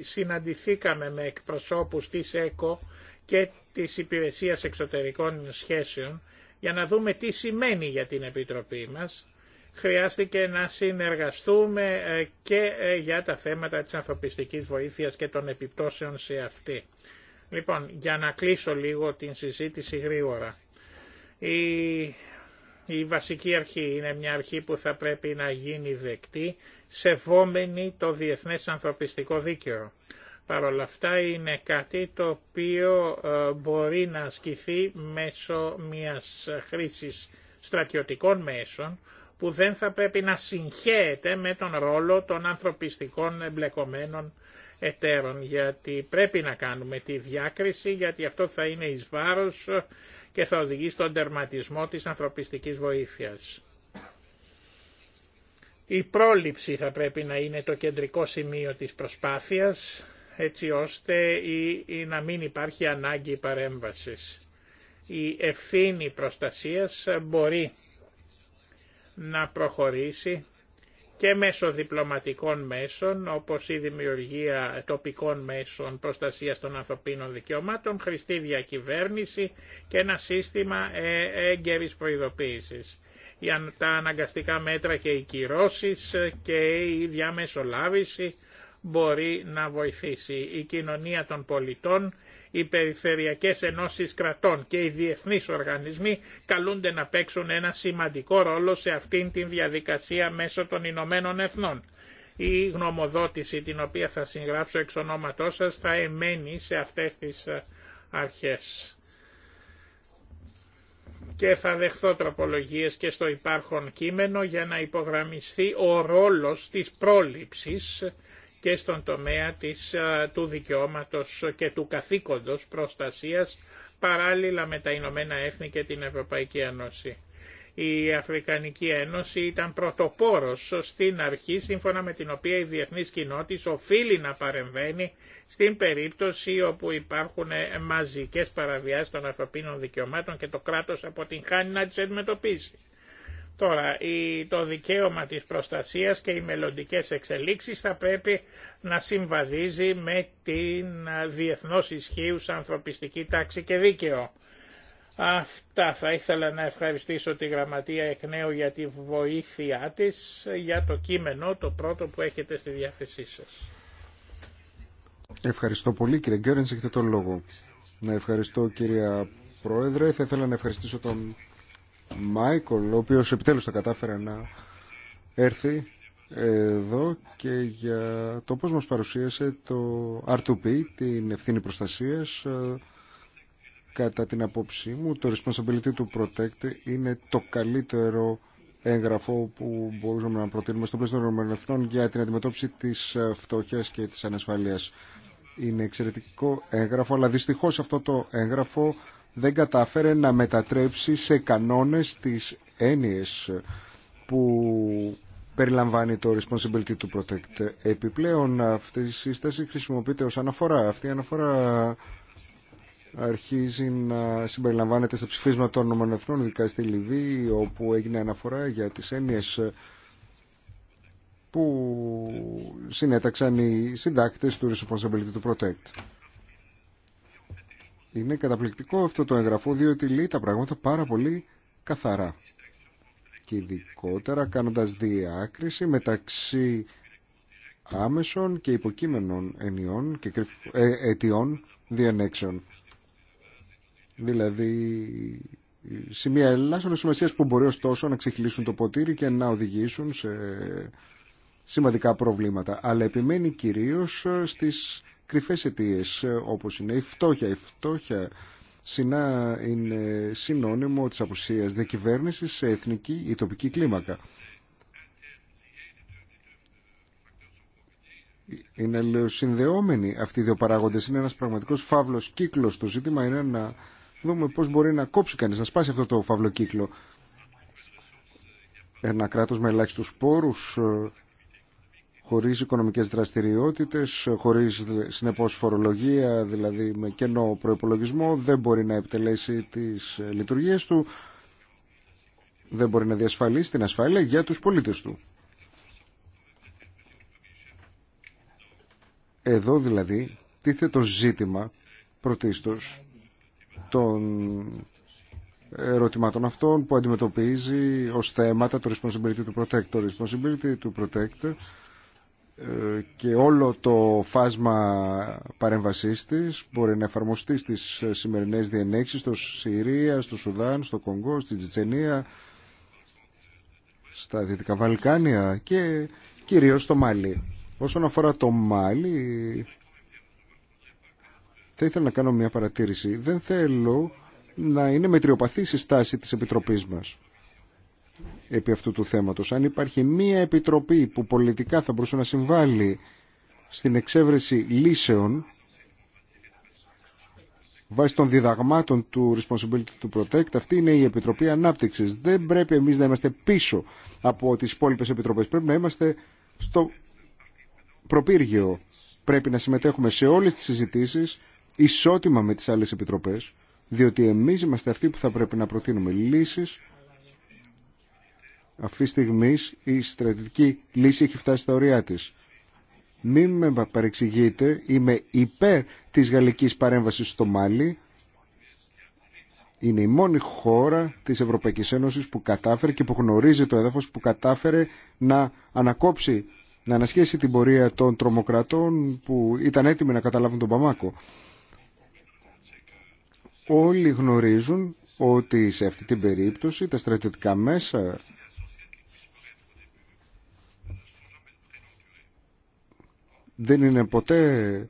συναντηθήκαμε με εκπροσώπους της ΕΚΟ και της Υπηρεσίας Εξωτερικών Σχέσεων για να δούμε τι σημαίνει για την Επιτροπή μας χρειάστηκε να συνεργαστούμε ε, και ε, για τα θέματα της ανθρωπιστικής βοήθειας και των επιπτώσεων σε αυτή. Λοιπόν, για να κλείσω λίγο την συζήτηση γρήγορα. Η, η βασική αρχή είναι μια αρχή που θα πρέπει να γίνει δεκτή, σεβόμενη το διεθνές ανθρωπιστικό δίκαιο. Παρ' όλα αυτά είναι κάτι το οποίο ε, μπορεί να ασκηθεί μέσω μιας χρήσης στρατιωτικών μέσων, που δεν θα πρέπει να συγχαίεται με τον ρόλο των ανθρωπιστικών εμπλεκομένων εταίρων, γιατί πρέπει να κάνουμε τη διάκριση, γιατί αυτό θα είναι εις βάρος και θα οδηγεί στον τερματισμό της ανθρωπιστικής βοήθειας. Η πρόληψη θα πρέπει να είναι το κεντρικό σημείο της προσπάθειας, έτσι ώστε η, η να μην υπάρχει ανάγκη παρέμβασης. Η ευθύνη προστασίας μπορεί να προχωρήσει και μέσω διπλωματικών μέσων, όπως η δημιουργία τοπικών μέσων προστασίας των ανθρωπίνων δικαιωμάτων, χρηστή διακυβέρνηση και ένα σύστημα ε, έγκαιρης προειδοποίησης. Τα αναγκαστικά μέτρα και οι κυρώσεις ε, και η διαμεσολάβηση μπορεί να βοηθήσει. Η κοινωνία των πολιτών οι περιφερειακές ενώσεις κρατών και οι διεθνείς οργανισμοί καλούνται να παίξουν ένα σημαντικό ρόλο σε αυτήν την διαδικασία μέσω των Ηνωμένων Εθνών. Η γνωμοδότηση την οποία θα συγγράψω εξ ονόματός σας θα εμένει σε αυτές τις ε, αρχές. Και θα δεχθώ τροπολογίες και στο υπάρχον κείμενο για να υπογραμμιστεί ο ρόλος της πρόληψης και στον τομέα της, του δικαιώματος και του καθήκοντος προστασίας παράλληλα με τα Ηνωμένα Έθνη και την Ευρωπαϊκή Ένωση. Η Αφρικανική Ένωση ήταν πρωτοπόρος στην αρχή σύμφωνα με την οποία η διεθνής κοινότητα οφείλει να παρεμβαίνει στην περίπτωση όπου υπάρχουν μαζικές παραβιάσεις των ανθρωπίνων δικαιωμάτων και το κράτος αποτυγχάνει να τις αντιμετωπίσει. Τώρα, το δικαίωμα της προστασίας και οι μελλοντικέ εξελίξεις θα πρέπει να συμβαδίζει με την διεθνώς ισχύουσα ανθρωπιστική τάξη και δίκαιο. Αυτά θα ήθελα να ευχαριστήσω τη Γραμματεία εκ νέου για τη βοήθειά της, για το κείμενο, το πρώτο που έχετε στη διάθεσή σας. Ευχαριστώ πολύ κύριε Γκέρενς, έχετε τον λόγο. Να ευχαριστώ κυρία Πρόεδρε, θα ήθελα να ευχαριστήσω τον Μάικολ, ο οποίος επιτέλους θα κατάφερε να έρθει εδώ και για το πώς μας παρουσίασε το R2P, την ευθύνη προστασίας. Ε, κατά την απόψη μου, το Responsibility to Protect είναι το καλύτερο έγγραφο που μπορούσαμε να προτείνουμε στο πλαίσιο των ΗΠΑ για την αντιμετώπιση της ε, φτώχειας και της ανασφαλείας. Είναι εξαιρετικό έγγραφο, αλλά δυστυχώς αυτό το έγγραφο δεν κατάφερε να μετατρέψει σε κανόνες τις έννοιες που περιλαμβάνει το Responsibility to Protect. Επιπλέον αυτή η σύσταση χρησιμοποιείται ως αναφορά. Αυτή η αναφορά αρχίζει να συμπεριλαμβάνεται στα ψηφίσματα των Ομονεθνών ειδικά στη Λιβύη, όπου έγινε αναφορά για τις έννοιες που συνέταξαν οι συντάκτες του Responsibility to Protect. Είναι καταπληκτικό αυτό το εγγραφό διότι λέει τα πράγματα πάρα πολύ καθαρά και ειδικότερα κάνοντας διάκριση μεταξύ άμεσων και υποκείμενων ενιών και ε, αιτιών διανέξεων. Δηλαδή, σημεία ελάσσονες σημασία που μπορεί ωστόσο να ξεχυλήσουν το ποτήρι και να οδηγήσουν σε σημαντικά προβλήματα. Αλλά επιμένει κυρίως στις κρυφές αιτίε ε, όπως είναι η φτώχεια. Η φτώχεια συνά είναι συνώνυμο της απουσίας διακυβέρνησης σε εθνική ή τοπική κλίμακα. Είναι αλληλοσυνδεόμενοι αυτοί οι δύο παράγοντες. Είναι ένας πραγματικός φαύλος κύκλος. Το ζήτημα είναι να δούμε πώς μπορεί να κόψει κανείς, να σπάσει αυτό το φαύλο κύκλο. Ένα κράτος με ελάχιστους πόρους ε, χωρίς οικονομικές δραστηριότητες, χωρίς συνεπώς φορολογία, δηλαδή με κενό προϋπολογισμό, δεν μπορεί να επιτελέσει τις ε, λειτουργίες του, δεν μπορεί να διασφαλίσει την ασφάλεια για τους πολίτες του. Εδώ δηλαδή τίθεται το ζήτημα πρωτίστως των ερωτημάτων αυτών που αντιμετωπίζει ως θέματα το responsibility Το responsibility to protect και όλο το φάσμα παρέμβασής της μπορεί να εφαρμοστεί στις σημερινές διενέξεις στο Συρία, στο Σουδάν, στο Κονγκό, στη Τσετσενία, στα Δυτικά Βαλκάνια και κυρίως στο Μάλι. Όσον αφορά το Μάλι, θα ήθελα να κάνω μια παρατήρηση. Δεν θέλω να είναι μετριοπαθής η στάση της Επιτροπής μας επί αυτού του θέματος. Αν υπάρχει μία επιτροπή που πολιτικά θα μπορούσε να συμβάλλει στην εξέβρεση λύσεων βάσει των διδαγμάτων του Responsibility to Protect, αυτή είναι η Επιτροπή Ανάπτυξης. Δεν πρέπει εμείς να είμαστε πίσω από τις υπόλοιπε επιτροπές. Πρέπει να είμαστε στο προπύργιο. Πρέπει να συμμετέχουμε σε όλες τις συζητήσεις ισότιμα με τις άλλες επιτροπές, διότι εμείς είμαστε αυτοί που θα πρέπει να προτείνουμε λύσεις αυτή τη στιγμή η στρατιωτική λύση έχει φτάσει στα ωριά της. Μην με παρεξηγείτε, είμαι υπέρ της γαλλικής παρέμβασης στο Μάλι. Είναι η μόνη χώρα της Ευρωπαϊκής Ένωσης που κατάφερε και που γνωρίζει το έδαφος που κατάφερε να ανακόψει, να ανασχέσει την πορεία των τρομοκρατών που ήταν έτοιμοι να καταλάβουν τον Παμάκο. Όλοι γνωρίζουν ότι σε αυτή την περίπτωση τα στρατιωτικά μέσα δεν είναι ποτέ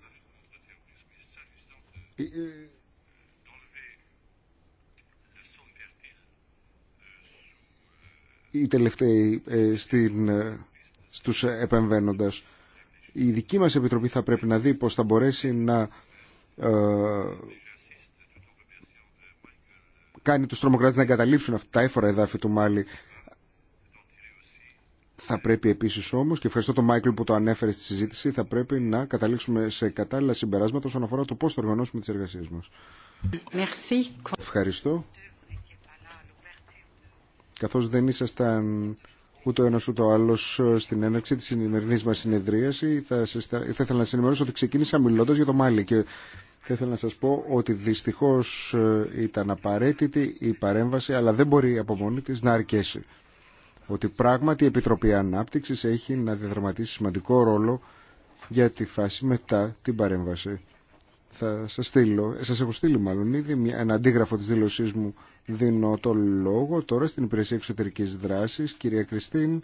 οι τελευταίοι ε, στην, ε, στους επεμβαίνοντας. Η δική μας Επιτροπή θα πρέπει να δει πώς θα μπορέσει να ε, κάνει τους τρομοκράτες να εγκαταλείψουν αυτά τα έφορα εδάφη του Μάλι θα πρέπει επίση όμω, και ευχαριστώ τον Μάικλ που το ανέφερε στη συζήτηση, θα πρέπει να καταλήξουμε σε κατάλληλα συμπεράσματα όσον αφορά το πώ θα οργανώσουμε τι εργασίε μα. Ευχαριστώ. Καθώ δεν ήσασταν ούτε ο ένα ούτε ο άλλο στην έναρξη τη σημερινή μα συνεδρίαση, θα, θα ήθελα να σα ενημερώσω ότι ξεκίνησα μιλώντα για το Μάλι. Και θα ήθελα να σα πω ότι δυστυχώ ε, ήταν απαραίτητη η παρέμβαση, αλλά δεν μπορεί από μόνη τη να αρκέσει ότι πράγματι η Επιτροπή Ανάπτυξης έχει να διαδραματίσει σημαντικό ρόλο για τη φάση μετά την παρέμβαση. Θα σας στείλω, ε, σας έχω στείλει μάλλον ήδη ένα αντίγραφο της δήλωσής μου. Δίνω το λόγο τώρα στην Υπηρεσία Εξωτερικής Δράσης, κυρία Κριστίν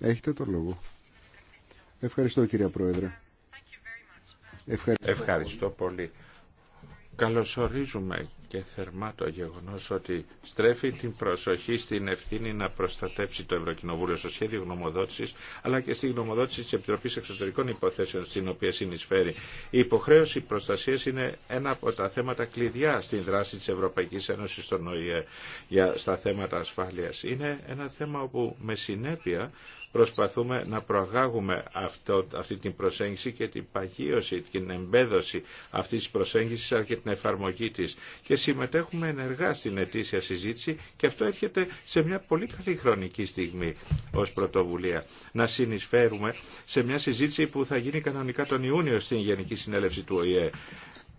Έχετε το λόγο. Ευχαριστώ κυρία Πρόεδρε. Ευχαριστώ, Ευχαριστώ πολύ. Καλωσορίζουμε και θερμά το γεγονός ότι στρέφει την προσοχή στην ευθύνη να προστατεύσει το Ευρωκοινοβούλιο στο σχέδιο γνωμοδότησης αλλά και στη γνωμοδότηση της Επιτροπής Εξωτερικών Υποθέσεων στην οποία συνεισφέρει. Η υποχρέωση προστασίας είναι ένα από τα θέματα κλειδιά στην δράση της Ευρωπαϊκής Ένωσης στον ΟΗΕ για, στα θέματα ασφάλειας. Είναι ένα θέμα όπου με συνέπεια προσπαθούμε να προαγάγουμε αυτό, αυτή την προσέγγιση και την παγίωση, την εμπέδωση αυτής της προσέγγισης αλλά και την εφαρμογή της. Και συμμετέχουμε ενεργά στην ετήσια συζήτηση και αυτό έρχεται σε μια πολύ καλή χρονική στιγμή ως πρωτοβουλία. Να συνεισφέρουμε σε μια συζήτηση που θα γίνει κανονικά τον Ιούνιο στην Γενική Συνέλευση του ΟΗΕ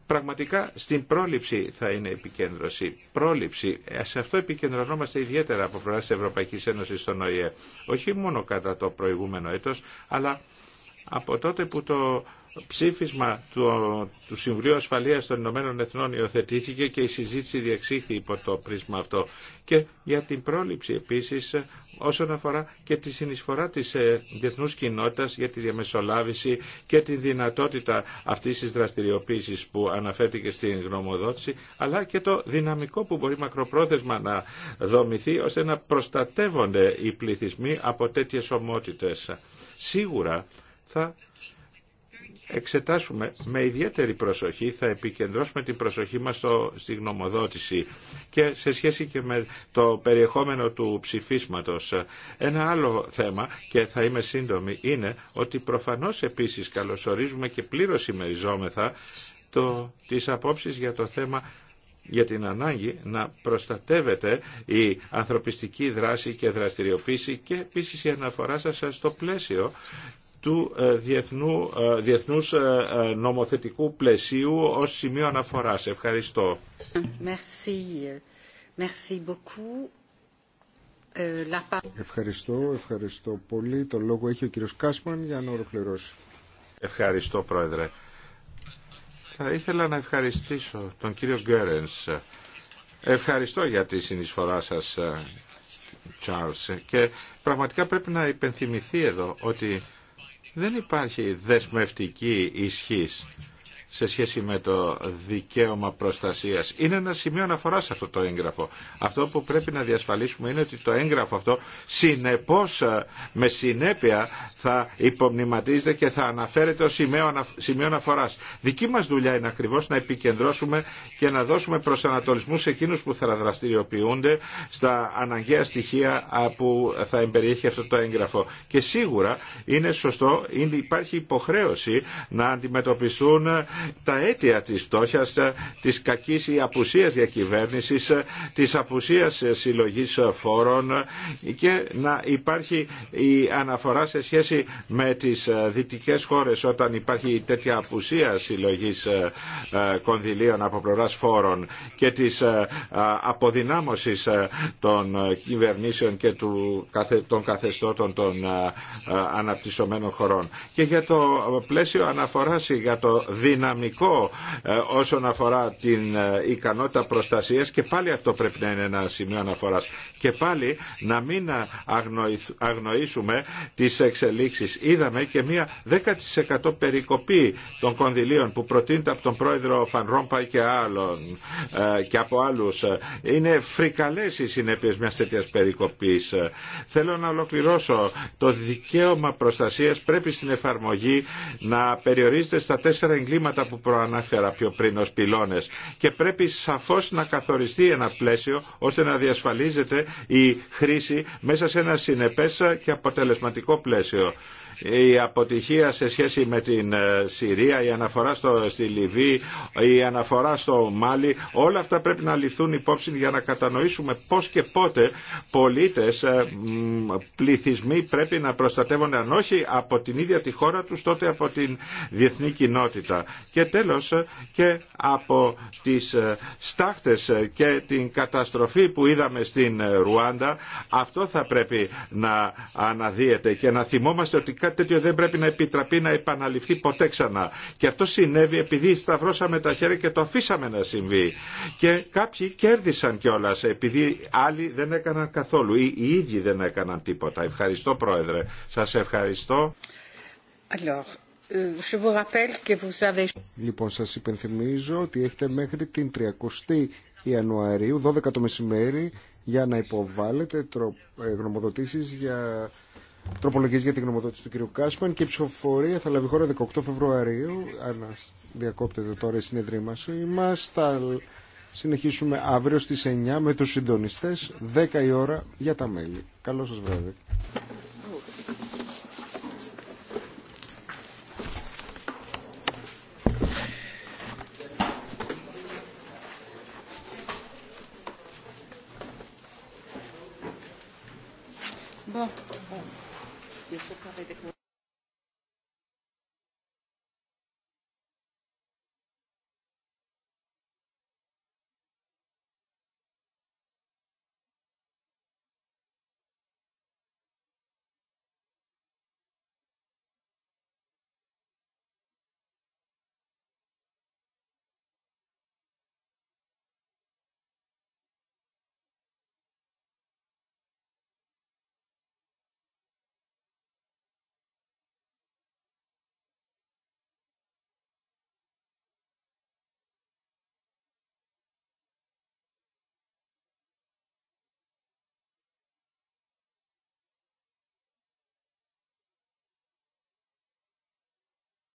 πραγματικά στην πρόληψη θα είναι επικέντρωση. Πρόληψη. Ε, σε αυτό επικεντρωνόμαστε ιδιαίτερα από πλευρά τη Ευρωπαϊκή Ένωση στον ΟΗΕ. Όχι μόνο κατά το προηγούμενο έτος, αλλά από τότε που το ψήφισμα του, του Συμβουλίου Ασφαλείας των Ηνωμένων Εθνών υιοθετήθηκε και η συζήτηση διεξήχθη υπό το πρίσμα αυτό και για την πρόληψη επίσης όσον αφορά και τη συνεισφορά της ε, διεθνούς κοινότητας για τη διαμεσολάβηση και τη δυνατότητα αυτής της δραστηριοποίησης που αναφέρθηκε στην γνωμοδότηση αλλά και το δυναμικό που μπορεί μακροπρόθεσμα να δομηθεί ώστε να προστατεύονται οι πληθυσμοί από τέτοιες ομότητες. Σίγουρα θα εξετάσουμε με ιδιαίτερη προσοχή, θα επικεντρώσουμε την προσοχή μας στο, στη γνωμοδότηση και σε σχέση και με το περιεχόμενο του ψηφίσματος. Ένα άλλο θέμα, και θα είμαι σύντομη, είναι ότι προφανώς επίσης καλωσορίζουμε και πλήρως ημεριζόμεθα το, τις απόψεις για το θέμα για την ανάγκη να προστατεύεται η ανθρωπιστική δράση και δραστηριοποίηση και επίσης η αναφορά σας στο πλαίσιο του ε, διεθνού, ε, διεθνούς ε, νομοθετικού πλαισίου ως σημείο αναφοράς. Ευχαριστώ. Merci. Merci Ευχαριστώ, ευχαριστώ πολύ. Το λόγο έχει ο κύριος Κάσμαν για να ολοκληρώσει. Ευχαριστώ, Πρόεδρε. Θα ήθελα να ευχαριστήσω τον κύριο Γκέρενς. Ευχαριστώ για τη συνεισφορά σας, Charles. Και πραγματικά πρέπει να υπενθυμηθεί εδώ ότι δεν υπάρχει δεσμευτική ισχύς σε σχέση με το δικαίωμα προστασίας. Είναι ένα σημείο αναφορά αυτό το έγγραφο. Αυτό που πρέπει να διασφαλίσουμε είναι ότι το έγγραφο αυτό συνεπώς ε, με συνέπεια θα υπομνηματίζεται και θα αναφέρεται ως σημείο αναφοράς. Δική μας δουλειά είναι ακριβώς να επικεντρώσουμε και να δώσουμε προσανατολισμού σε εκείνους που θα δραστηριοποιούνται στα αναγκαία στοιχεία που θα εμπεριέχει αυτό το έγγραφο. Και σίγουρα είναι σωστό, υπάρχει υποχρέωση να αντιμετωπιστούν τα αίτια της φτώχειας, της κακής ή απουσίας διακυβέρνησης, της απουσίας συλλογής φόρων και να υπάρχει η αναφορά σε σχέση με τις δυτικές χώρες όταν υπάρχει τέτοια απουσία συλλογής ε, ε, κονδυλίων από πλευράς φόρων και της ε, αποδυνάμωσης των κυβερνήσεων και των καθεστώτων των αναπτυσσομένων χωρών. Και για το πλαίσιο αναφοράς για το δυναμικό ε, όσον αφορά την ε, ικανότητα προστασίας και πάλι αυτό πρέπει να είναι ένα σημείο αναφοράς. Και πάλι να μην αγνοήσουμε τις εξελίξεις. Είδαμε και μία 10% περικοπή των κονδυλίων που προτείνεται από τον πρόεδρο Φαν Ρόμπα και, άλλων, ε, και από άλλους. Είναι φρικαλές οι συνέπειες μιας τέτοιας περικοπής. Θέλω να ολοκληρώσω. Το δικαίωμα προστασίας πρέπει στην εφαρμογή να περιορίζεται στα τέσσερα εγκλήματα που προανάφερα πιο πριν ως πυλώνες και πρέπει σαφώς να καθοριστεί ένα πλαίσιο ώστε να διασφαλίζεται η χρήση μέσα σε ένα συνεπές και αποτελεσματικό πλαίσιο η αποτυχία σε σχέση με την ε, Συρία, η αναφορά στο, στη Λιβύη, η αναφορά στο Μάλι, όλα αυτά πρέπει να ληφθούν υπόψη για να κατανοήσουμε πώς και πότε πολίτες, ε, πληθυσμοί πρέπει να προστατεύονται αν όχι από την ίδια τη χώρα τους, τότε από την διεθνή κοινότητα. Και τέλος ε, και από τις στάχτες και την καταστροφή που είδαμε στην Ρουάντα, αυτό θα πρέπει να αναδύεται και να θυμόμαστε ότι κάτι τέτοιο δεν πρέπει να επιτραπεί να επαναληφθεί ποτέ ξανά. Και αυτό συνέβη επειδή σταυρώσαμε τα χέρια και το αφήσαμε να συμβεί. Και κάποιοι κέρδισαν κιόλα επειδή άλλοι δεν έκαναν καθόλου ή οι ίδιοι δεν έκαναν τίποτα. Ευχαριστώ Πρόεδρε. Σας ευχαριστώ. Alors... Euh, λοιπόν, σας υπενθυμίζω ότι έχετε μέχρι την 30η Ιανουαρίου, 12 το μεσημέρι, για να υποβάλλετε ε, γνωμοδοτήσεις για τροπολογίες για την γνωμοδότηση του κ. Κάσπαν και η ψηφοφορία θα λάβει χώρα 18 Φεβρουαρίου. Αν διακόπτεται τώρα η συνεδρίμασή μας, θα συνεχίσουμε αύριο στις 9 με τους συντονιστές, 10 η ώρα για τα μέλη. Καλό σας βράδυ. Υπότιτλοι